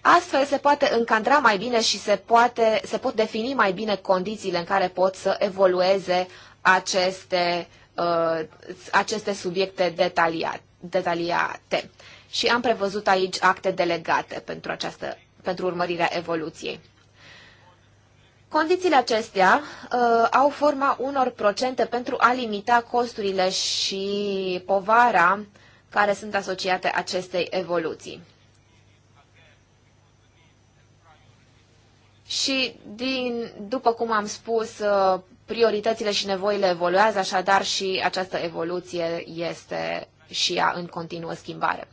Astfel se poate încadra mai bine și se, poate, se pot defini mai bine condițiile în care pot să evolueze aceste, uh, aceste subiecte detaliate. detaliate și am prevăzut aici acte delegate pentru, această, pentru urmărirea evoluției. Condițiile acestea uh, au forma unor procente pentru a limita costurile și povara care sunt asociate acestei evoluții. Și, din, după cum am spus, uh, prioritățile și nevoile evoluează, așadar și această evoluție este și ea în continuă schimbare.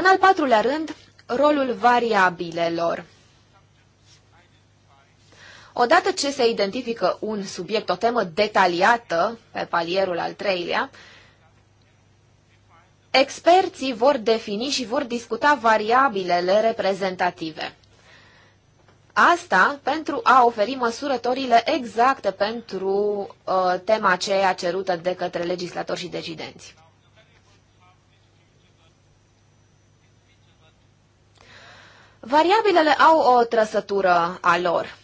În al patrulea rând, rolul variabilelor. Odată ce se identifică un subiect, o temă detaliată, pe palierul al treilea, experții vor defini și vor discuta variabilele reprezentative. Asta pentru a oferi măsurătorile exacte pentru uh, tema aceea cerută de către legislatori și decidenți. Variabilele au o trăsătură a lor.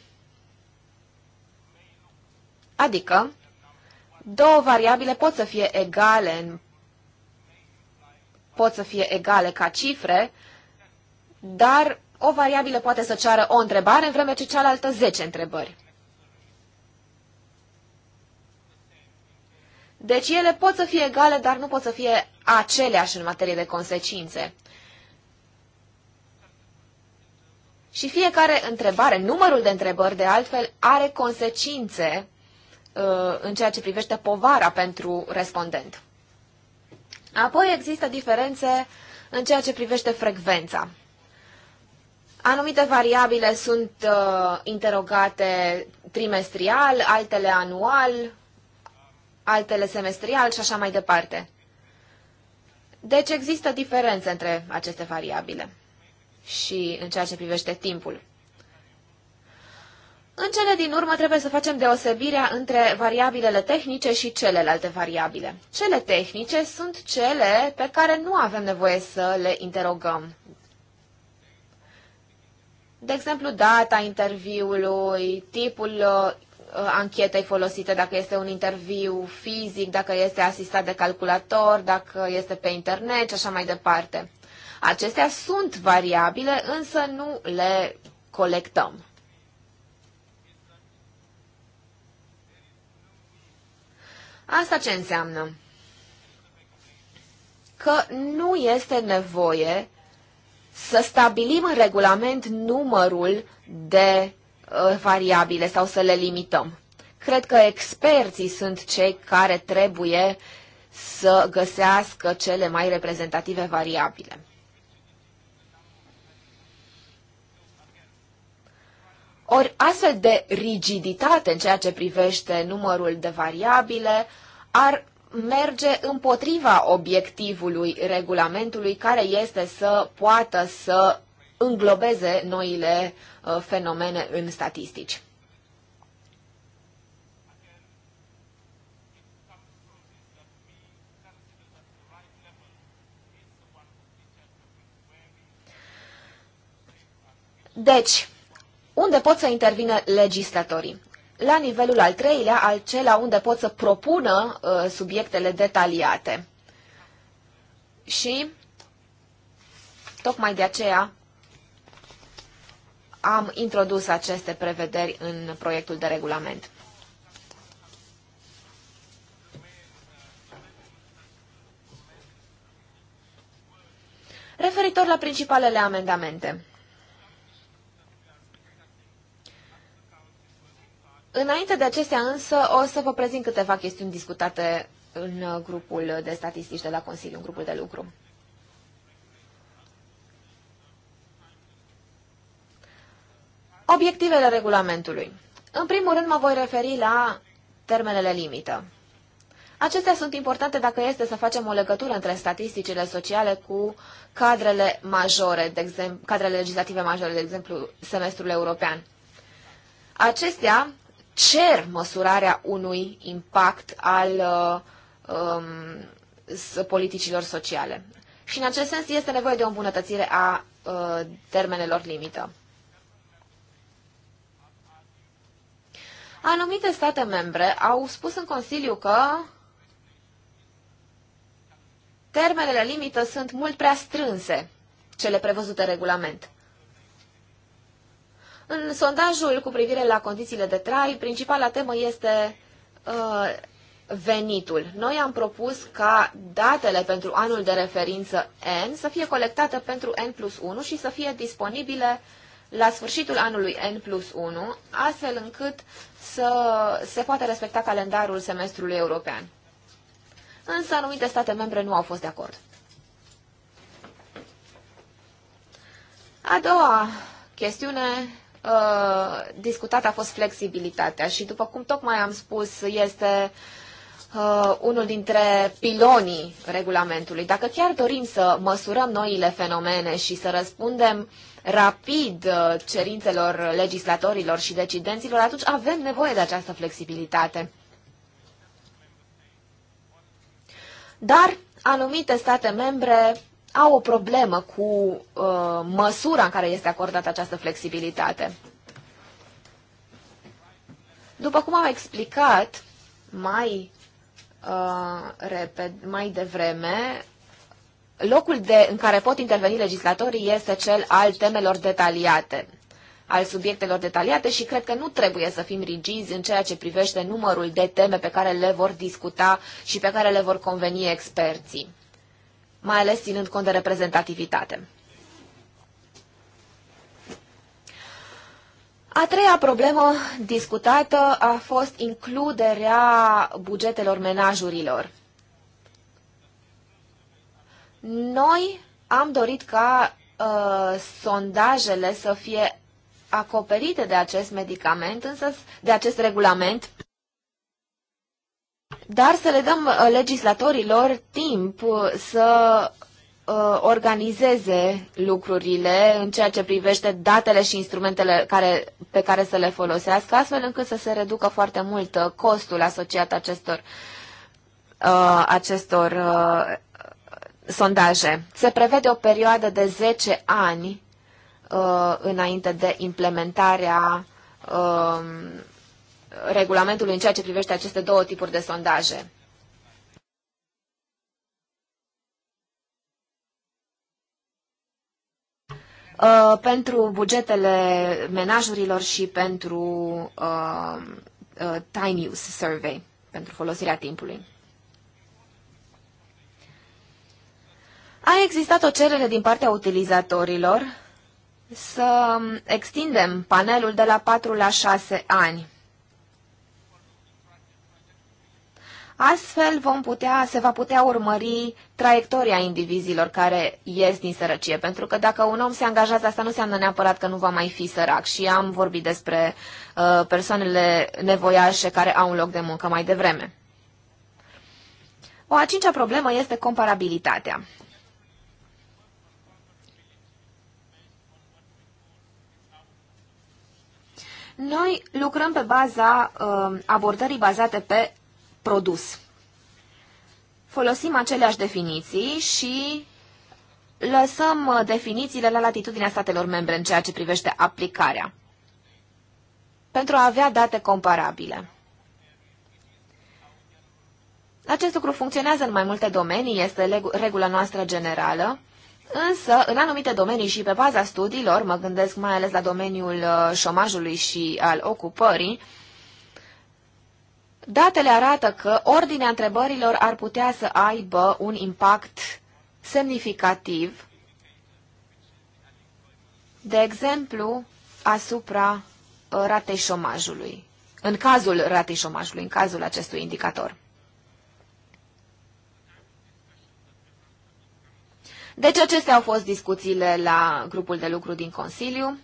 Adică, două variabile pot să fie egale, pot să fie egale ca cifre, dar o variabilă poate să ceară o întrebare, în vreme ce cealaltă 10 întrebări. Deci ele pot să fie egale, dar nu pot să fie aceleași în materie de consecințe. Și fiecare întrebare, numărul de întrebări de altfel, are consecințe uh, în ceea ce privește povara pentru respondent. Apoi există diferențe în ceea ce privește frecvența. Anumite variabile sunt uh, interogate trimestrial, altele anual, altele semestrial și așa mai departe. Deci există diferențe între aceste variabile și în ceea ce privește timpul. În cele din urmă trebuie să facem deosebirea între variabilele tehnice și celelalte variabile. Cele tehnice sunt cele pe care nu avem nevoie să le interogăm. De exemplu, data interviului, tipul uh, anchetei folosite, dacă este un interviu fizic, dacă este asistat de calculator, dacă este pe internet și așa mai departe. Acestea sunt variabile, însă nu le colectăm. Asta ce înseamnă? Că nu este nevoie să stabilim în regulament numărul de uh, variabile sau să le limităm. Cred că experții sunt cei care trebuie să găsească cele mai reprezentative variabile. Ori astfel de rigiditate în ceea ce privește numărul de variabile ar merge împotriva obiectivului regulamentului care este să poată să înglobeze noile uh, fenomene în statistici. Deci, unde pot să intervină legislatorii. La nivelul al treilea, al acela unde pot să propună uh, subiectele detaliate. Și tocmai de aceea am introdus aceste prevederi în proiectul de regulament. Referitor la principalele amendamente. Înainte de acestea însă o să vă prezint câteva chestiuni discutate în uh, grupul de statistici de la Consiliu, în grupul de lucru. Obiectivele regulamentului. În primul rând mă voi referi la termenele limită. Acestea sunt importante dacă este să facem o legătură între statisticile sociale cu cadrele majore, de exemplu, cadrele legislative majore, de exemplu, semestrul european. Acestea cer măsurarea unui impact al uh, um, politicilor sociale. Și în acest sens este nevoie de o îmbunătățire a uh, termenelor limită. Anumite state membre au spus în Consiliu că termenele limită sunt mult prea strânse, cele prevăzute regulament. În sondajul cu privire la condițiile de trai, principala temă este uh, venitul. Noi am propus ca datele pentru anul de referință N să fie colectate pentru N plus 1 și să fie disponibile la sfârșitul anului N plus 1, astfel încât să se poată respecta calendarul semestrului european. Însă anumite state membre nu au fost de acord. A doua chestiune discutată uh, discutat a fost flexibilitatea și, după cum tocmai am spus, este uh, unul dintre pilonii regulamentului. Dacă chiar dorim să măsurăm noile fenomene și să răspundem rapid uh, cerințelor legislatorilor și decidenților, atunci avem nevoie de această flexibilitate. Dar anumite state membre au o problemă cu uh, măsura în care este acordată această flexibilitate. După cum am explicat mai, uh, repede, mai devreme, locul de, în care pot interveni legislatorii este cel al temelor detaliate, al subiectelor detaliate și cred că nu trebuie să fim rigizi în ceea ce privește numărul de teme pe care le vor discuta și pe care le vor conveni experții mai ales ținând cont de reprezentativitate. A treia problemă discutată a fost includerea bugetelor menajurilor. Noi am dorit ca uh, sondajele să fie acoperite de acest medicament, însă de acest regulament, dar să le dăm uh, legislatorilor timp uh, să uh, organizeze lucrurile în ceea ce privește datele și instrumentele care, pe care să le folosească, astfel încât să se reducă foarte mult costul asociat acestor, uh, acestor uh, sondaje. Se prevede o perioadă de 10 ani uh, înainte de implementarea uh, regulamentului în ceea ce privește aceste două tipuri de sondaje. Uh, pentru bugetele menajurilor și pentru uh, uh, time use survey, pentru folosirea timpului. A existat o cerere din partea utilizatorilor să um, extindem panelul de la 4 la 6 ani. Astfel vom putea, se va putea urmări traiectoria indivizilor care ies din sărăcie, pentru că dacă un om se angajează, asta nu înseamnă neapărat că nu va mai fi sărac. Și am vorbit despre uh, persoanele nevoiașe care au un loc de muncă mai devreme. O a cincea problemă este comparabilitatea. Noi lucrăm pe baza uh, abordării bazate pe produs. Folosim aceleași definiții și lăsăm uh, definițiile la latitudinea statelor membre în ceea ce privește aplicarea, pentru a avea date comparabile. Acest lucru funcționează în mai multe domenii, este regula noastră generală, însă în anumite domenii și pe baza studiilor, mă gândesc mai ales la domeniul uh, șomajului și al ocupării, Datele arată că ordinea întrebărilor ar putea să aibă un impact semnificativ, de exemplu, asupra uh, ratei șomajului, în cazul ratei șomajului, în cazul acestui indicator. Deci acestea au fost discuțiile la grupul de lucru din Consiliu.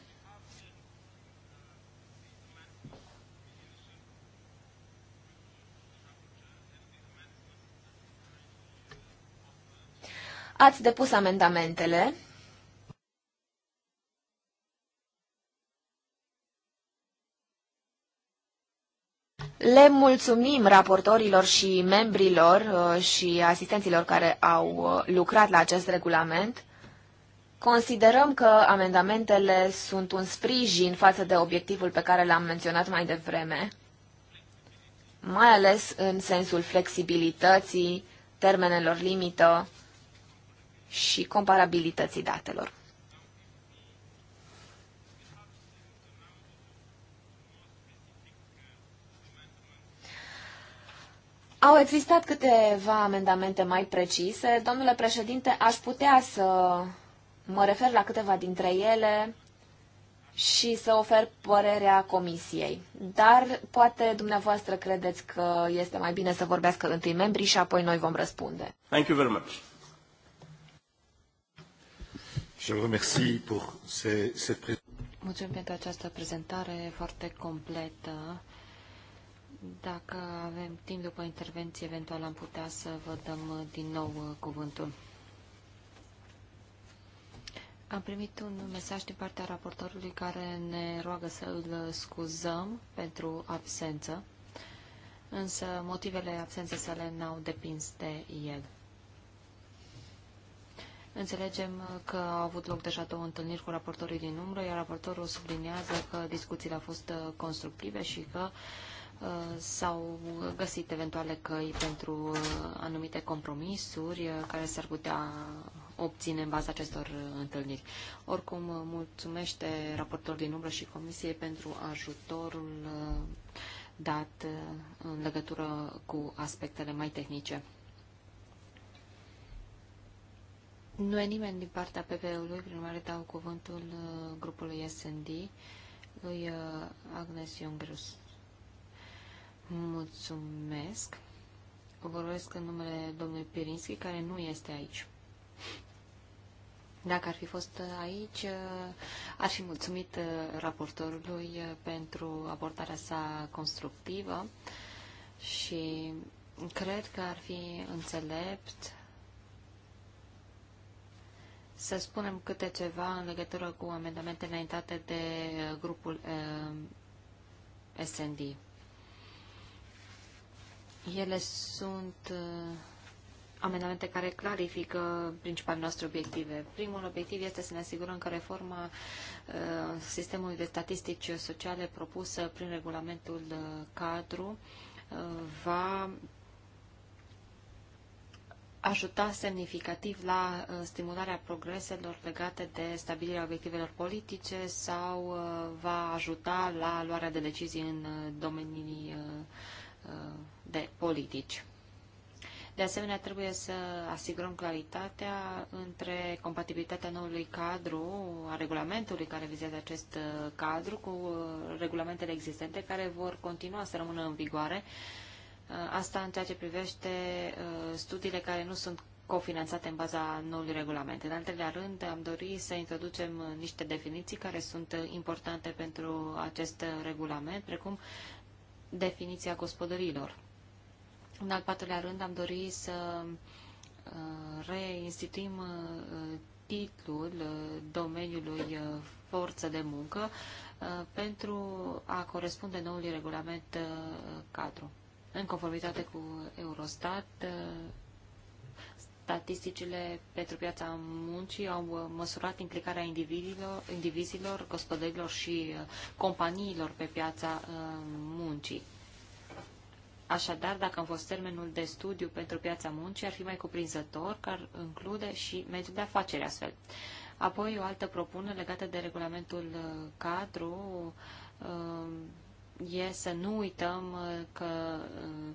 Ați depus amendamentele. Le mulțumim raportorilor și membrilor uh, și asistenților care au uh, lucrat la acest regulament. Considerăm că amendamentele sunt un sprijin față de obiectivul pe care l-am menționat mai devreme, mai ales în sensul flexibilității, termenelor limită și comparabilității datelor. Au existat câteva amendamente mai precise. Domnule președinte, aș putea să mă refer la câteva dintre ele și să ofer părerea comisiei. Dar poate dumneavoastră credeți că este mai bine să vorbească întâi membrii și apoi noi vom răspunde. Thank you very much. Mulțumim pentru această prezentare foarte completă. Dacă avem timp după intervenție, eventual am putea să vă dăm din nou uh, cuvântul. Am primit un mesaj din partea raportorului care ne roagă să îl scuzăm pentru absență, însă motivele absenței sale n-au depins de el. Înțelegem uh, că au avut loc deja două întâlniri cu raportorii din umbră, iar raportorul subliniază că discuțiile au fost uh, constructive și că uh, s-au găsit eventuale căi pentru anumite compromisuri care s-ar putea obține în baza acestor întâlniri. Oricum, mulțumește raportor din umbră și Comisiei pentru ajutorul dat în legătură cu aspectele mai tehnice. Nu e nimeni din partea PPE-ului, prin urmare dau cuvântul uh, grupului S&D lui uh, Agnes Iungrus. Mulțumesc. Vorbesc în numele domnului Pirinski, care nu este aici. Dacă ar fi fost uh, aici, ar fi mulțumit raportorului pentru abordarea sa constructivă și cred că ar fi înțelept să spunem câte ceva în legătură cu amendamente înaintate de uh, grupul uh, SND. Ele sunt uh, amendamente care clarifică principalele noastre obiective. Primul obiectiv este să ne asigurăm că reforma uh, sistemului de statistici sociale propusă prin regulamentul uh, cadru uh, va ajuta semnificativ la uh, stimularea progreselor legate de stabilirea obiectivelor politice sau uh, va ajuta la luarea de decizii în uh, domenii de politici. De asemenea, trebuie să asigurăm claritatea între compatibilitatea noului cadru, a regulamentului care vizează acest cadru, cu regulamentele existente care vor continua să rămână în vigoare Uh, asta în ceea ce privește uh, studiile care nu sunt cofinanțate în baza noului regulament. În al treilea rând, am dorit să introducem uh, niște definiții care sunt importante pentru acest regulament, precum definiția gospodărilor. În al patrulea rând, am dorit să reinstituim titlul domeniului forță de muncă pentru a corespunde noului regulament cadru în conformitate cu Eurostat, uh, statisticile pentru piața muncii au uh, măsurat implicarea indivizilor, indivizilor gospodărilor și uh, companiilor pe piața muncii. Așadar, dacă am fost termenul de studiu pentru piața muncii, ar fi mai cuprinzător, că ar include și mediul de afaceri astfel. Apoi, o altă propunere legată de regulamentul cadru e să nu uităm uh, că uh,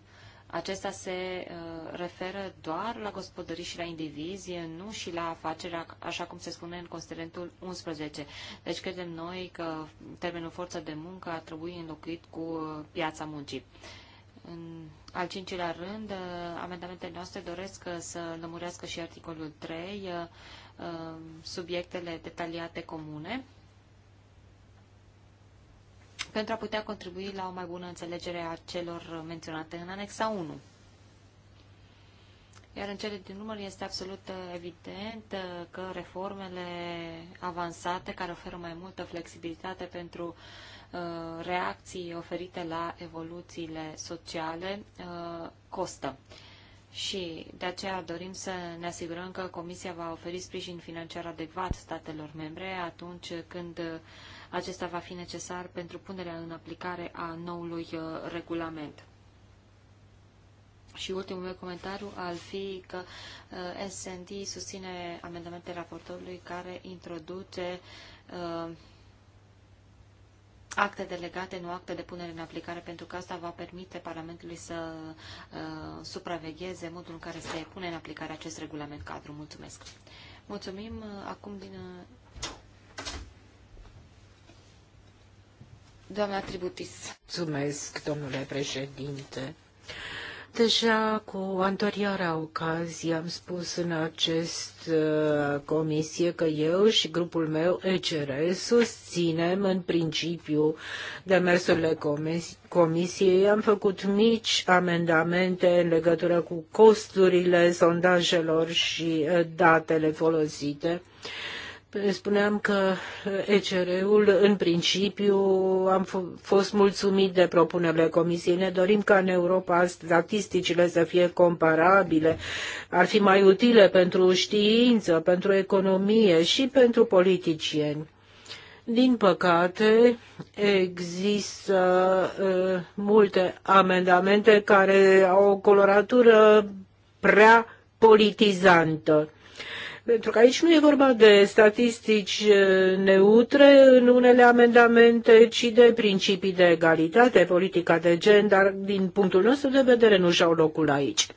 acesta se uh, referă doar la gospodării și la indivizi, nu și la afacerea, așa cum se spune în considerentul 11. Deci credem noi că termenul forță de muncă ar trebui înlocuit cu piața muncii. În al cincilea rând, amendamentele noastre doresc să lămurească și articolul 3, subiectele detaliate comune pentru a putea contribui la o mai bună înțelegere a celor menționate în anexa 1. Iar în cele din urmă este absolut evident uh, că reformele avansate, care oferă mai multă flexibilitate pentru uh, reacții oferite la evoluțiile sociale, uh, costă. Și de aceea dorim să ne asigurăm că Comisia va oferi sprijin financiar adecvat statelor membre atunci când uh, acesta va fi necesar pentru punerea în aplicare a noului uh, regulament. Și ultimul meu comentariu ar fi că uh, SND susține amendamentele raportorului care introduce uh, acte delegate, nu acte de punere în aplicare, pentru că asta va permite Parlamentului să uh, supravegheze modul în care se pune în aplicare acest regulament cadru. Mulțumesc! Mulțumim acum din Doamna Tributis. Mulțumesc, domnule președinte. Deja cu anterioara ocazie am spus în acest uh, comisie că eu și grupul meu ECR susținem în principiu demersurile comis comisiei. Am făcut mici amendamente în legătură cu costurile sondajelor și uh, datele folosite. Uh, spuneam că eh, ECR-ul, în principiu, am fost mulțumit de propunerile Comisiei. Ne dorim ca în Europa statisticile să fie comparabile, ar fi mai utile pentru știință, pentru economie și pentru politicieni. Din păcate, există uh, multe amendamente care au o coloratură prea politizantă pentru că aici nu e vorba de statistici neutre în unele amendamente, ci de principii de egalitate, politica de gen, dar din punctul nostru de vedere nu și-au locul aici.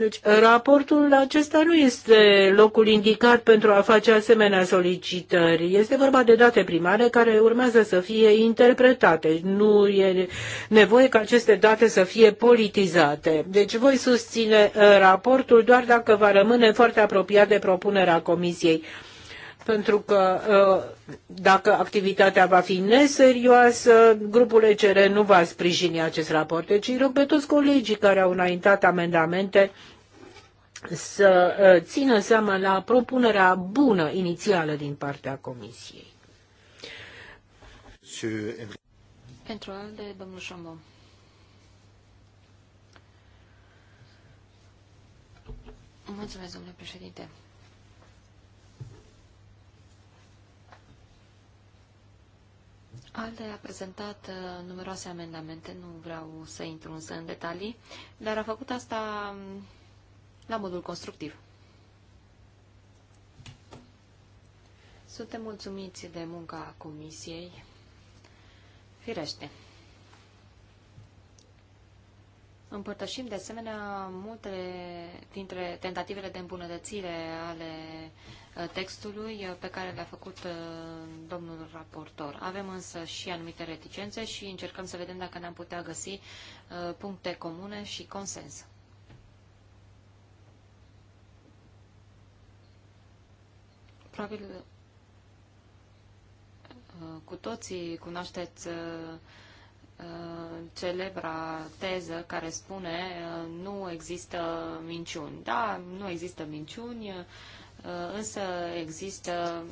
Deci, raportul acesta nu este locul indicat pentru a face asemenea solicitări. Este vorba de date primare care urmează să fie interpretate. Nu e nevoie ca aceste date să fie politizate. Deci, voi susține uh, raportul doar dacă va rămâne foarte apropiat de propunerea Comisiei pentru că uh, dacă activitatea va fi neserioasă, grupul ECR nu va sprijini acest raport. Deci îi rog pe toți colegii care au înaintat amendamente să uh, țină seama la propunerea bună inițială din partea Comisiei. Pentru al de domnul Șambon. Mulțumesc, domnule președinte. ALDE a prezentat uh, numeroase amendamente, nu vreau să intru însă în detalii, dar a făcut asta um, la modul constructiv. Suntem mulțumiți de munca Comisiei. Firește. Împărtășim de asemenea multe dintre tentativele de îmbunătățire ale uh, textului uh, pe care le-a făcut uh, domnul raportor. Avem însă și anumite reticențe și încercăm să vedem dacă ne-am putea găsi puncte comune și consens. Probabil cu toții cunoașteți Uh, celebra teză care spune uh, nu există minciuni. Da, nu există minciuni, uh, însă există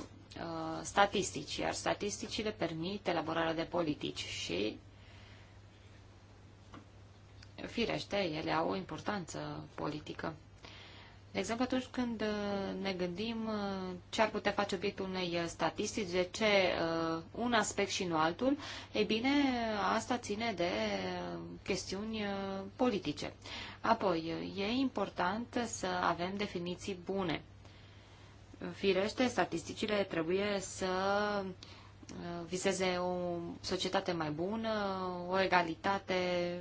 statistici, iar statisticile permit elaborarea de politici și firește, ele au o importanță politică. De exemplu, atunci când uh, ne gândim uh, ce ar putea face obiectul unei uh, statistici, de ce un aspect și nu altul, e bine, asta ține de chestiuni politice. Apoi, e important să avem definiții bune. Firește, statisticile trebuie să viseze o societate mai bună, o egalitate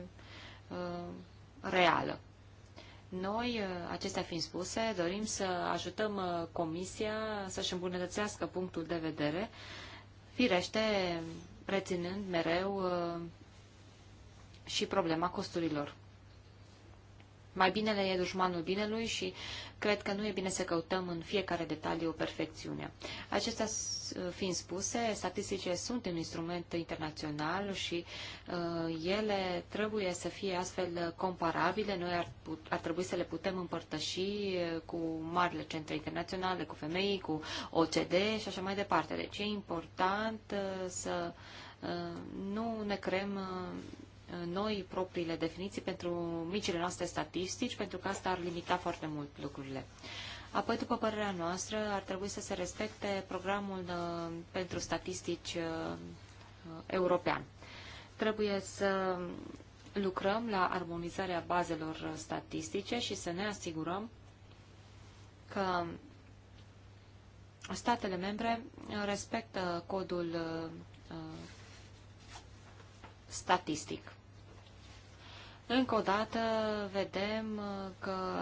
reală. Noi, uh, acestea fiind spuse, dorim să ajutăm uh, Comisia să-și îmbunătățească punctul de vedere, firește reținând mereu uh, și problema costurilor. Mai bine le e dușmanul binelui și cred că nu e bine să căutăm în fiecare detaliu o perfecțiune. Acestea uh, fiind spuse, statisticile sunt un instrument internațional și uh, ele trebuie să fie astfel uh, comparabile. Noi ar, put, ar trebui să le putem împărtăși uh, cu marile centre internaționale, cu femei, cu OCD și așa mai departe. Deci e important uh, să uh, nu ne creăm uh, noi propriile definiții pentru micile noastre statistici, pentru că asta ar limita foarte mult lucrurile. Apoi, după părerea noastră, ar trebui să se respecte programul uh, pentru statistici uh, uh, european. Trebuie să lucrăm la armonizarea bazelor statistice și să ne asigurăm că statele membre respectă codul statistic. Încă o dată vedem uh, că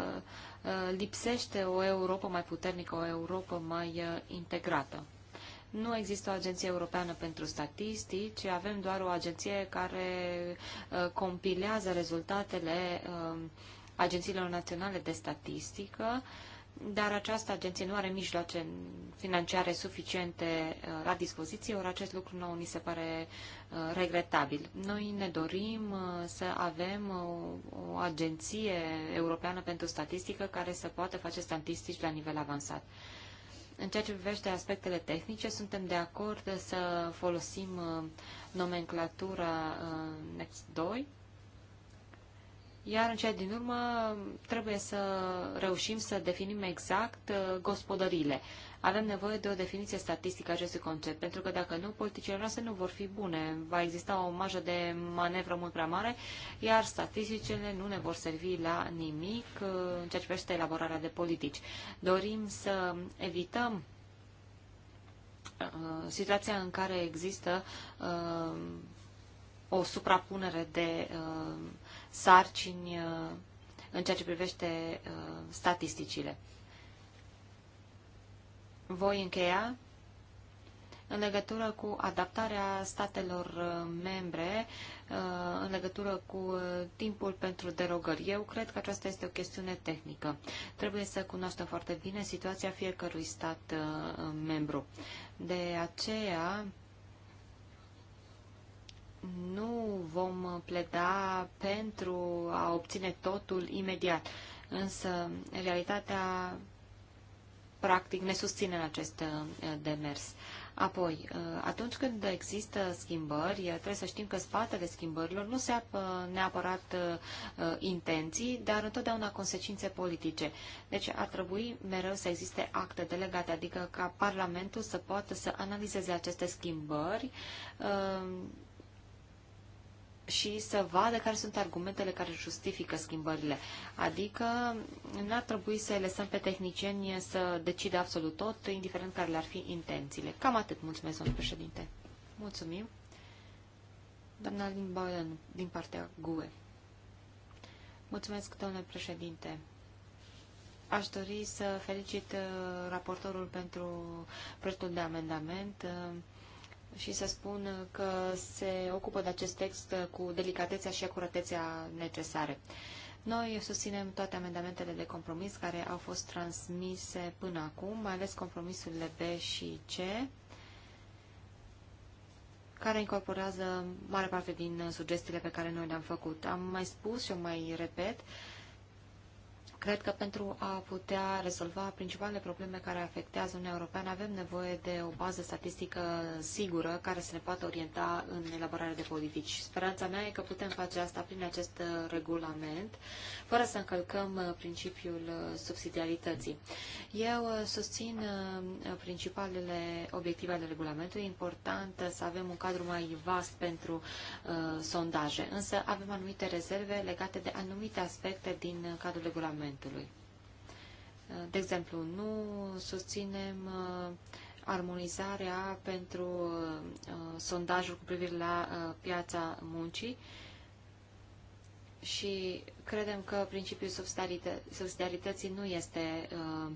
uh, lipsește o Europa mai puternică, o Europa mai uh, integrată. Nu există o agenție europeană pentru statistici, avem doar o agenție care compilează rezultatele agențiilor naționale de statistică dar această agenție nu are mijloace financiare suficiente uh, la dispoziție, ori acest lucru nou ni se pare uh, regretabil. Noi ne dorim uh, să avem o agenție europeană pentru statistică care să poată face statistici la nivel avansat. În ceea ce privește aspectele tehnice, suntem de acord să folosim nomenclatura NEXT 2 iar în cea din urmă trebuie să reușim să definim exact uh, gospodările. Avem nevoie de o definiție statistică a acestui concept, pentru că dacă nu, politicile noastre nu vor fi bune. Va exista o marjă de manevră mult prea mare, iar statisticile nu ne vor servi la nimic uh, în ceea ce privește elaborarea de politici. Dorim să evităm uh, situația în care există o suprapunere de sarcini uh, în ceea ce privește uh, statisticile. Voi încheia în legătură cu adaptarea statelor uh, membre, în legătură cu timpul pentru derogări. Eu cred că aceasta este o chestiune tehnică. Trebuie să cunoaștem foarte bine situația fiecărui stat membru. De aceea, nu vom pleda pentru a obține totul imediat. Însă, realitatea practic ne susține în acest uh, demers. Apoi, uh, atunci când există schimbări, uh, trebuie să știm că spatele schimbărilor nu se apă neapărat intenții, dar întotdeauna consecințe politice. Deci ar trebui mereu să existe acte delegate, adică ca Parlamentul să poată să analizeze aceste schimbări și să vadă care sunt argumentele care justifică schimbările. Adică n-ar trebui să lăsăm pe tehnicieni să decide absolut tot, indiferent care le-ar fi intențiile. Cam atât. Mulțumesc, domnul președinte. Mulțumim. Doamna Lin din partea GUE. Mulțumesc, domnule președinte. Aș dori să felicit uh, raportorul pentru proiectul de amendament. Uh, și să spun că se ocupă de acest text cu delicatețea și acuratețea necesare. Noi susținem toate amendamentele de compromis care au fost transmise până acum, mai ales compromisurile B și C, care incorporează mare parte din sugestiile pe care noi le-am făcut. Am mai spus și o mai repet, uh, Cred că pentru a putea rezolva principalele probleme care afectează Uniunea Europeană avem nevoie de o bază statistică sigură care să ne poată orienta în elaborarea de politici. Speranța mea e că putem face asta prin acest regulament, fără să încălcăm uh, principiul uh, subsidiarității. Eu uh, susțin principalele obiective ale regulamentului. E important să avem un cadru mai vast pentru sondaje, însă avem anumite rezerve legate de anumite aspecte din cadrul regulamentului Parlamentului. De exemplu, nu susținem uh, armonizarea pentru uh, uh, sondajul cu privire la piața muncii și credem că principiul subsidiarității nu este uh,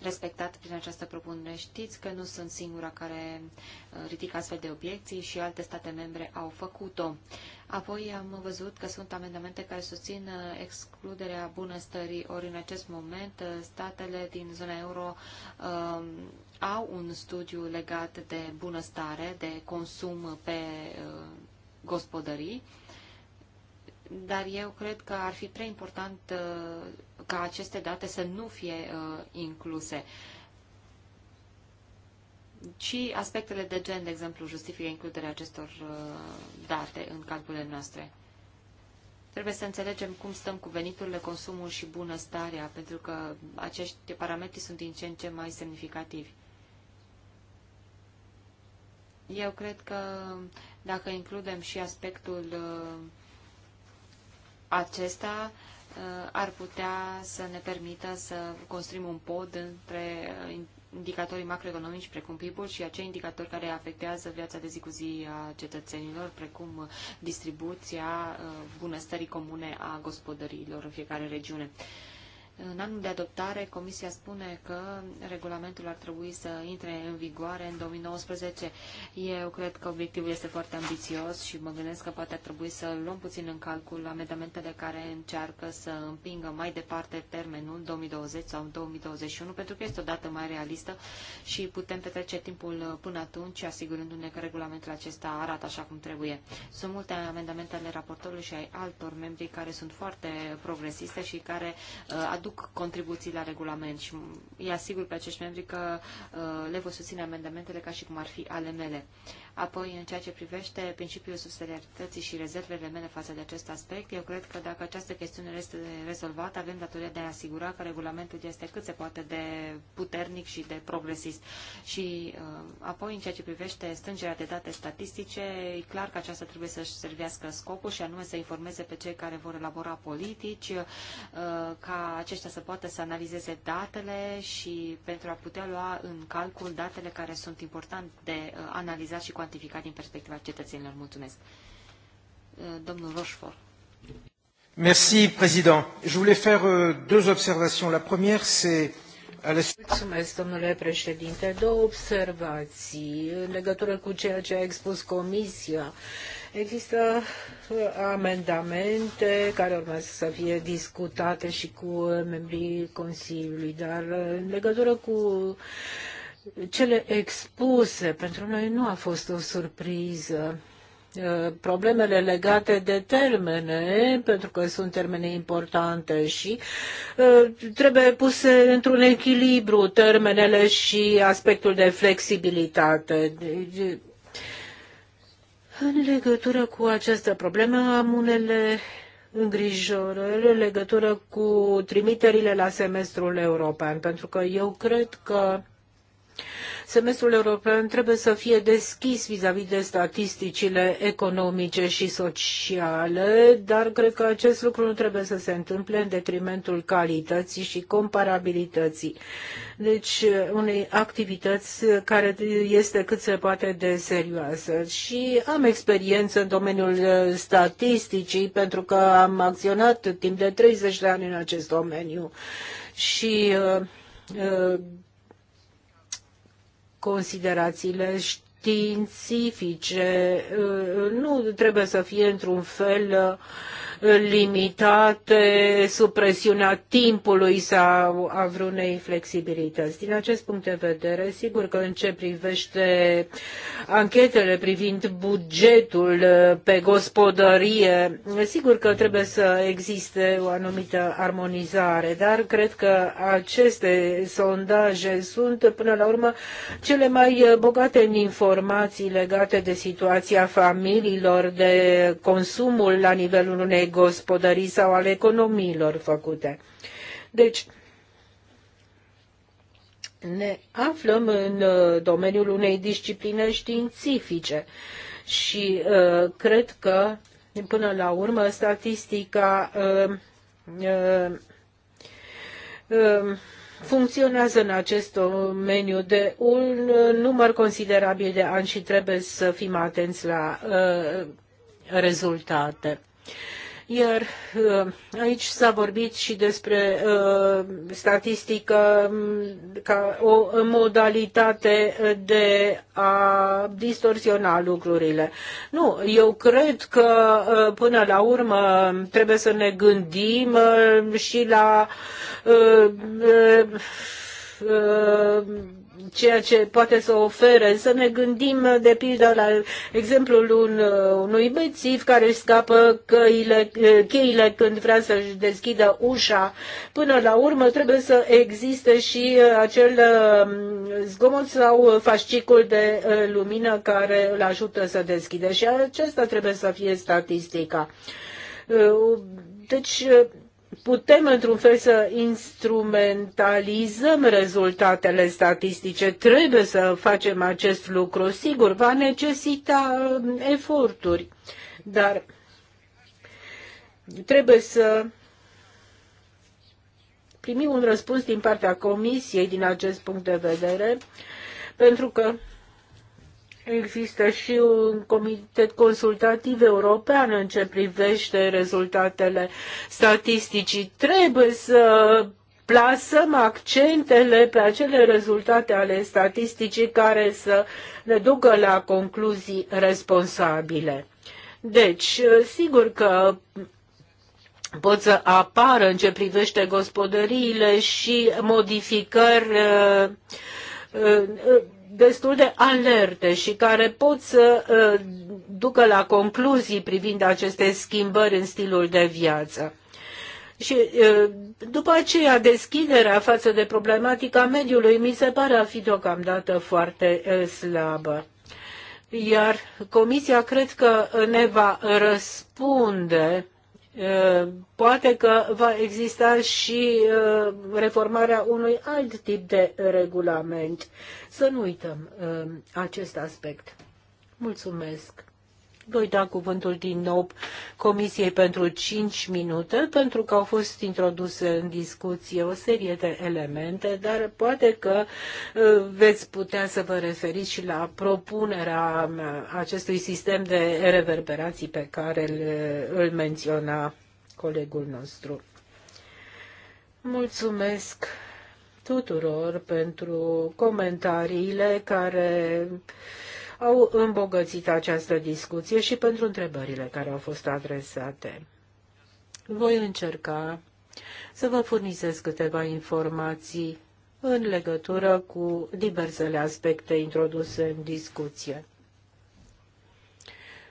respectat prin această propunere. Știți că nu sunt singura care uh, ridică astfel de obiecții și alte state membre au făcut-o. Apoi am văzut că sunt amendamente care susțin uh, excluderea bunăstării, ori în acest moment statele din zona euro uh, au un studiu legat de bunăstare, de consum pe uh, gospodării dar eu cred că ar fi prea important uh, ca aceste date să nu fie uh, incluse și aspectele de gen, de exemplu, justifică includerea acestor uh, date în calculele noastre. Trebuie să înțelegem cum stăm cu veniturile, consumul și bunăstarea, pentru că acești parametri sunt din ce în ce mai semnificativi. Eu cred că dacă includem și aspectul uh, acesta uh, ar putea să ne permită să construim un pod între uh, indicatorii macroeconomici precum PIB-ul și acei indicatori care afectează viața de zi cu zi a cetățenilor, precum uh, distribuția bunăstării comune a gospodăriilor în fiecare regiune. În anul de adoptare, Comisia spune că regulamentul ar trebui să intre în vigoare în 2019. Eu cred că obiectivul este foarte ambițios și mă gândesc că poate ar trebui să luăm puțin în calcul amendamentele care încearcă să împingă mai departe termenul 2020 sau 2021, pentru că este o dată mai realistă și putem petrece timpul până atunci, asigurându-ne că regulamentul acesta arată așa cum trebuie. Sunt multe amendamente ale raportorului și ai altor membri care sunt foarte progresiste și care uh, aduc contribuții la regulament și îi asigur pe acești membri că uh, le voi susține amendamentele ca și cum ar fi ale mele. Uh, Apoi, în ceea ce privește principiul subsidiarității și rezervele mele față de acest aspect, eu cred că dacă această chestiune este rezolvată, avem datoria de a asigura că regulamentul este cât se poate de puternic și de progresist. Și uh, apoi, în ceea ce privește strângerea de date statistice, e clar că aceasta trebuie să-și servească scopul și anume să informeze pe cei care vor elabora politici, uh, ca aceștia să poată să analizeze datele și pentru a putea lua în calcul datele care sunt importante de uh, analizat și cu cuantifica din perspectiva cetățenilor. Mulțumesc. Uh, domnul Rochefort. Merci, Président. Je voulais faire euh, deux observations. La première, c'est Mulțumesc, domnule președinte. Două observații în legătură cu ceea ce a expus Comisia. Există uh, amendamente care urmează să fie discutate și cu membrii Consiliului, dar uh, în legătură cu cele expuse pentru noi nu a fost o surpriză problemele legate de termene, pentru că sunt termene importante și trebuie puse într-un echilibru termenele și aspectul de flexibilitate. Deci, în legătură cu această problemă am unele îngrijorări în legătură cu trimiterile la semestrul european, pentru că eu cred că Semestrul european trebuie să fie deschis vis-a-vis de statisticile economice și sociale, dar cred că acest lucru nu trebuie să se întâmple în detrimentul calității și comparabilității. Deci, unei activități care este cât se poate de serioasă. Și am experiență în domeniul statisticii, pentru că am acționat timp de 30 de ani în acest domeniu. Și uh, uh, considerațiile științifice uh, nu trebuie să fie într-un fel uh, limitate sub presiunea timpului sau a vreunei flexibilități. Din acest punct de vedere, sigur că în ce privește anchetele privind bugetul uh, pe gospodărie, sigur că trebuie să existe o anumită armonizare, dar cred că aceste sondaje sunt până la urmă cele mai uh, bogate în informații legate de situația familiilor, de consumul la nivelul unei gospodării sau ale economiilor făcute. Deci, ne aflăm în uh, domeniul unei discipline științifice și uh, cred că, până la urmă, statistica uh, uh, um, funcționează în acest domeniu de un uh, număr considerabil de ani și trebuie să fim atenți la uh, rezultate. Iar uh, aici s-a vorbit și despre uh, statistică um, ca o modalitate de a distorsiona lucrurile. Nu, eu cred că uh, până la urmă trebuie să ne gândim uh, și la uh, uh, ceea ce poate să ofere. Să ne gândim, de pildă, la exemplul un, unui bețiv care își scapă căile, cheile când vrea să-și deschidă ușa. Până la urmă trebuie să existe și uh, acel um, zgomot sau fascicul de uh, lumină care îl ajută să deschide și acesta trebuie să fie statistica. Uh, deci, putem într-un fel să instrumentalizăm rezultatele statistice. Trebuie să facem acest lucru. Sigur, va necesita um, eforturi, dar trebuie să primim un răspuns din partea Comisiei din acest punct de vedere, pentru că Există și un comitet consultativ european în ce privește rezultatele statisticii. Trebuie să plasăm accentele pe acele rezultate ale statisticii care să ne ducă la concluzii responsabile. Deci, sigur că pot să apară în ce privește gospodăriile și modificări uh, uh, destul de alerte și care pot să uh, ducă la concluzii privind aceste schimbări în stilul de viață. Și uh, după aceea, deschiderea față de problematica mediului mi se pare a fi deocamdată foarte uh, slabă. Iar Comisia cred că ne va răspunde Eh, poate că va exista și eh, reformarea unui alt tip de regulament. Să nu uităm eh, acest aspect. Mulțumesc. Voi da cuvântul din nou Comisiei pentru 5 minute, pentru că au fost introduse în discuție o serie de elemente, dar poate că uh, veți putea să vă referiți și la propunerea um, acestui sistem de reverberații pe care îl menționa colegul nostru. Mulțumesc tuturor pentru comentariile care au îmbogățit această discuție și pentru întrebările care au fost adresate. Voi încerca să vă furnizez câteva informații în legătură cu diversele aspecte introduse în discuție.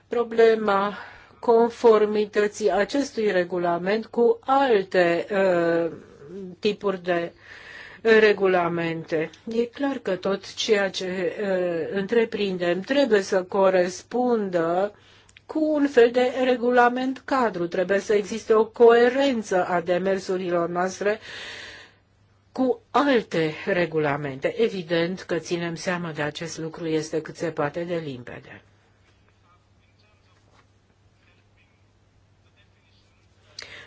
Problema conformității acestui regulament cu alte uh, tipuri de uh, regulamente. E clar că tot ceea ce întreprindem trebuie să corespundă cu un fel de regulament cadru. Trebuie să existe o coerență a demersurilor noastre cu alte regulamente. Evident că ținem seama de acest lucru este cât se poate de limpede.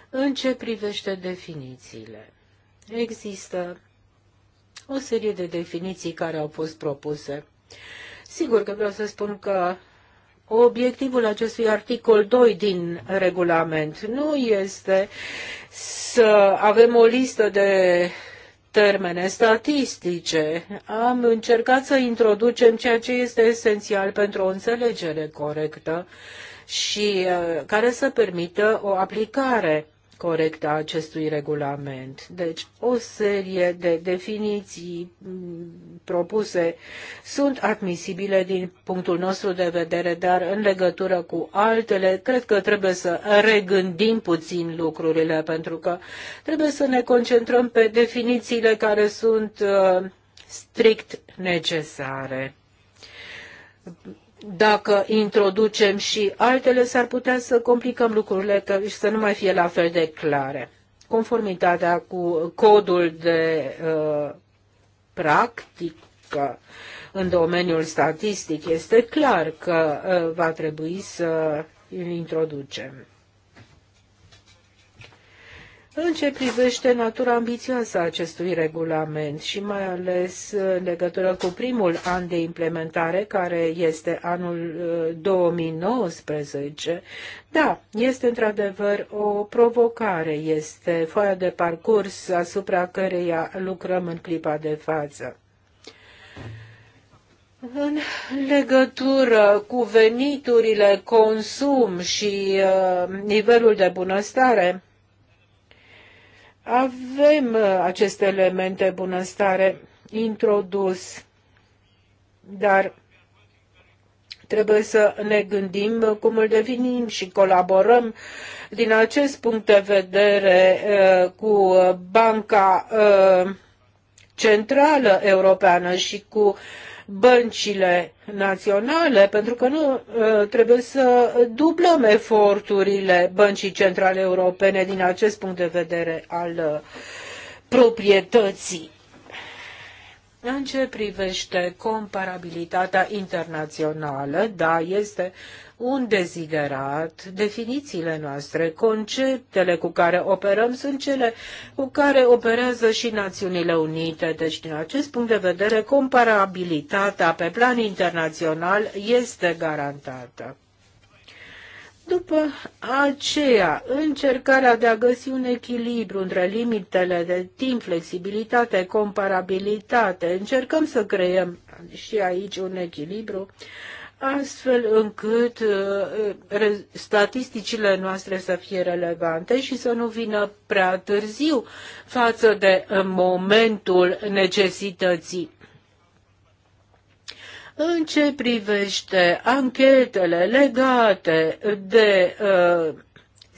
În ce privește definițiile? Există o serie de definiții care au fost propuse. Sigur că vreau să spun că obiectivul acestui articol 2 din regulament nu este să avem o listă de termene statistice. Am încercat să introducem ceea ce este esențial pentru o înțelegere corectă și uh, care să permită o aplicare corectă a acestui regulament. Deci, o serie de definiții mm, propuse sunt admisibile din punctul nostru de vedere, dar în legătură cu altele, cred că trebuie să regândim puțin lucrurile, pentru că trebuie să ne concentrăm pe definițiile care sunt uh, strict necesare dacă introducem și altele, s-ar putea să complicăm lucrurile și să nu mai fie la fel de clare. Conformitatea cu codul de uh, practică în domeniul statistic este clar că uh, va trebui să îl introducem. În ce privește natura ambițioasă a acestui regulament și mai ales în legătură cu primul an de implementare, care este anul 2019, uh, da, este într-adevăr o provocare, este foaia de parcurs asupra căreia lucrăm în clipa de față. În legătură cu veniturile, consum și uh, nivelul de bunăstare, avem uh, aceste elemente de bunăstare introdus, dar trebuie să ne gândim cum îl devenim și colaborăm din acest punct de vedere uh, cu Banca uh, Centrală Europeană și cu băncile naționale, pentru că nu ă, trebuie să dublăm eforturile băncii centrale europene din acest punct de vedere al ă, proprietății. În ce privește comparabilitatea internațională, da, este un deziderat, definițiile noastre, conceptele cu care operăm sunt cele cu care operează și Națiunile Unite. Deci, din acest punct de vedere, comparabilitatea pe plan internațional este garantată. După aceea, încercarea de a găsi un echilibru între limitele de timp, flexibilitate, comparabilitate, încercăm să creăm și aici un echilibru, astfel încât uh, statisticile noastre să fie relevante și să nu vină prea târziu față de momentul necesității. În ce privește anchetele legate de uh,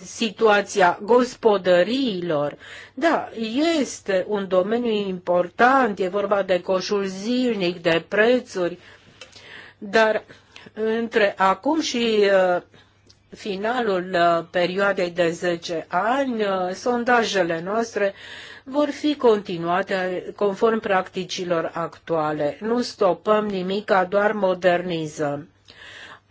situația gospodăriilor. Da, este un domeniu important, e vorba de coșul zilnic, de prețuri, dar între acum și uh, finalul uh, perioadei de 10 ani, uh, sondajele noastre vor fi continuate conform practicilor actuale. Nu stopăm nimic, doar modernizăm.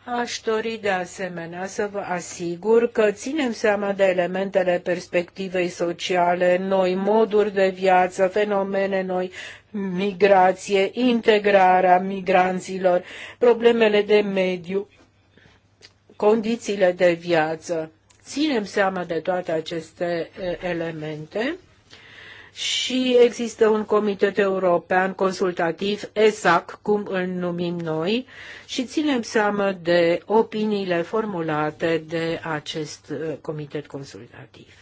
Aș dori de asemenea să vă asigur că ținem seama de elementele perspectivei sociale, noi moduri de viață, fenomene noi, migrație, integrarea migranților, problemele de mediu, condițiile de viață. Ținem seama de toate aceste elemente și există un comitet european consultativ, ESAC, cum îl numim noi, și ținem seama de opiniile formulate de acest uh, comitet consultativ.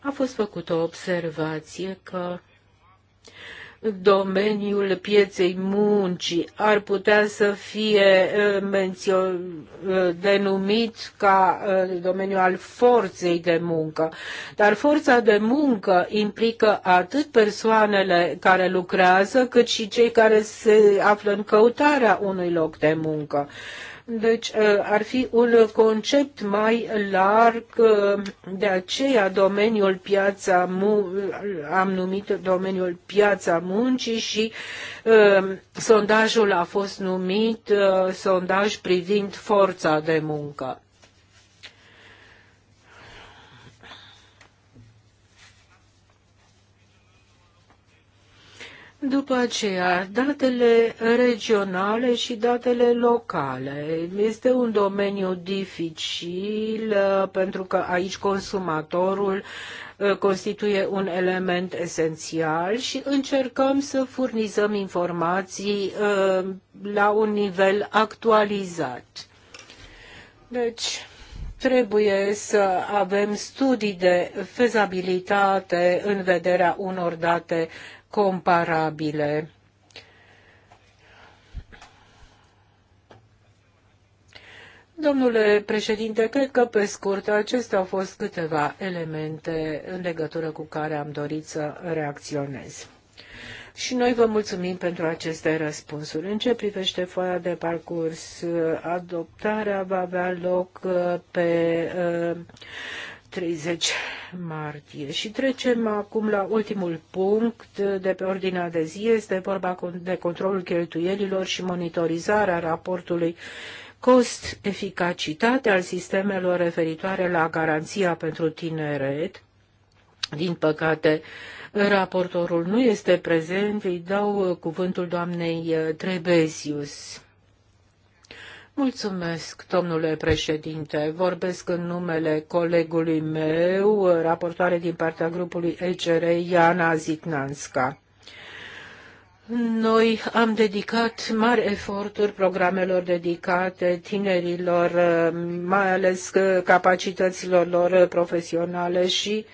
A fost făcută o observație că domeniul pieței muncii ar putea să fie mențion, denumit ca domeniul al forței de muncă. Dar forța de muncă implică atât persoanele care lucrează, cât și cei care se află în căutarea unui loc de muncă. Deci uh, ar fi un concept mai larg, uh, de aceea domeniul piața, am numit domeniul piața muncii și uh, sondajul a fost numit sondaj privind forța de muncă. După aceea, datele regionale și datele locale. Este un domeniu dificil uh, pentru că aici consumatorul uh, constituie un element esențial și încercăm să furnizăm informații uh, la un nivel actualizat. Deci, trebuie să avem studii de fezabilitate în vederea unor date comparabile. Domnule președinte, cred că pe scurt acestea au fost câteva elemente în legătură cu care am dorit să reacționez. Și noi vă mulțumim pentru aceste răspunsuri. În ce privește foaia de parcurs, adoptarea va avea loc uh, pe uh, 30 martie. Și trecem acum la ultimul punct de pe ordinea de zi. Este vorba de controlul cheltuielilor și monitorizarea raportului cost-eficacitate al sistemelor referitoare la garanția pentru tineret. Din păcate, raportorul nu este prezent. Îi dau cuvântul doamnei Trebesius. Mulțumesc, domnule președinte. Vorbesc în numele colegului meu, raportoare din partea grupului ECR, Iana Zignanska. Noi am dedicat mari eforturi programelor dedicate tinerilor, mai ales capacităților lor profesionale și uh,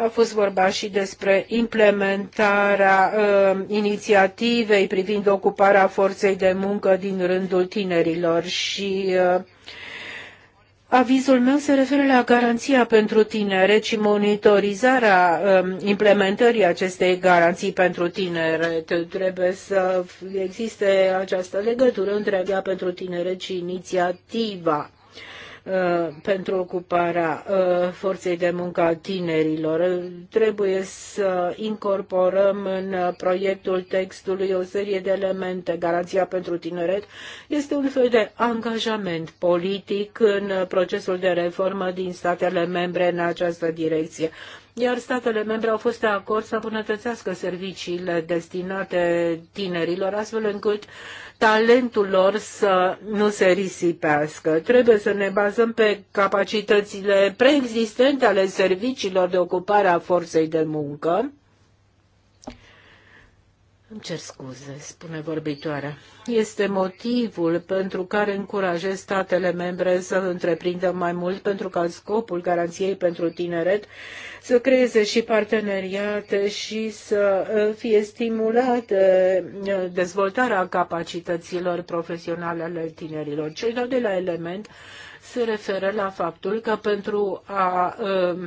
a fost vorba și despre implementarea uh, inițiativei privind ocuparea forței de muncă din rândul tinerilor și uh, Avizul meu se referă la garanția pentru tinere și monitorizarea uh, implementării acestei garanții pentru tinere. Trebuie să existe această legătură între avea pentru tinere și inițiativa Uh, pentru ocuparea uh, forței de muncă a tinerilor. Trebuie să incorporăm în proiectul textului o serie de elemente. Garanția pentru tineret este un fel de angajament politic în procesul de reformă din statele membre în această direcție iar statele membre au fost de acord să îmbunătățească serviciile destinate tinerilor, astfel încât talentul lor să nu se risipească. Trebuie să ne bazăm pe capacitățile preexistente ale serviciilor de ocupare a forței de muncă, îmi cer scuze, spune vorbitoarea. Este motivul pentru care încurajez statele membre să întreprindă mai mult pentru ca scopul garanției pentru tineret să creeze și parteneriate și să uh, fie stimulată uh, dezvoltarea capacităților profesionale ale tinerilor. Cel de-al doilea element se referă la faptul că pentru a uh,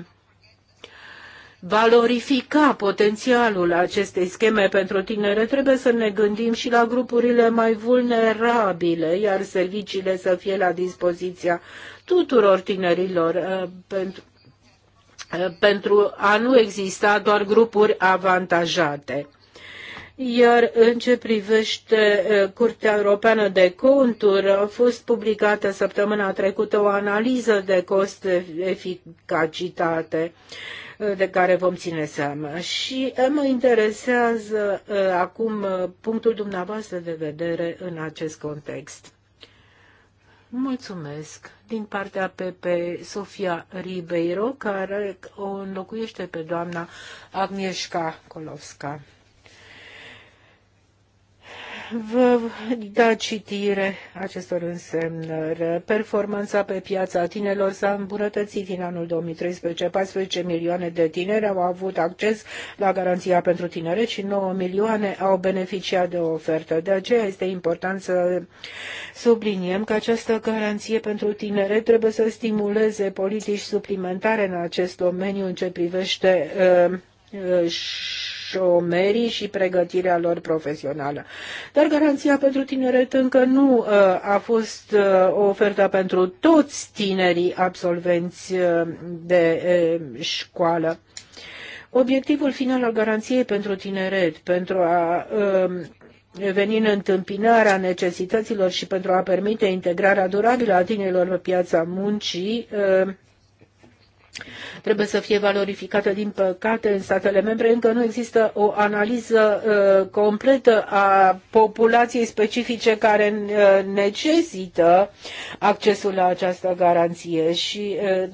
valorifica potențialul acestei scheme pentru tinere, trebuie să ne gândim și la grupurile mai vulnerabile, iar serviciile să fie la dispoziția tuturor tinerilor uh, pentru uh, pentru a nu exista doar grupuri avantajate. Iar în ce privește uh, Curtea Europeană de Conturi, a fost publicată săptămâna trecută o analiză de cost-eficacitate de care vom ține seama. Și mă interesează uh, acum uh, punctul dumneavoastră de vedere în acest context. Mulțumesc din partea PP Sofia Ribeiro, care o înlocuiește pe doamna Agnieszka Kolowska vă da citire acestor însemnări. Performanța pe piața tinerilor s-a îmbunătățit din anul 2013. 14 milioane de tineri au avut acces la garanția pentru tineret și 9 milioane au beneficiat de o ofertă. De aceea este important să subliniem că această garanție pentru tineret trebuie să stimuleze politici suplimentare în acest domeniu în ce privește uh, uh, șomerii și pregătirea lor profesională. Dar garanția pentru tineret încă nu uh, a fost uh, o ofertă pentru toți tinerii absolvenți uh, de școală. Obiectivul final al garanției pentru tineret, pentru a um, veni în întâmpinarea necesităților și pentru a permite integrarea durabilă a tinerilor pe piața muncii, trebuie să fie valorificată. Din păcate, în statele membre încă nu există o analiză uh, completă a populației specifice care uh, necesită accesul la această garanție și uh,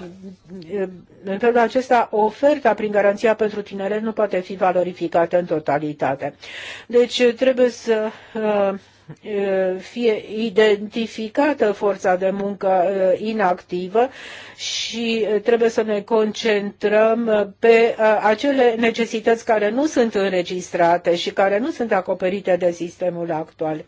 uh în felul acesta oferta prin garanția pentru tineret nu poate fi valorificată în totalitate. Deci trebuie să uh, fie identificată forța de muncă uh, inactivă și uh, trebuie să ne concentrăm uh, pe acele necesități care nu sunt înregistrate și care nu sunt acoperite de sistemul actual.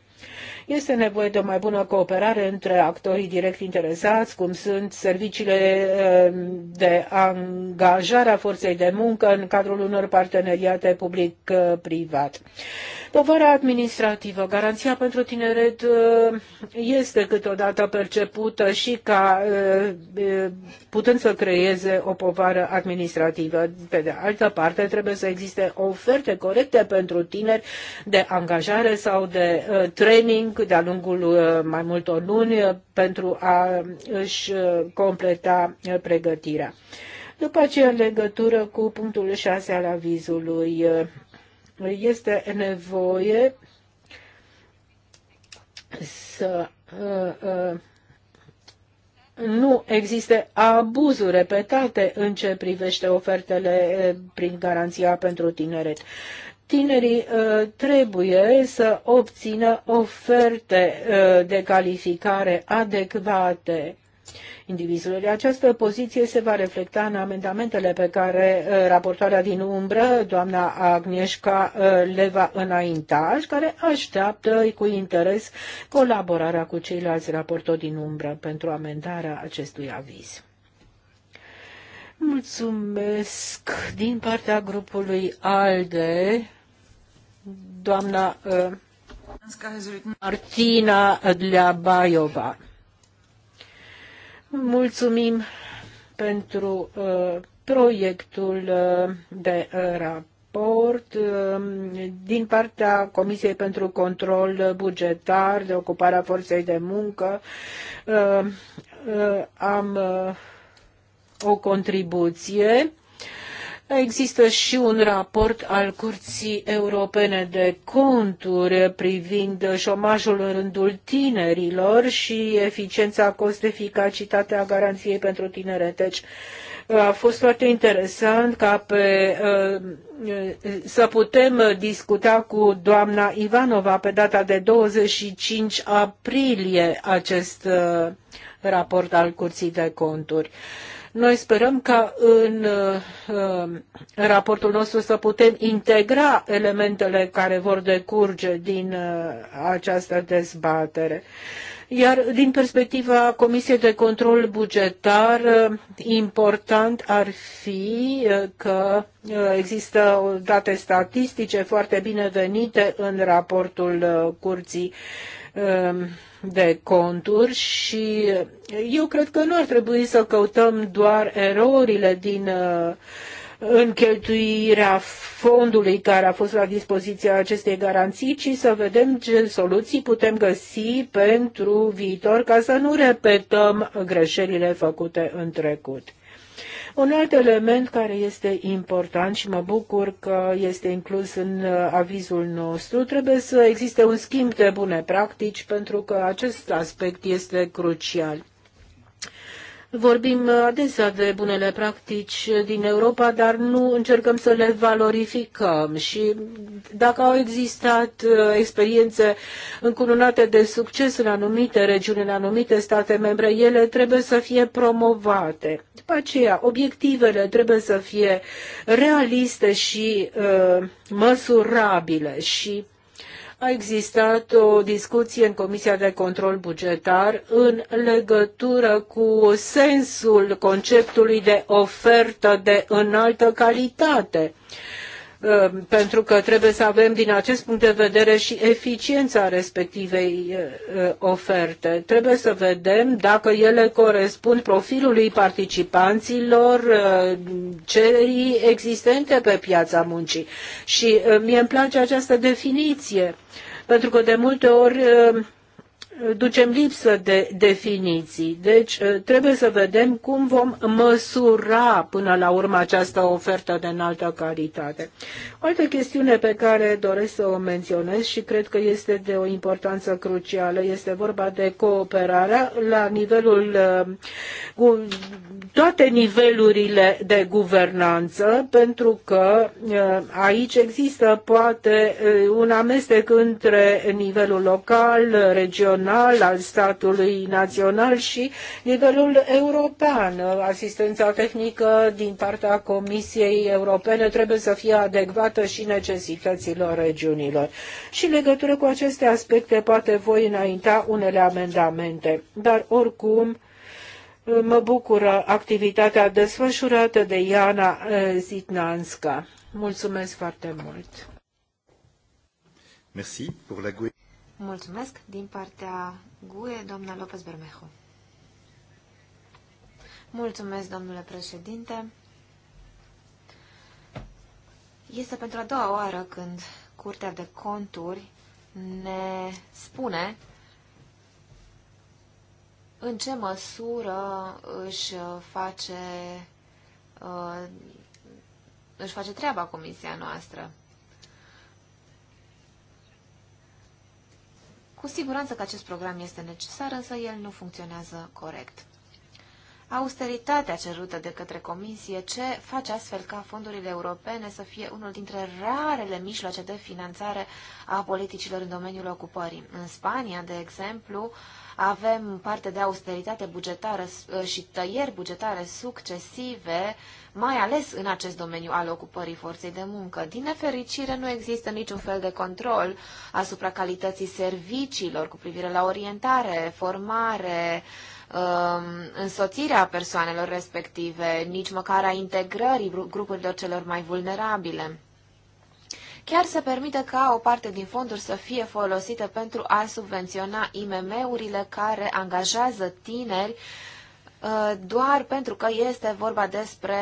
Este nevoie de o mai bună cooperare între actorii direct interesați, cum sunt serviciile uh, de angajare a forței de muncă în cadrul unor parteneriate public-privat. Povara administrativă, garanția pentru tineret uh, este câteodată percepută și ca uh, putând să creeze o povară administrativă. Pe de altă parte, trebuie să existe oferte corecte pentru tineri de angajare sau de training de-a lungul uh, mai multor luni uh, pentru a își uh, completa pregătirea. După aceea, în legătură cu punctul 6 al avizului, este nevoie să nu existe abuzuri repetate în ce privește ofertele prin garanția pentru tineret tinerii uh, trebuie să obțină oferte uh, de calificare adecvate indivizului. Această poziție se va reflecta în amendamentele pe care uh, raportoarea din umbră, doamna Agnieszka, le va înainta și care așteaptă cu interes colaborarea cu ceilalți raportori din umbră pentru amendarea acestui aviz. Mulțumesc din partea grupului ALDE doamna uh, Martina Dleabaiova. Mulțumim pentru uh, proiectul uh, de raport din partea Comisiei pentru Control Bugetar de Ocuparea Forței de Muncă. Am o contribuție Există și un raport al Curții Europene de Conturi privind șomajul în rândul tinerilor și eficiența cost-eficacitatea garanției pentru tinere. Deci a fost foarte interesant ca pe, ă, să putem discuta cu doamna Ivanova pe data de 25 aprilie acest ă, raport al Curții de Conturi. Noi sperăm ca în uh, raportul nostru să putem integra elementele care vor decurge din uh, această dezbatere. Iar din perspectiva Comisiei de Control Bugetar, uh, important ar fi că există date statistice foarte binevenite în raportul Curții um, de conturi și eu cred că nu ar trebui să căutăm doar erorile din uh, în cheltuirea fondului care a fost la dispoziția acestei garanții, ci să vedem ce soluții putem găsi pentru viitor ca să nu repetăm greșelile făcute în trecut. Un alt element care este important și mă bucur că este inclus în uh, avizul nostru, trebuie să existe un schimb de bune practici pentru că acest aspect este crucial. Vorbim adesea de bunele practici din Europa, dar nu încercăm să le valorificăm. Și dacă au existat uh, experiențe încununate de succes în anumite regiuni, în anumite state membre, ele trebuie să fie promovate. După aceea, obiectivele trebuie să fie realiste și uh, măsurabile și a existat o discuție în Comisia de Control Bugetar în legătură cu sensul conceptului de ofertă de înaltă calitate. Uh, pentru că trebuie să avem din acest punct de vedere și eficiența respectivei uh, uh, oferte. Trebuie să vedem dacă ele corespund profilului participanților, cererii existente pe piața muncii. Și mie îmi place această definiție, pentru că de multe ori ducem lipsă de definiții. Deci eh, trebuie să vedem cum vom măsura până la urmă această ofertă de înaltă calitate. O altă chestiune pe care doresc să o menționez și cred că este de o importanță crucială este vorba de cooperarea la nivelul cu eh, toate nivelurile de guvernanță pentru că eh, aici există poate un amestec între nivelul local, regional, național, al statului național și nivelul european. Asistența tehnică din partea Comisiei Europene trebuie să fie adecvată și necesităților regiunilor. Și în legătură cu aceste aspecte poate voi înainta unele amendamente, dar oricum mă bucură activitatea desfășurată de Iana eh, Zitnanska. Mulțumesc foarte mult! Merci pour la... Mulțumesc din partea GUE, doamna López Bermejo. Mulțumesc, domnule președinte. Este pentru a doua oară când Curtea de Conturi ne spune în ce măsură își face, uh, își face treaba comisia noastră. Cu siguranță că acest program este necesar, însă el nu funcționează corect austeritatea cerută de către Comisie, ce face astfel ca fondurile europene să fie unul dintre rarele mijloace de finanțare a politicilor în domeniul ocupării. În Spania, de exemplu, avem parte de austeritate bugetară și tăieri bugetare succesive, mai ales în acest domeniu al ocupării forței de muncă. Din nefericire, nu există niciun fel de control asupra calității serviciilor cu privire la orientare, formare, Um, însoțirea persoanelor respective, nici măcar a integrării grupurilor celor mai vulnerabile. Chiar se permite ca o parte din fonduri să fie folosită pentru a subvenționa IMM-urile care angajează tineri uh, doar pentru că este vorba despre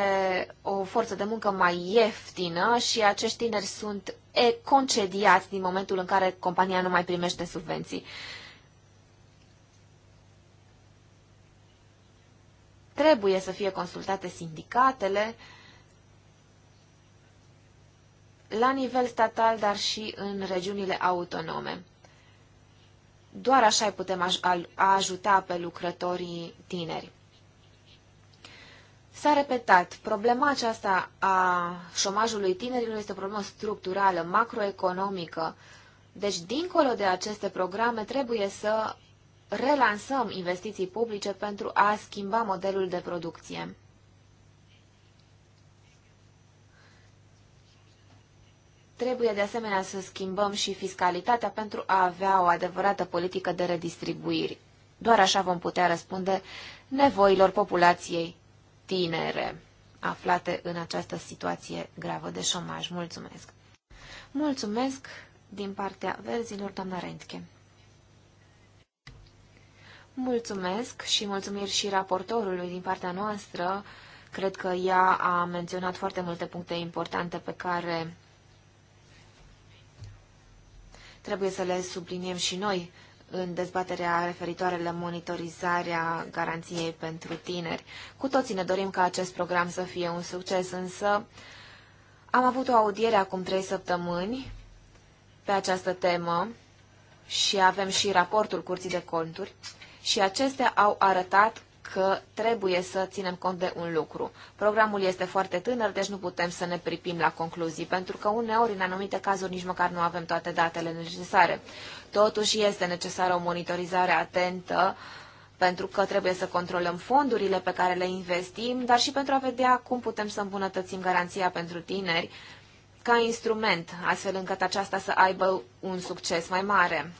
o forță de muncă mai ieftină și acești tineri sunt concediați din momentul în care compania nu mai primește subvenții. trebuie să fie consultate sindicatele la nivel statal, dar și în regiunile autonome. Doar așa îi putem ajuta pe lucrătorii tineri. S-a repetat, problema aceasta a șomajului tinerilor este o problemă structurală, macroeconomică. Deci, dincolo de aceste programe, trebuie să relansăm investiții publice pentru a schimba modelul de producție. Trebuie de asemenea să schimbăm și fiscalitatea pentru a avea o adevărată politică de redistribuiri. Doar așa vom putea răspunde nevoilor populației tinere aflate în această situație gravă de șomaj. Mulțumesc! Mulțumesc din partea verzilor, doamna Rentke. Mulțumesc și mulțumiri și raportorului din partea noastră. Cred că ea a menționat foarte multe puncte importante pe care trebuie să le subliniem și noi în dezbaterea referitoare la monitorizarea garanției pentru tineri. Cu toții ne dorim ca acest program să fie un succes, însă am avut o audiere acum trei săptămâni pe această temă și avem și raportul Curții de Conturi și acestea au arătat că trebuie să ținem cont de un lucru. Programul este foarte tânăr, deci nu putem să ne pripim la concluzii, pentru că uneori, în anumite cazuri, nici măcar nu avem toate datele necesare. Totuși, este necesară o monitorizare atentă, pentru că trebuie să controlăm fondurile pe care le investim, dar și pentru a vedea cum putem să îmbunătățim garanția pentru tineri ca instrument, astfel încât aceasta să aibă un succes mai mare.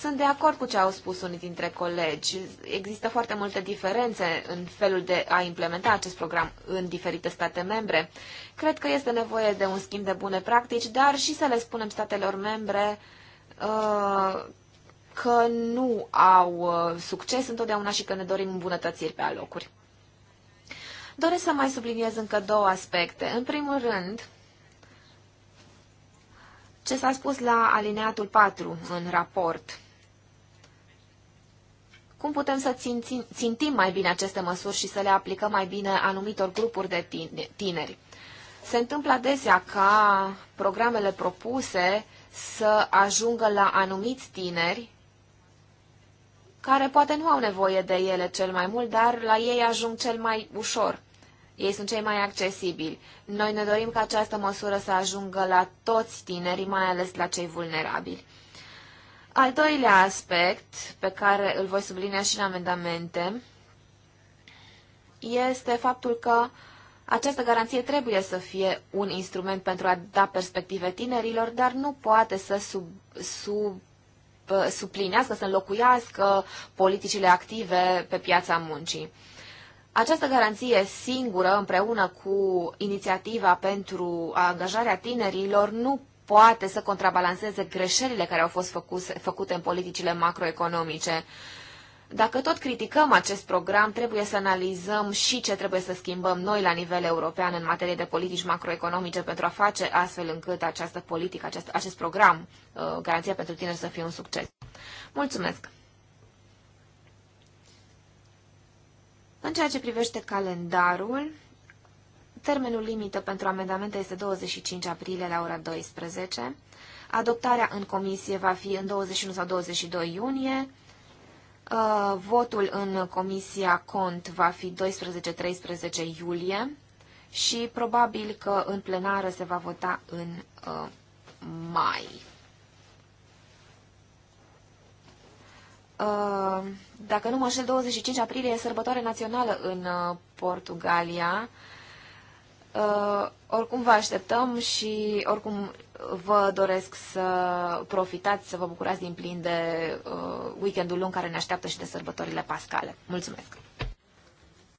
Sunt de acord cu ce au spus unii dintre colegi. Există foarte multe diferențe în felul de a implementa acest program în diferite state membre. Cred că este nevoie de un schimb de bune practici, dar și să le spunem statelor membre uh, că nu au uh, succes întotdeauna și că ne dorim îmbunătățiri pe alocuri. Doresc să mai subliniez încă două aspecte. În primul rând, ce s-a spus la alineatul 4 în raport. Cum putem să țintim mai bine aceste măsuri și să le aplicăm mai bine anumitor grupuri de tineri? Se întâmplă adesea ca programele propuse să ajungă la anumiți tineri care poate nu au nevoie de ele cel mai mult, dar la ei ajung cel mai ușor. Ei sunt cei mai accesibili. Noi ne dorim ca această măsură să ajungă la toți tinerii, mai ales la cei vulnerabili. Al doilea aspect pe care îl voi sublinia și în amendamente este faptul că această garanție trebuie să fie un instrument pentru a da perspective tinerilor, dar nu poate să sub, sub, uh, suplinească, să înlocuiască politicile active pe piața muncii. Această garanție singură, împreună cu inițiativa pentru angajarea tinerilor, nu poate să contrabalanceze greșelile care au fost făcuse, făcute în politicile macroeconomice. Dacă tot criticăm acest program, trebuie să analizăm și ce trebuie să schimbăm noi la nivel european în materie de politici macroeconomice pentru a face astfel încât această politică, acest, acest program, uh, Garanția pentru tine să fie un succes. Mulțumesc! În ceea ce privește calendarul, Termenul limită pentru amendamente este 25 aprilie la ora 12. Adoptarea în comisie va fi în 21 sau 22 iunie. Uh, votul în comisia cont va fi 12-13 iulie și probabil că în plenară se va vota în uh, mai. Uh, dacă nu mă știu, 25 aprilie e sărbătoare națională în Portugalia. Uh, oricum vă așteptăm și oricum vă doresc să profitați, să vă bucurați din plin de uh, weekendul lung care ne așteaptă și de sărbătorile pascale. Mulțumesc!